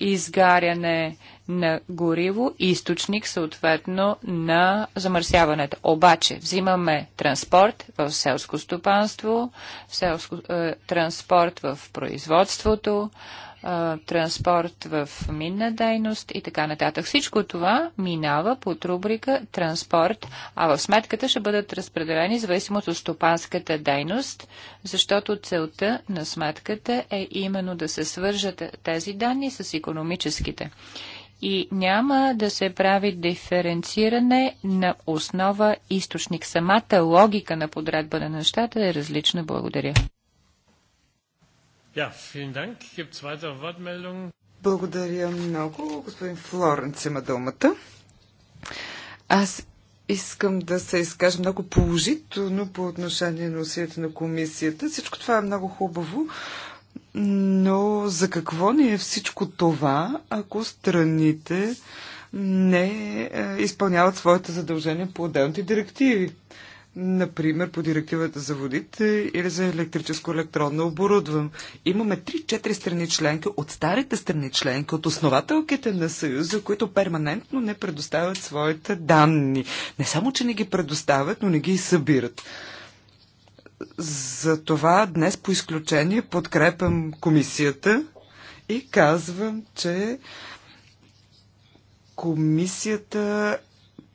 изгаряне на гориво, източник съответно на замърсяването. Обаче взимаме транспорт в селско стопанство, селско, е, транспорт в производството, е, транспорт в минна дейност и така нататък. Всичко това минава под рубрика транспорт, а в сметката ще бъдат разпределени зависимо от стопанската дейност, защото целта на сметката е именно да се свържат тези данни с економическите и няма да се прави диференциране на основа източник. Самата логика на подредба на нещата е различна. Благодаря. Благодаря много. Господин Флоренц има думата. Аз искам да се изкажа много положително по отношение на усилията на комисията. Всичко това е много хубаво, но за какво ни е всичко това, ако страните не е, изпълняват своите задължения по отделните директиви? например по директивата за водите или за електрическо електронно оборудване. Имаме 3-4 страни членки от старите страни членки, от основателките на Съюза, които перманентно не предоставят своите данни. Не само, че не ги предоставят, но не ги и събират. Затова днес по изключение подкрепям комисията и казвам, че комисията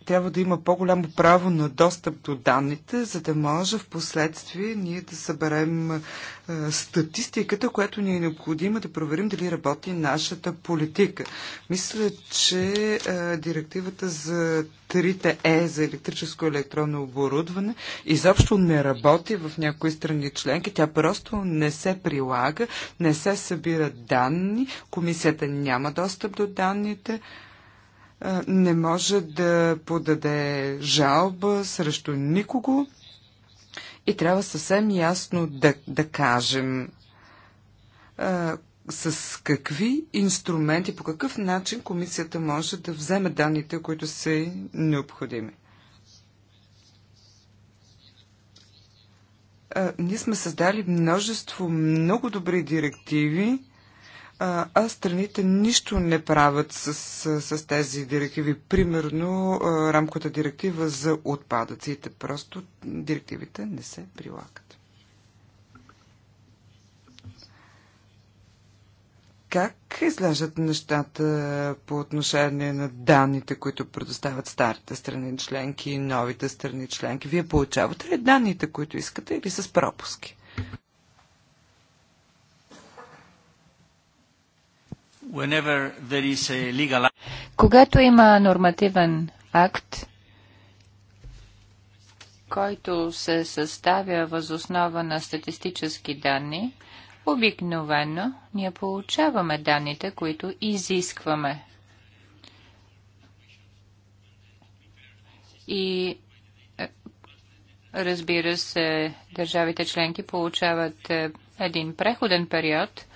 трябва да има по-голямо право на достъп до данните, за да може в последствие ние да съберем е, статистиката, която ни е необходима да проверим дали работи нашата политика. Мисля, че е, директивата за трите Е за електрическо и електронно оборудване изобщо не работи в някои страни членки. Тя просто не се прилага, не се събират данни, комисията няма достъп до данните не може да подаде жалба срещу никого и трябва съвсем ясно да, да кажем а, с какви инструменти, по какъв начин комисията може да вземе данните, които са необходими. А, ние сме създали множество много добри директиви, а, а страните нищо не правят с, с, с тези директиви. Примерно рамката директива за отпадъците. Просто директивите не се прилагат. Как излежат нещата по отношение на данните, които предоставят старите страни членки и новите страни членки? Вие получавате ли данните, които искате или с пропуски? Когато има нормативен акт, който се съставя възоснова на статистически данни, обикновено ние получаваме данните, които изискваме. И е, разбира се, държавите членки получават е, един преходен период –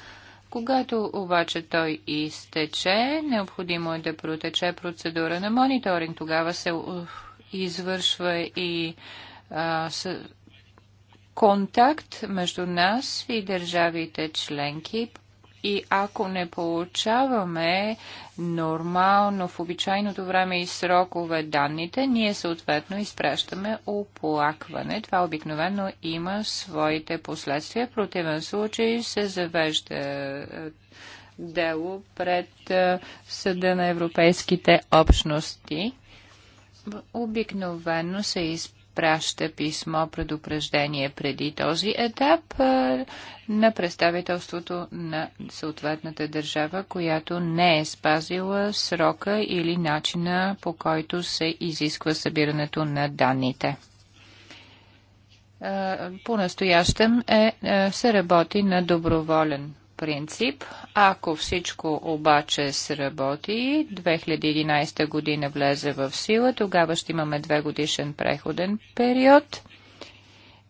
когато обаче той изтече, необходимо е да протече процедура на мониторинг. Тогава се извършва и а, с, контакт между нас и държавите членки и ако не получаваме нормално в обичайното време и срокове данните, ние съответно изпращаме оплакване. Това обикновено има своите последствия. В противен случай се завежда е, дело пред е, съда на европейските общности. Обикновено се изпраща изпраща писмо предупреждение преди този етап на представителството на съответната държава, която не е спазила срока или начина по който се изисква събирането на данните. По-настоящем е, е, се работи на доброволен принцип. Ако всичко обаче се работи, 2011 година влезе в сила, тогава ще имаме две годишен преходен период.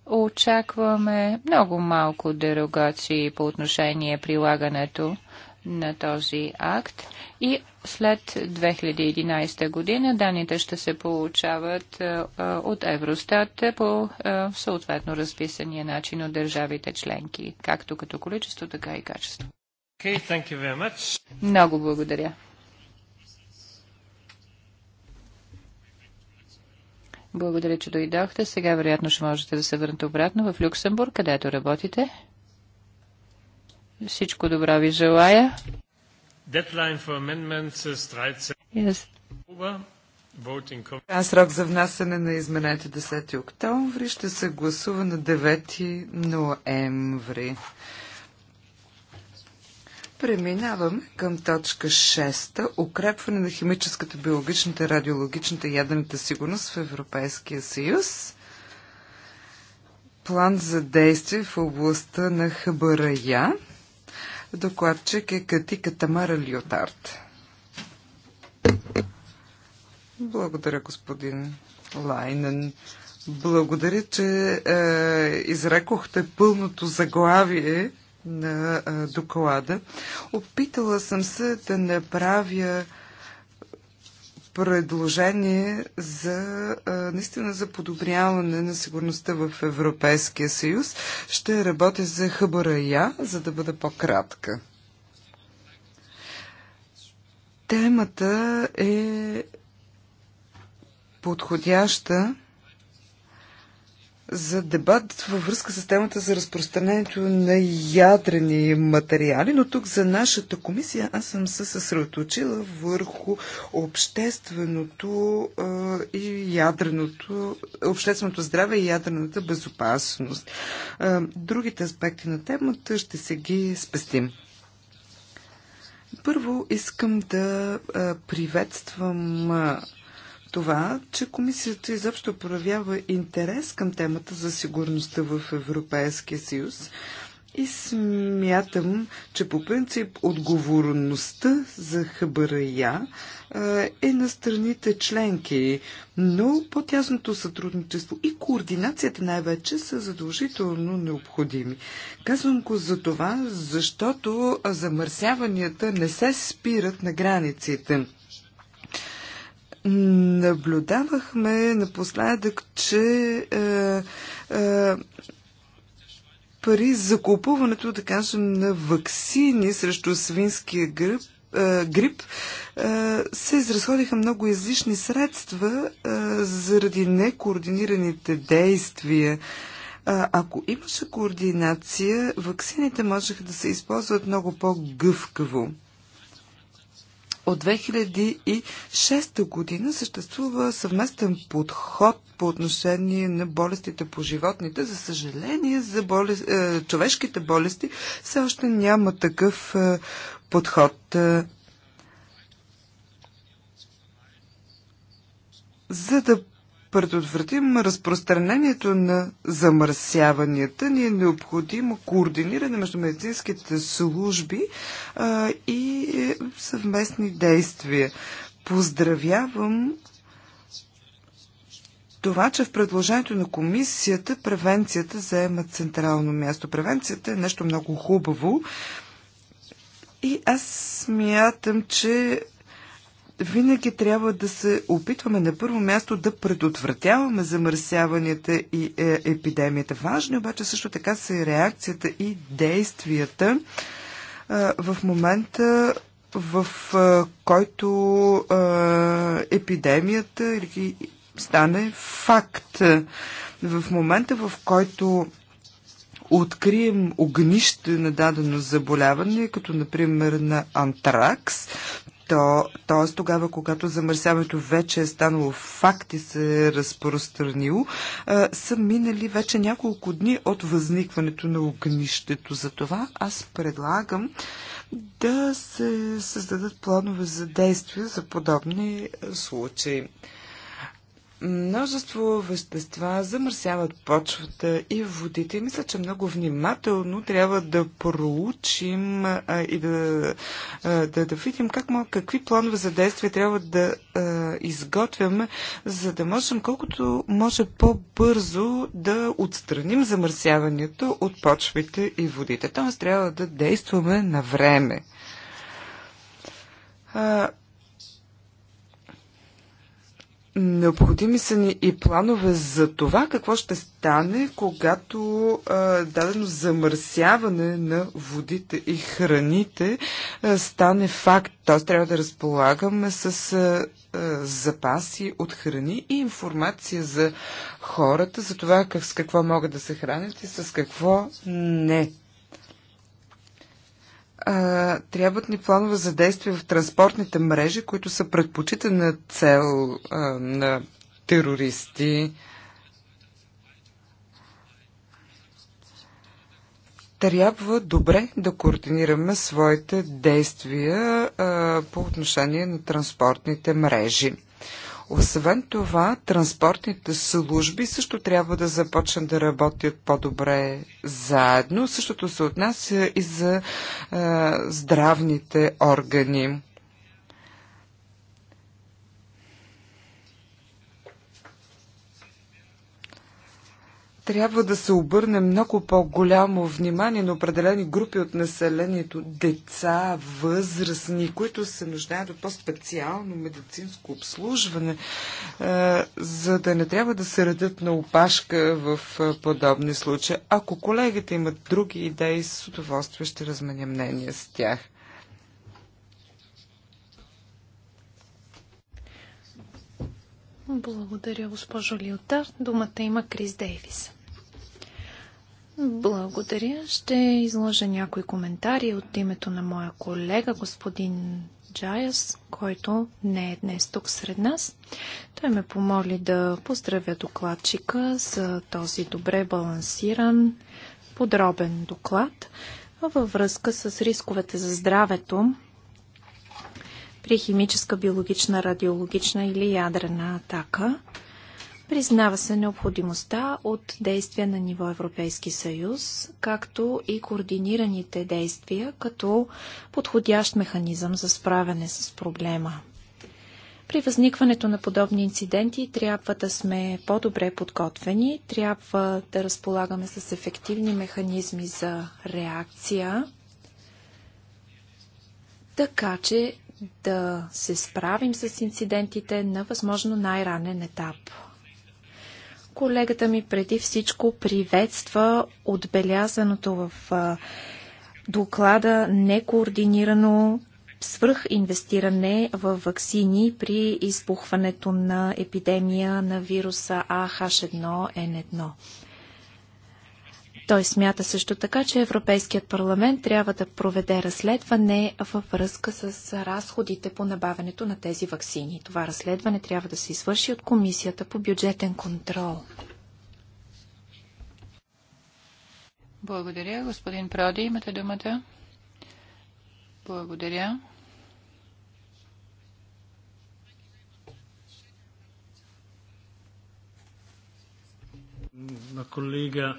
Очакваме много малко дерогации по отношение прилагането на този акт и след 2011 година. Данните ще се получават е, е, от Евростат по е, съответно разписания начин от държавите членки, както като количество, така и качество. Okay, thank you very much. Много благодаря. Благодаря, че дойдохте. Сега вероятно ще можете да се върнете обратно в Люксембург, където работите. Всичко добро ви желая. Deadline for amendments is 13 yes. срок за внасяне на изменете 10 октомври ще се гласува на 9 ноември. Преминаваме към точка 6. Укрепване на химическата, биологичната, радиологичната и ядрената сигурност в Европейския съюз. План за действие в областта на ХБРЯ. Докладчик е Кати Катамара Лиотард. Благодаря, господин Лайнен. Благодаря, че е, изрекохте пълното заглавие на е, доклада. Опитала съм се да направя предложение за наистина за подобряване на сигурността в Европейския съюз. Ще работя за хъбара я, за да бъда по-кратка. Темата е подходяща за дебат във връзка с темата за разпространението на ядрени материали, но тук за нашата комисия аз съм се съсредоточила върху общественото и ядреното, общественото здраве и ядрената безопасност. другите аспекти на темата ще се ги спестим. Първо искам да приветствам това, че комисията изобщо проявява интерес към темата за сигурността в Европейския съюз и смятам, че по принцип отговорността за ХБРЯ е на страните членки, но по-тясното сътрудничество и координацията най-вече са задължително необходими. Казвам го за това, защото замърсяванията не се спират на границите наблюдавахме напоследък, че е, е, пари за купуването, да кажем, на вакцини срещу свинския гръб, е, грип, е, се изразходиха много излишни средства е, заради некоординираните действия. Ако имаше координация, вакцините можеха да се използват много по-гъвкаво. От 2006 година съществува съвместен подход по отношение на болестите по животните. За съжаление, за болест, е, човешките болести все още няма такъв е, подход. Е, за да предотвратим разпространението на замърсяванията, ни е необходимо координиране между медицинските служби а, и е, съвместни действия. Поздравявам това, че в предложението на комисията превенцията заема централно място. Превенцията е нещо много хубаво. И аз смятам, че винаги трябва да се опитваме на първо място да предотвратяваме замърсяванията и е, епидемията. Важни обаче също така са и реакцията и действията е, в момента, в е, който е, епидемията стане факт. В момента, в който открием огнище на дадено заболяване, като например на антракс, то, т.е. тогава, когато замърсяването вече е станало факт и се е разпространило, а, са минали вече няколко дни от възникването на огнището. Затова аз предлагам да се създадат планове за действия за подобни случаи. Множество вещества замърсяват почвата и водите. мисля, че много внимателно трябва да проучим а, и да, а, да, да видим как, какви планове за действие трябва да а, изготвяме, за да можем колкото може по-бързо да отстраним замърсяването от почвите и водите. Тоест трябва да действаме на време. Необходими са ни и планове за това какво ще стане, когато а, дадено замърсяване на водите и храните а, стане факт. Тоест трябва да разполагаме с а, а, запаси от храни и информация за хората, за това как, с какво могат да се хранят и с какво не а, трябват ни планове за действие в транспортните мрежи, които са предпочитана цел а, на терористи. Трябва добре да координираме своите действия а, по отношение на транспортните мрежи. Освен това, транспортните служби също трябва да започнат да работят по-добре заедно. Същото се отнася и за здравните органи. трябва да се обърне много по-голямо внимание на определени групи от населението деца, възрастни, които се нуждаят от по-специално медицинско обслужване, е, за да не трябва да се редат на опашка в е, подобни случаи. Ако колегите имат други идеи, с удоволствие ще разменя мнение с тях. Благодаря, госпожо Лилтар. Думата има Крис Дейвис. Благодаря. Ще изложа някои коментари от името на моя колега, господин Джаяс, който не е днес тук сред нас. Той ме помоли да поздравя докладчика за този добре балансиран, подробен доклад във връзка с рисковете за здравето при химическа, биологична, радиологична или ядрена атака – Признава се необходимостта от действия на ниво Европейски съюз, както и координираните действия като подходящ механизъм за справяне с проблема. При възникването на подобни инциденти трябва да сме по-добре подготвени, трябва да разполагаме с ефективни механизми за реакция, така че да се справим с инцидентите на възможно най-ранен етап. Колегата ми преди всичко приветства отбелязаното в доклада некоординирано свръхинвестиране в ваксини при избухването на епидемия на вируса АХ1N1. Той смята също така, че Европейският парламент трябва да проведе разследване във връзка с разходите по набавянето на тези вакцини. Това разследване трябва да се извърши от Комисията по бюджетен контрол. Благодаря. Господин Проди, имате думата. Благодаря. На колега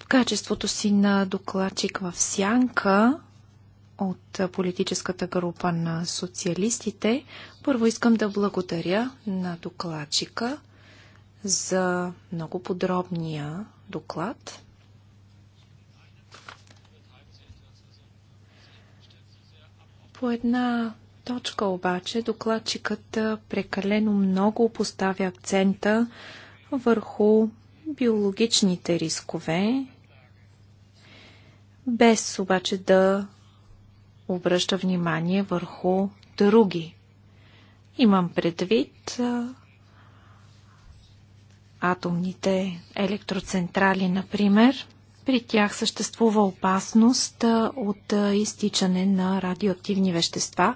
в качеството си на докладчик в Сянка от политическата група на социалистите, първо искам да благодаря на докладчика за много подробния доклад. По една точка обаче докладчикът прекалено много поставя акцента върху биологичните рискове, без обаче да обръща внимание върху други. Имам предвид атомните електроцентрали, например – при тях съществува опасност от изтичане на радиоактивни вещества,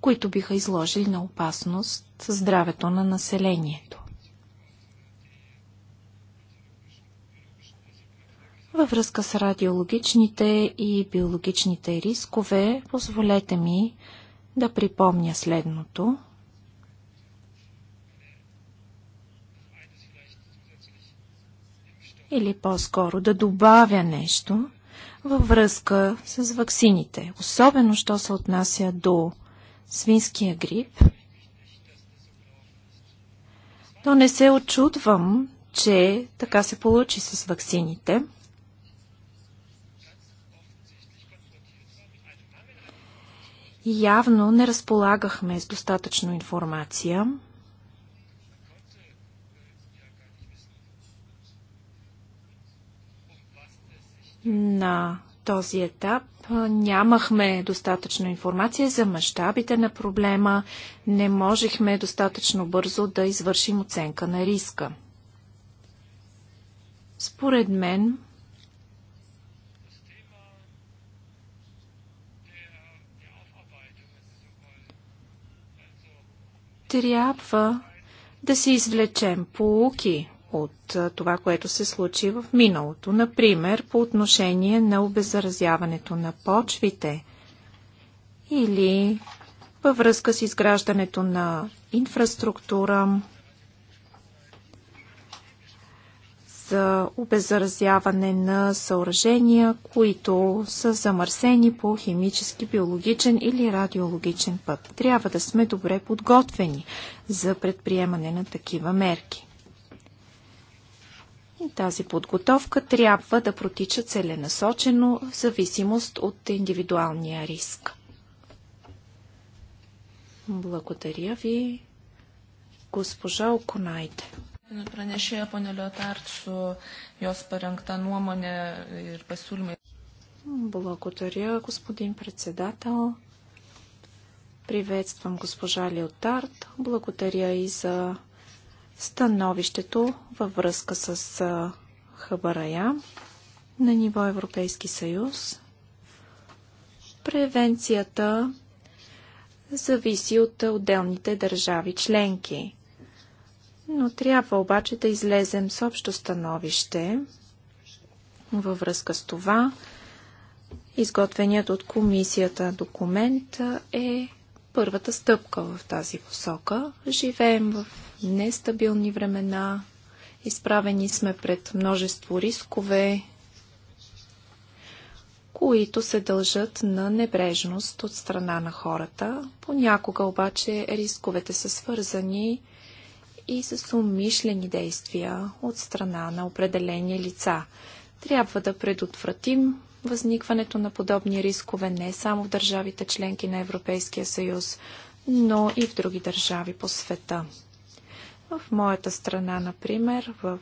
които биха изложили на опасност здравето на населението. Във връзка с радиологичните и биологичните рискове, позволете ми да припомня следното – или по-скоро да добавя нещо във връзка с ваксините, особено що се отнася до свинския грип. Но не се очудвам, че така се получи с ваксините. Явно не разполагахме с достатъчно информация. на този етап нямахме достатъчно информация за мащабите на проблема, не можехме достатъчно бързо да извършим оценка на риска. Според мен, трябва да си извлечем поуки от това, което се случи в миналото. Например, по отношение на обеззаразяването на почвите или във връзка с изграждането на инфраструктура за обеззаразяване на съоръжения, които са замърсени по химически, биологичен или радиологичен път. Трябва да сме добре подготвени за предприемане на такива мерки. И тази подготовка трябва да протича целенасочено в зависимост от индивидуалния риск. Благодаря ви, госпожа Оконайте. ponė Liotart su jos parengta nuomonė ir pasiūlymai. Благодаря, господин председател. Приветствам госпожа Лиотард. Благодаря и за становището във връзка с Хабарая на ниво Европейски съюз. Превенцията зависи от отделните държави членки. Но трябва обаче да излезем с общо становище във връзка с това. Изготвеният от комисията документ е първата стъпка в тази посока. Живеем в нестабилни времена, изправени сме пред множество рискове, които се дължат на небрежност от страна на хората. Понякога обаче рисковете са свързани и с умишлени действия от страна на определени лица. Трябва да предотвратим възникването на подобни рискове не само в държавите членки на Европейския съюз, но и в други държави по света. В моята страна, например, в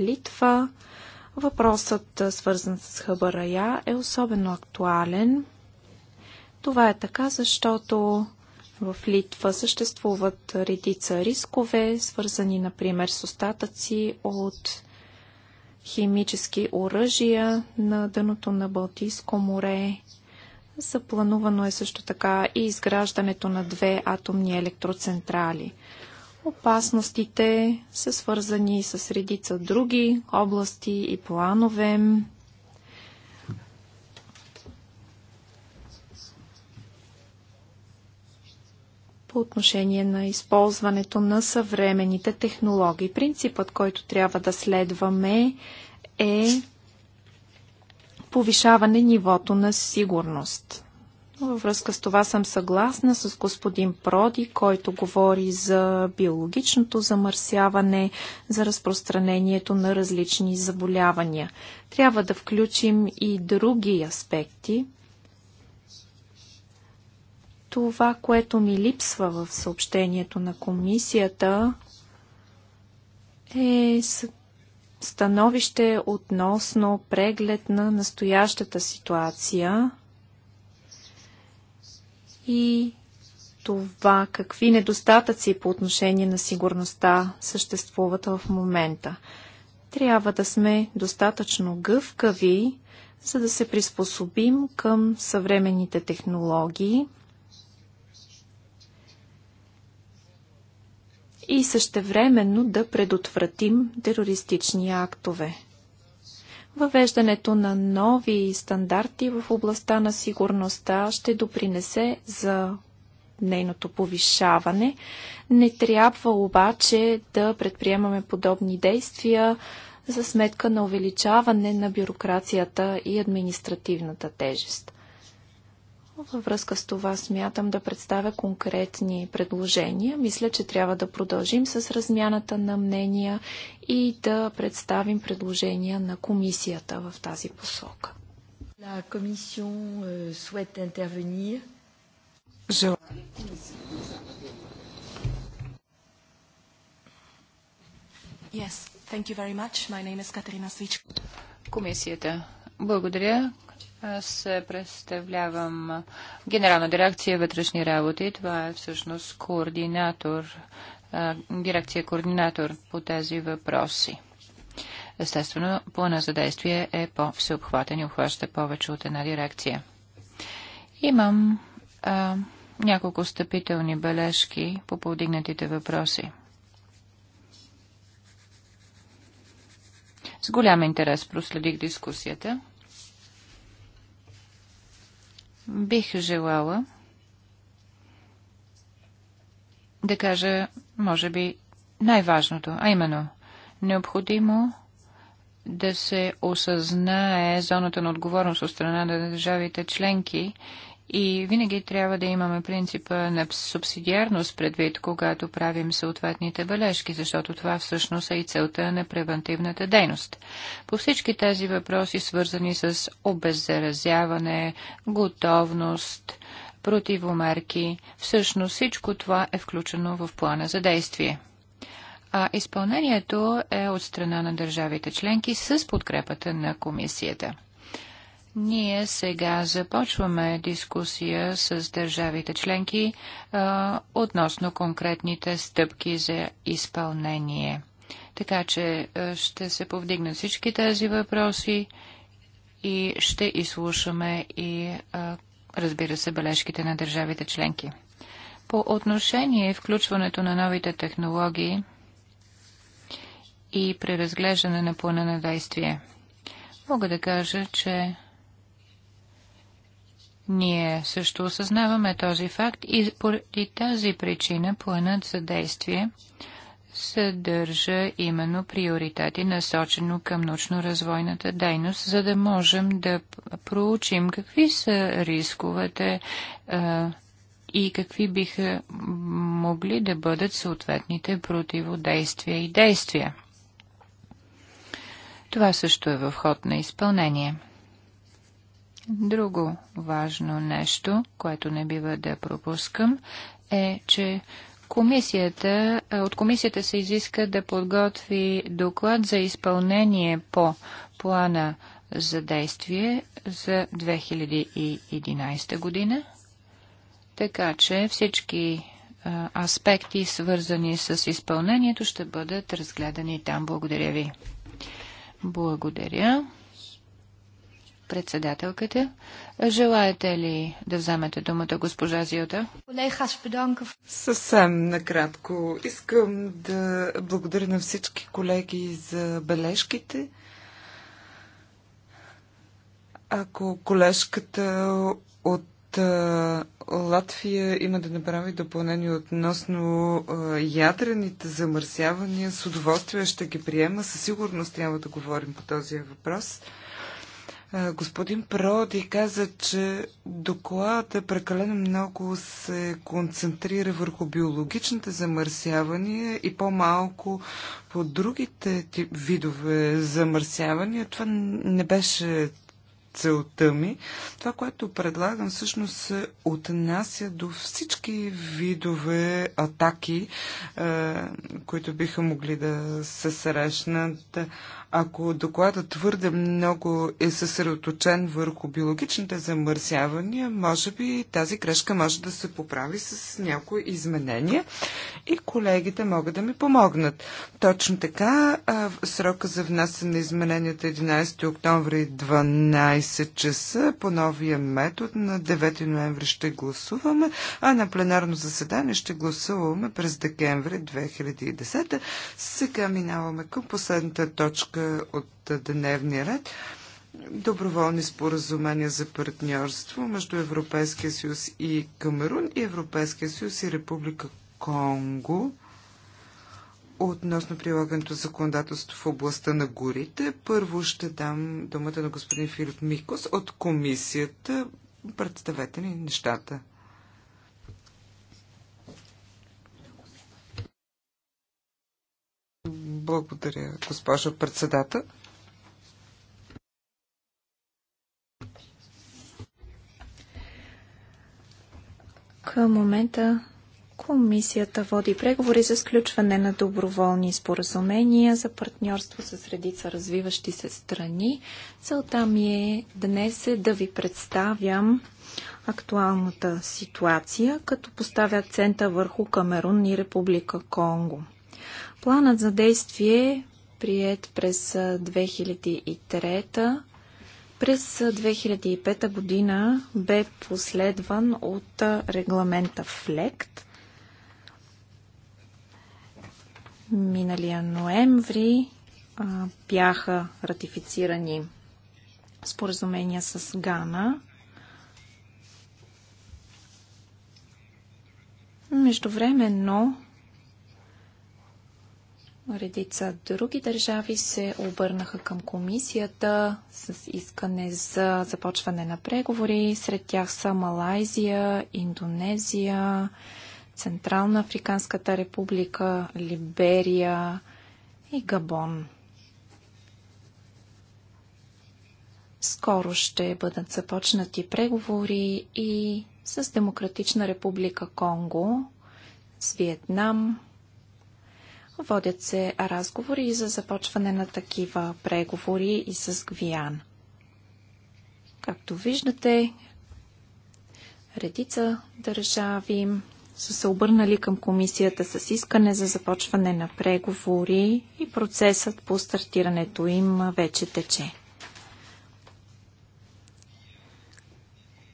Литва, въпросът, свързан с Хабарая, е особено актуален. Това е така, защото в Литва съществуват редица рискове, свързани, например, с остатъци от химически оръжия на дъното на Балтийско море. Запланувано е също така и изграждането на две атомни електроцентрали. Опасностите са свързани с редица други области и планове. по отношение на използването на съвременните технологии. Принципът, който трябва да следваме е повишаване нивото на сигурност. Във връзка с това съм съгласна с господин Проди, който говори за биологичното замърсяване, за разпространението на различни заболявания. Трябва да включим и други аспекти. Това, което ми липсва в съобщението на комисията, е становище относно преглед на настоящата ситуация – и това какви недостатъци по отношение на сигурността съществуват в момента. Трябва да сме достатъчно гъвкави, за да се приспособим към съвременните технологии и същевременно да предотвратим терористични актове. Въвеждането на нови стандарти в областта на сигурността ще допринесе за нейното повишаване. Не трябва обаче да предприемаме подобни действия за сметка на увеличаване на бюрокрацията и административната тежест. Във връзка с това смятам да представя конкретни предложения. Мисля, че трябва да продължим с размяната на мнения и да представим предложения на комисията в тази посока. La commission euh, souhaite intervenir. Yes, thank you very much. My name is Комисията. Благодаря. Аз представлявам Генерална дирекция вътрешни работи. Това е всъщност координатор, дирекция координатор по тези въпроси. Естествено, плана за действие е по-всеобхватен и обхваща повече от една дирекция. Имам а, няколко стъпителни бележки по повдигнатите въпроси. С голям интерес проследих дискусията. Бих желала да кажа, може би, най-важното, а именно необходимо да се осъзнае зоната на отговорност от страна на държавите членки и винаги трябва да имаме принципа на субсидиарност предвид, когато правим съответните бележки, защото това всъщност е и целта на превентивната дейност. По всички тези въпроси, свързани с обеззаразяване, готовност, противомерки, всъщност всичко това е включено в плана за действие. А изпълнението е от страна на държавите членки с подкрепата на комисията. Ние сега започваме дискусия с държавите членки а, относно конкретните стъпки за изпълнение. Така че ще се повдигнат всички тези въпроси и ще изслушаме и, а, разбира се, бележките на държавите членки. По отношение включването на новите технологии и преразглеждане на плана на действие, мога да кажа, че ние също осъзнаваме този факт и поради тази причина планът за действие съдържа именно приоритети, насочено към научно-развойната дейност, за да можем да проучим какви са рисковете а, и какви биха могли да бъдат съответните противодействия и действия. Това също е в ход на изпълнение. Друго важно нещо, което не бива да пропускам, е, че комисията, е, от комисията се изиска да подготви доклад за изпълнение по плана за действие за 2011 година, така че всички е, аспекти, свързани с изпълнението, ще бъдат разгледани там. Благодаря ви. Благодаря. Председателката, желаете ли да вземете думата госпожа Зиота? Съвсем накратко. Искам да благодаря на всички колеги за бележките. Ако колежката от Латвия има да направи допълнение относно ядрените замърсявания. С удоволствие ще ги приема. Със сигурност трябва да говорим по този въпрос. Господин Проди каза, че доклада прекалено много се концентрира върху биологичните замърсявания и по-малко по другите тип видове замърсявания. Това не беше целта ми. Това, което предлагам, всъщност се отнася до всички видове атаки, които биха могли да се срещнат. Ако докладът твърде много е съсредоточен върху биологичните замърсявания, може би тази грешка може да се поправи с някои изменения и колегите могат да ми помогнат. Точно така, срока за внасяне на измененията 11 е октомври 12 часа по новия метод на 9 ноември ще гласуваме, а на пленарно заседание ще гласуваме през декември 2010. Сега минаваме към последната точка от дневния ред доброволни споразумения за партньорство между Европейския съюз и Камерун и Европейския съюз и Република Конго относно прилагането законодателство в областта на горите. Първо ще дам думата на господин Филип Микос от комисията. Представете ни нещата. Благодаря, госпожо председател. Към момента Комисията води преговори за сключване на доброволни споразумения за партньорство с редица развиващи се страни. Целта ми е днес е да ви представям актуалната ситуация, като поставя акцента върху Камерун и Република Конго. Планът за действие, прият през 2003 през 2005 година бе последван от регламента ФЛЕКТ. Миналия ноември а, бяха ратифицирани споразумения с Гана. Междувременно Редица други държави се обърнаха към комисията с искане за започване на преговори. Сред тях са Малайзия, Индонезия, Централна Африканската република, Либерия и Габон. Скоро ще бъдат започнати преговори и с Демократична република Конго, с Виетнам, Водят се разговори за започване на такива преговори и с Гвиан. Както виждате, редица държави са се обърнали към комисията с искане за започване на преговори и процесът по стартирането им вече тече.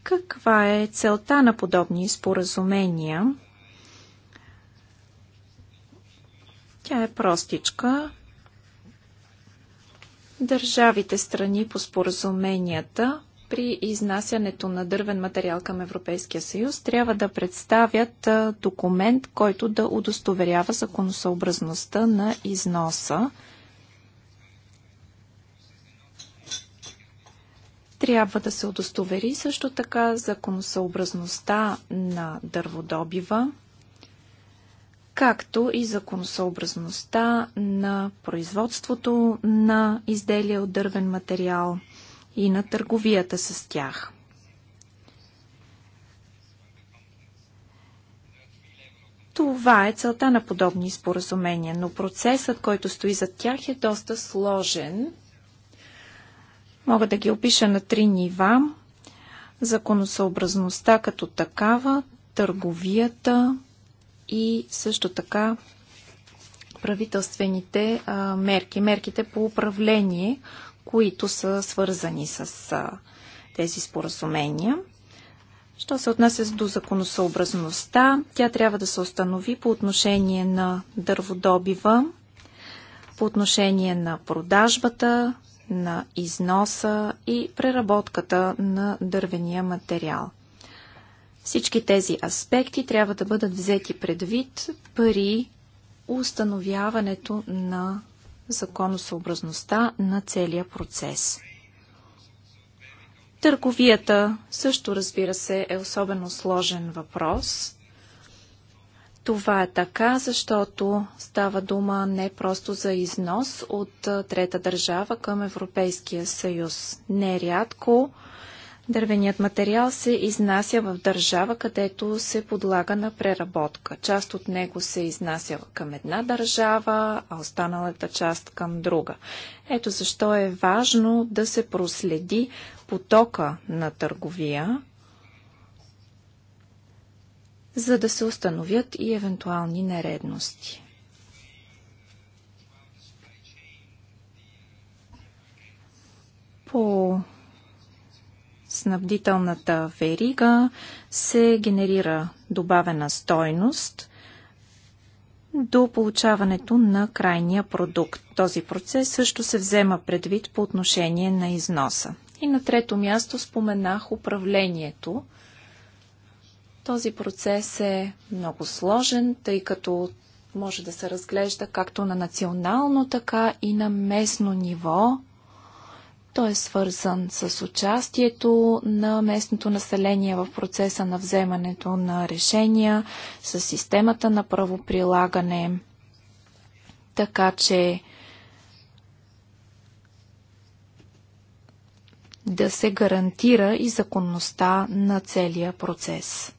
Каква е целта на подобни споразумения? Тя е простичка. Държавите страни по споразуменията при изнасянето на дървен материал към Европейския съюз трябва да представят документ, който да удостоверява законосъобразността на износа. Трябва да се удостовери също така законосъобразността на дърводобива както и законосъобразността на производството на изделия от дървен материал и на търговията с тях. Това е целта на подобни споразумения, но процесът, който стои зад тях е доста сложен. Мога да ги опиша на три нива. Законосъобразността като такава, търговията, и също така правителствените а, мерки, мерките по управление, които са свързани с а, тези споразумения. Що се отнася до законосъобразността, тя трябва да се установи по отношение на дърводобива, по отношение на продажбата, на износа и преработката на дървения материал. Всички тези аспекти трябва да бъдат взети предвид при установяването на законосъобразността на целия процес. Търговията също, разбира се, е особено сложен въпрос. Това е така, защото става дума не просто за износ от трета държава към Европейския съюз. Нерядко Дървеният материал се изнася в държава, където се подлага на преработка. Част от него се изнася към една държава, а останалата част към друга. Ето защо е важно да се проследи потока на търговия, за да се установят и евентуални нередности. По снабдителната верига се генерира добавена стойност до получаването на крайния продукт. Този процес също се взема предвид по отношение на износа. И на трето място споменах управлението. Този процес е много сложен, тъй като може да се разглежда както на национално, така и на местно ниво. Той е свързан с участието на местното население в процеса на вземането на решения, с системата на правоприлагане, така че да се гарантира и законността на целия процес.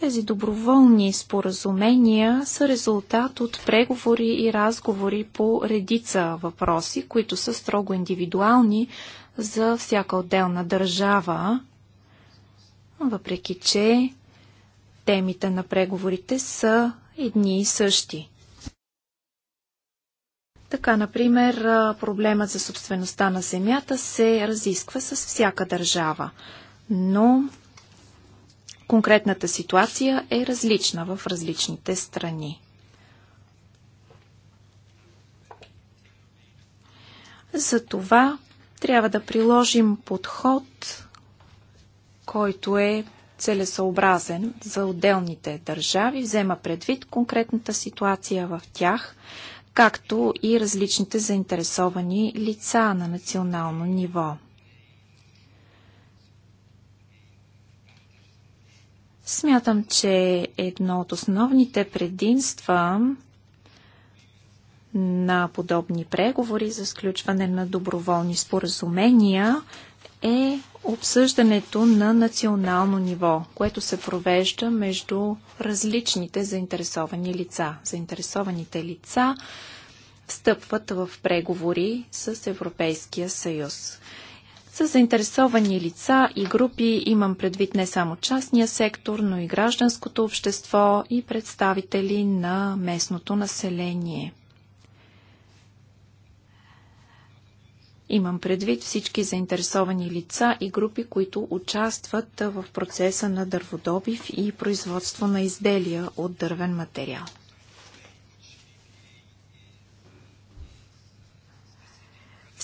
Тези доброволни споразумения са резултат от преговори и разговори по редица въпроси, които са строго индивидуални за всяка отделна държава, въпреки че темите на преговорите са едни и същи. Така, например, проблемът за собствеността на земята се разисква с всяка държава, но Конкретната ситуация е различна в различните страни. Затова трябва да приложим подход, който е целесъобразен за отделните държави, взема предвид конкретната ситуация в тях, както и различните заинтересовани лица на национално ниво. Смятам, че едно от основните предимства на подобни преговори за сключване на доброволни споразумения е обсъждането на национално ниво, което се провежда между различните заинтересовани лица. Заинтересованите лица встъпват в преговори с Европейския съюз. С заинтересовани лица и групи имам предвид не само частния сектор, но и гражданското общество и представители на местното население. Имам предвид всички заинтересовани лица и групи, които участват в процеса на дърводобив и производство на изделия от дървен материал.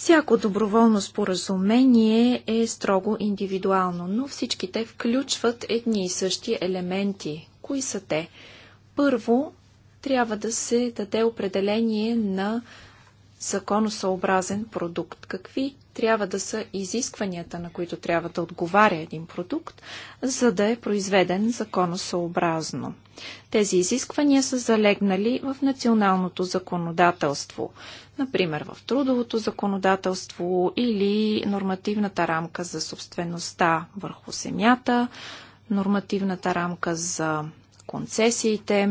Всяко доброволно споразумение е строго индивидуално, но всички те включват едни и същи елементи. Кои са те? Първо, трябва да се даде определение на законосъобразен продукт. Какви трябва да са изискванията, на които трябва да отговаря един продукт, за да е произведен законосъобразно. Тези изисквания са залегнали в националното законодателство, например в трудовото законодателство или нормативната рамка за собствеността върху земята, нормативната рамка за концесиите,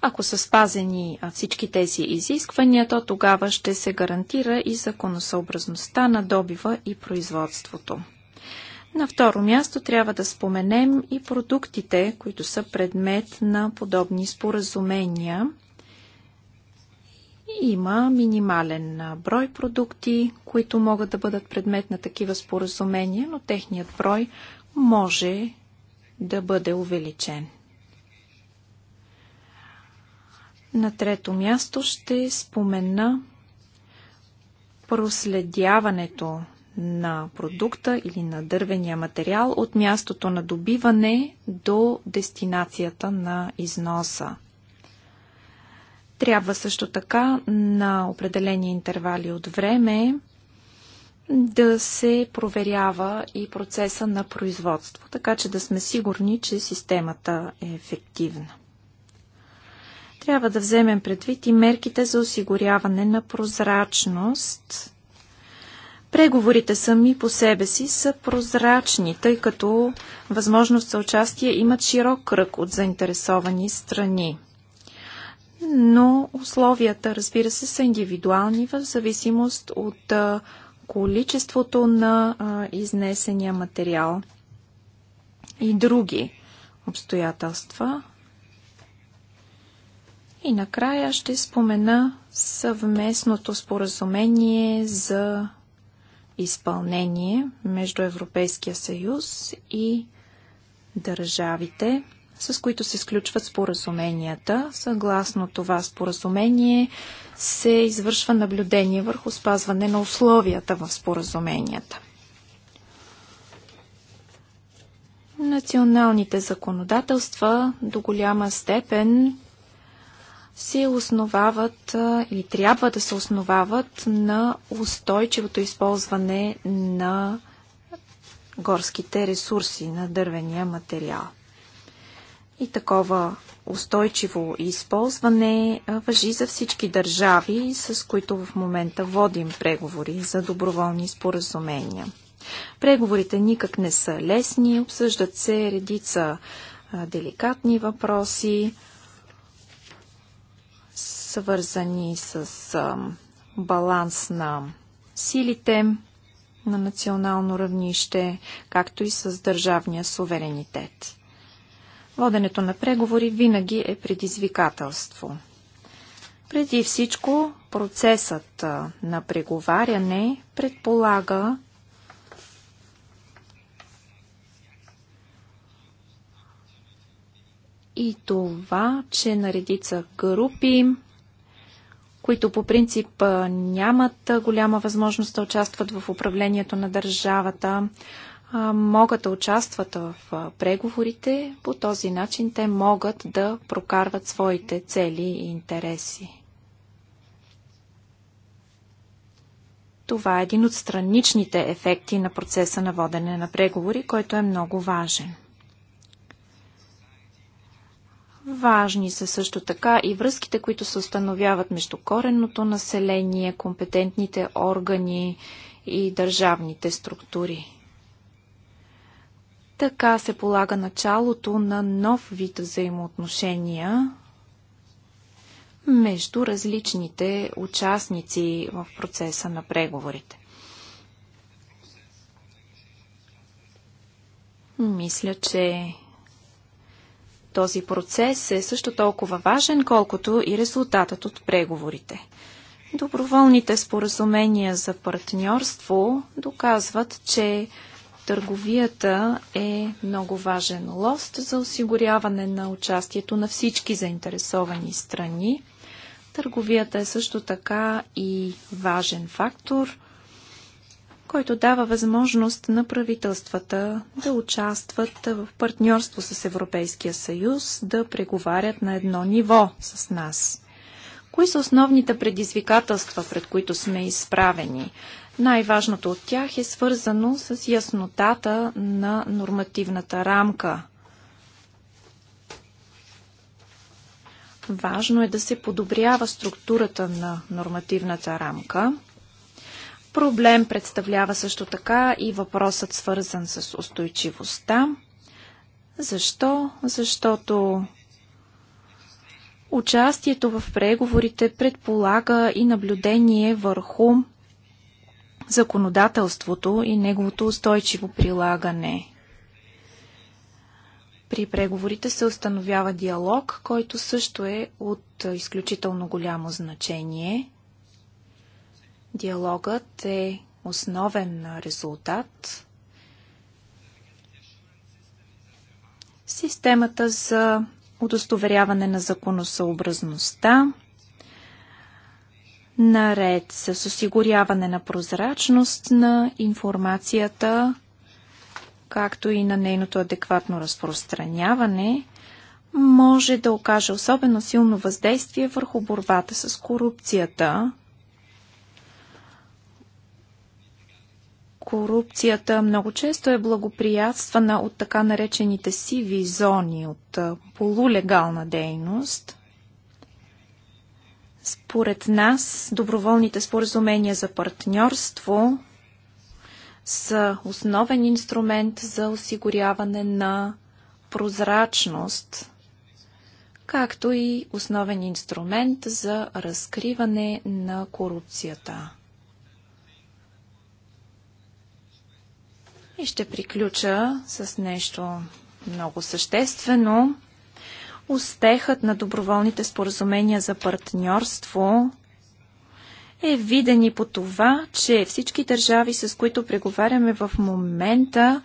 Ако са спазени всички тези изисквания, то тогава ще се гарантира и законосъобразността на добива и производството. На второ място трябва да споменем и продуктите, които са предмет на подобни споразумения. Има минимален брой продукти, които могат да бъдат предмет на такива споразумения, но техният брой може да бъде увеличен. На трето място ще спомена проследяването на продукта или на дървения материал от мястото на добиване до дестинацията на износа. Трябва също така на определени интервали от време да се проверява и процеса на производство, така че да сме сигурни, че системата е ефективна. Трябва да вземем предвид и мерките за осигуряване на прозрачност. Преговорите сами по себе си са прозрачни, тъй като възможност за участие имат широк кръг от заинтересовани страни. Но условията, разбира се, са индивидуални в зависимост от количеството на изнесения материал и други обстоятелства. И накрая ще спомена съвместното споразумение за изпълнение между Европейския съюз и държавите, с които се сключват споразуменията. Съгласно това споразумение се извършва наблюдение върху спазване на условията в споразуменията. Националните законодателства до голяма степен се основават или трябва да се основават на устойчивото използване на горските ресурси, на дървения материал. И такова устойчиво използване въжи за всички държави, с които в момента водим преговори за доброволни споразумения. Преговорите никак не са лесни, обсъждат се редица деликатни въпроси, свързани с баланс на силите на национално равнище, както и с държавния суверенитет. Воденето на преговори винаги е предизвикателство. Преди всичко, процесът на преговаряне предполага и това, че на редица групи които по принцип нямат голяма възможност да участват в управлението на държавата, могат да участват в преговорите. По този начин те могат да прокарват своите цели и интереси. Това е един от страничните ефекти на процеса на водене на преговори, който е много важен. Важни са също така и връзките, които се установяват между коренното население, компетентните органи и държавните структури. Така се полага началото на нов вид взаимоотношения между различните участници в процеса на преговорите. Мисля, че този процес е също толкова важен, колкото и резултатът от преговорите. Доброволните споразумения за партньорство доказват, че търговията е много важен лост за осигуряване на участието на всички заинтересовани страни. Търговията е също така и важен фактор който дава възможност на правителствата да участват в партньорство с Европейския съюз, да преговарят на едно ниво с нас. Кои са основните предизвикателства, пред които сме изправени? Най-важното от тях е свързано с яснотата на нормативната рамка. Важно е да се подобрява структурата на нормативната рамка, Проблем представлява също така и въпросът свързан с устойчивостта. Защо? Защото участието в преговорите предполага и наблюдение върху законодателството и неговото устойчиво прилагане. При преговорите се установява диалог, който също е от изключително голямо значение. Диалогът е основен резултат. Системата за удостоверяване на законосъобразността, наред с осигуряване на прозрачност на информацията, както и на нейното адекватно разпространяване, може да окаже особено силно въздействие върху борбата с корупцията, корупцията много често е благоприятствана от така наречените сиви зони, от полулегална дейност. Според нас, доброволните споразумения за партньорство са основен инструмент за осигуряване на прозрачност, както и основен инструмент за разкриване на корупцията. И ще приключа с нещо много съществено. Успехът на доброволните споразумения за партньорство е виден и по това, че всички държави, с които преговаряме в момента,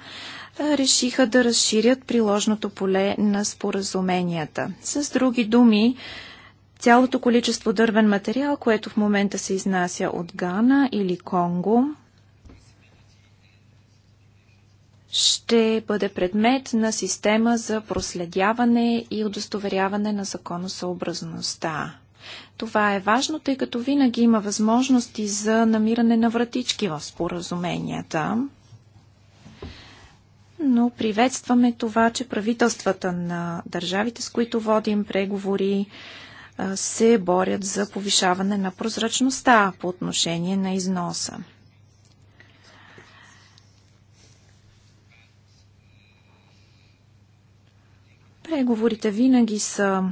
решиха да разширят приложното поле на споразуменията. С други думи, цялото количество дървен материал, което в момента се изнася от Гана или Конго, ще бъде предмет на система за проследяване и удостоверяване на законосъобразността. Това е важно, тъй като винаги има възможности за намиране на вратички в споразуменията. Но приветстваме това, че правителствата на държавите, с които водим преговори, се борят за повишаване на прозрачността по отношение на износа. Преговорите винаги са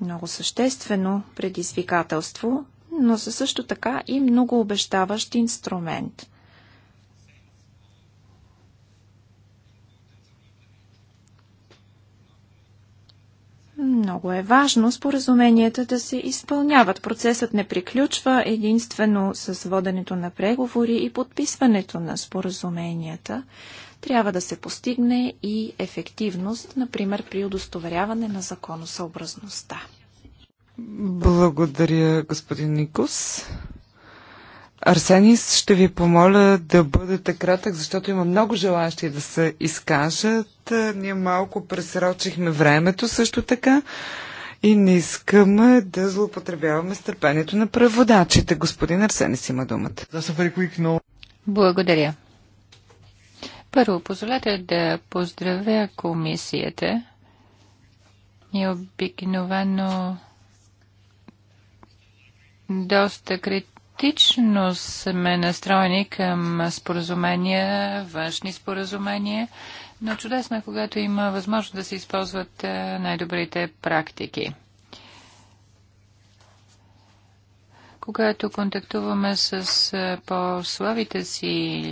много съществено предизвикателство, но са също така и много обещаващ инструмент. Много е важно споразуменията да се изпълняват. Процесът не приключва единствено с воденето на преговори и подписването на споразуменията трябва да се постигне и ефективност, например при удостоверяване на законосъобразността. Благодаря, господин Никос. Арсенис, ще ви помоля да бъдете кратък, защото има много желащи да се изкажат. Ние малко пресрочихме времето също така и не искаме да злоупотребяваме стърпението търпението на преводачите. Господин Арсенис има думата. Благодаря. Първо, позволете да поздравя комисията. Ние обикновено доста критично сме настроени към споразумения, външни споразумения, но чудесно е, когато има възможност да се използват е, най-добрите практики. Когато контактуваме с е, по-славите си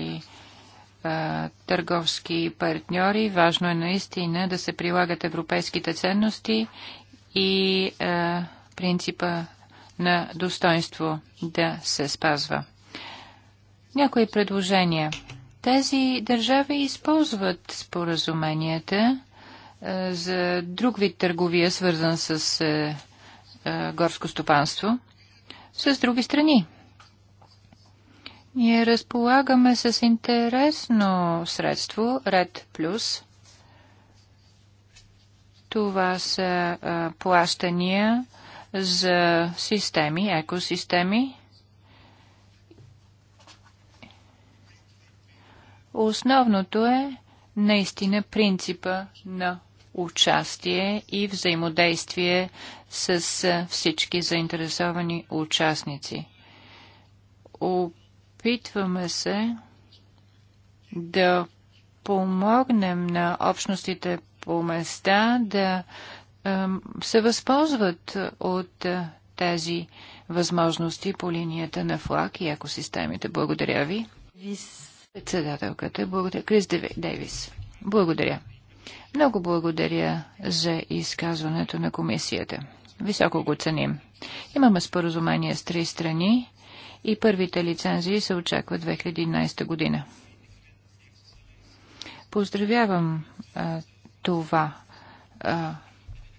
търговски партньори. Важно е наистина да се прилагат европейските ценности и принципа на достоинство да се спазва. Някои предложения. Тези държави използват споразуменията за друг вид търговия, свързан с горско стопанство, с други страни. Ние разполагаме с интересно средство, Ред Плюс. Това са а, плащания за системи, екосистеми. Основното е наистина принципа на участие и взаимодействие с всички заинтересовани участници Опитваме се да помогнем на общностите по места да се възползват от тези възможности по линията на флаг и екосистемите. Благодаря ви. Председателката, благодаря. Крис Дейвис. Благодаря. Много благодаря за изказването на комисията. Високо го ценим. Имаме споразумение с три страни и първите лицензии се очаква 2011 година. Поздравявам а, това а,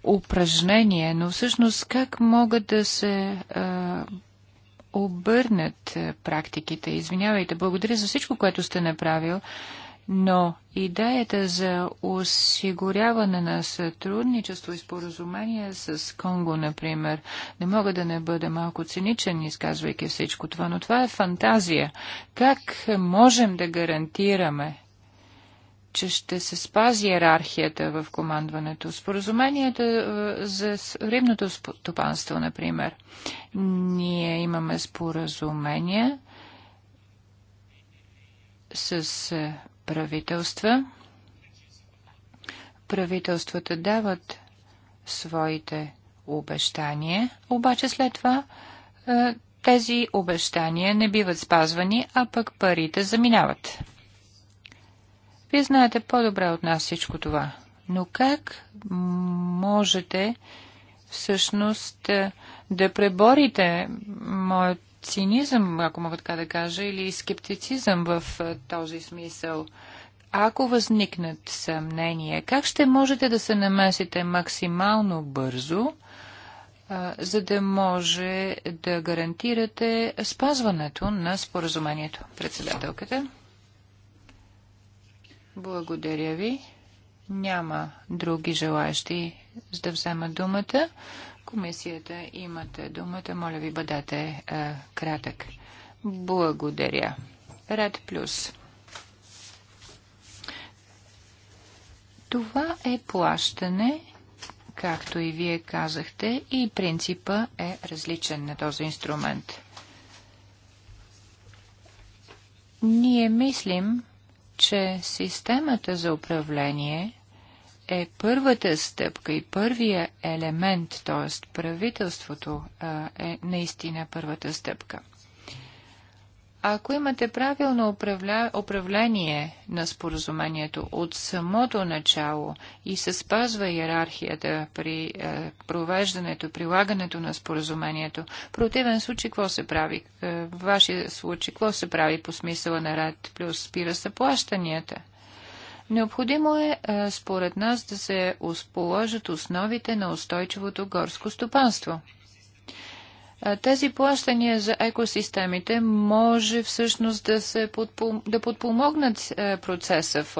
упражнение, но всъщност как могат да се а, обърнат практиките? Извинявайте, благодаря за всичко, което сте направил, но идеята за осигуряване на сътрудничество и споразумение с Конго, например, не мога да не бъда малко циничен, изказвайки всичко това, но това е фантазия. Как можем да гарантираме, че ще се спази иерархията в командването. Споразуменията е, за рибното стопанство, например. Ние имаме споразумения с е, правителства. Правителствата дават своите обещания, обаче след това е, тези обещания не биват спазвани, а пък парите заминават. Вие знаете по-добре от нас всичко това. Но как можете всъщност е, да преборите моят цинизъм, ако мога така да кажа, или скептицизъм в този смисъл. Ако възникнат съмнения, как ще можете да се намесите максимално бързо, за да може да гарантирате спазването на споразумението? Председателката. Благодаря ви. Няма други желаящи да вземат думата. Комисията имате думата. Моля ви, бъдете е, кратък. Благодаря. Ред плюс. Това е плащане, както и вие казахте, и принципа е различен на този инструмент. Ние мислим, че системата за управление е първата стъпка и първия елемент, т.е. правителството е наистина първата стъпка. Ако имате правилно управление на споразумението от самото начало и се спазва иерархията при е, провеждането, прилагането на споразумението, противен случай какво се прави? Е, в вашия случай какво се прави по смисъла на ред плюс спира се плащанията? Необходимо е, е, според нас, да се положат основите на устойчивото горско стопанство. Е, тези плащания за екосистемите може всъщност да, се подпом... да подпомогнат е, процеса, в...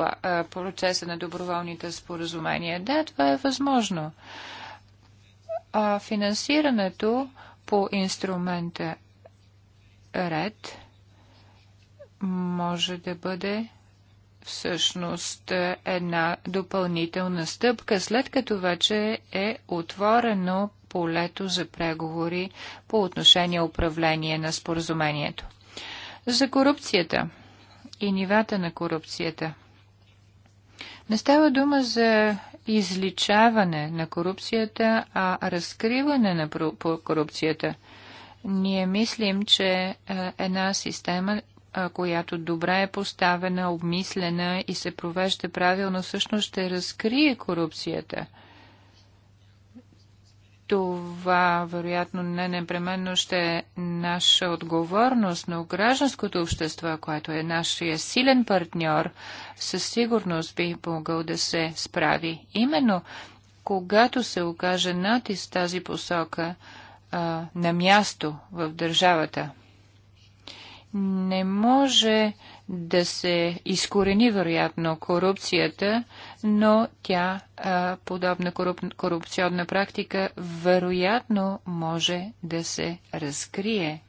процеса на доброволните споразумения. Да, това е възможно. А финансирането по инструмента ред може да бъде всъщност е, една допълнителна стъпка, след като вече е отворено полето за преговори по отношение управление на споразумението. За корупцията и нивата на корупцията. Не става дума за изличаване на корупцията, а разкриване на корупцията. Ние мислим, че е, една система която добре е поставена, обмислена и се провежда правилно, всъщност ще разкрие корупцията. Това, вероятно, не непременно ще е наша отговорност, но гражданското общество, което е нашия силен партньор, със сигурност би могъл да се справи. Именно когато се окаже натиск тази посока а, на място в държавата – не може да се изкорени, вероятно, корупцията, но тя, подобна коруп... корупционна практика, вероятно може да се разкрие.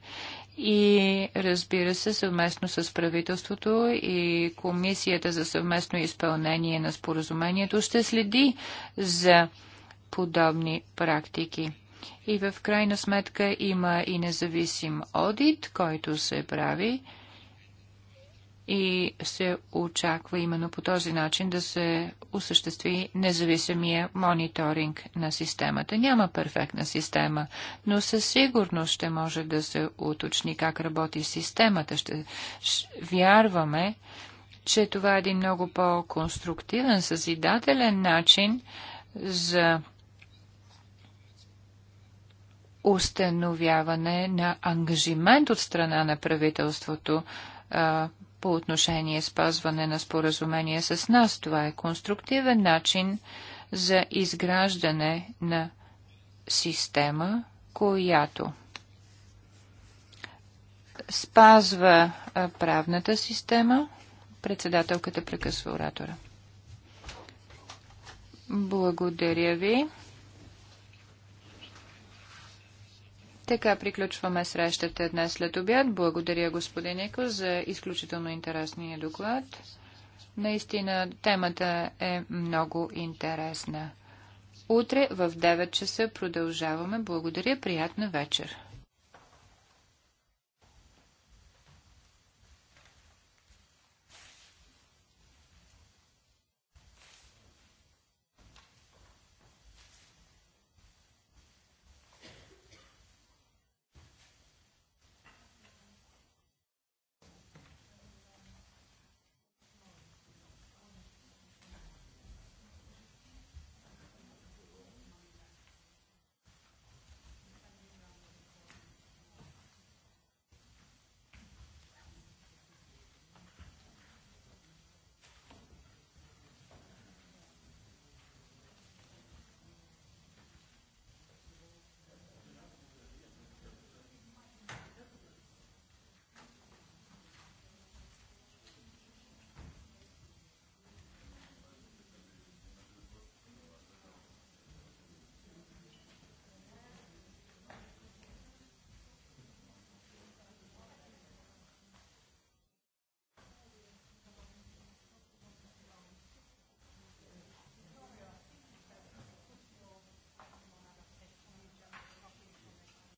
И разбира се, съвместно с правителството и Комисията за съвместно изпълнение на споразумението ще следи за подобни практики. И в крайна сметка има и независим одит, който се прави и се очаква именно по този начин да се осъществи независимия мониторинг на системата. Няма перфектна система, но със сигурност ще може да се уточни как работи системата. Ще вярваме, че това е един много по-конструктивен, съзидателен начин за установяване на ангажимент от страна на правителството а, по отношение спазване на споразумение с нас. Това е конструктивен начин за изграждане на система, която спазва правната система. Председателката прекъсва оратора. Благодаря ви. Така приключваме срещата днес след обяд. Благодаря господин Еко за изключително интересния доклад. Наистина темата е много интересна. Утре в 9 часа продължаваме. Благодаря. Приятна вечер.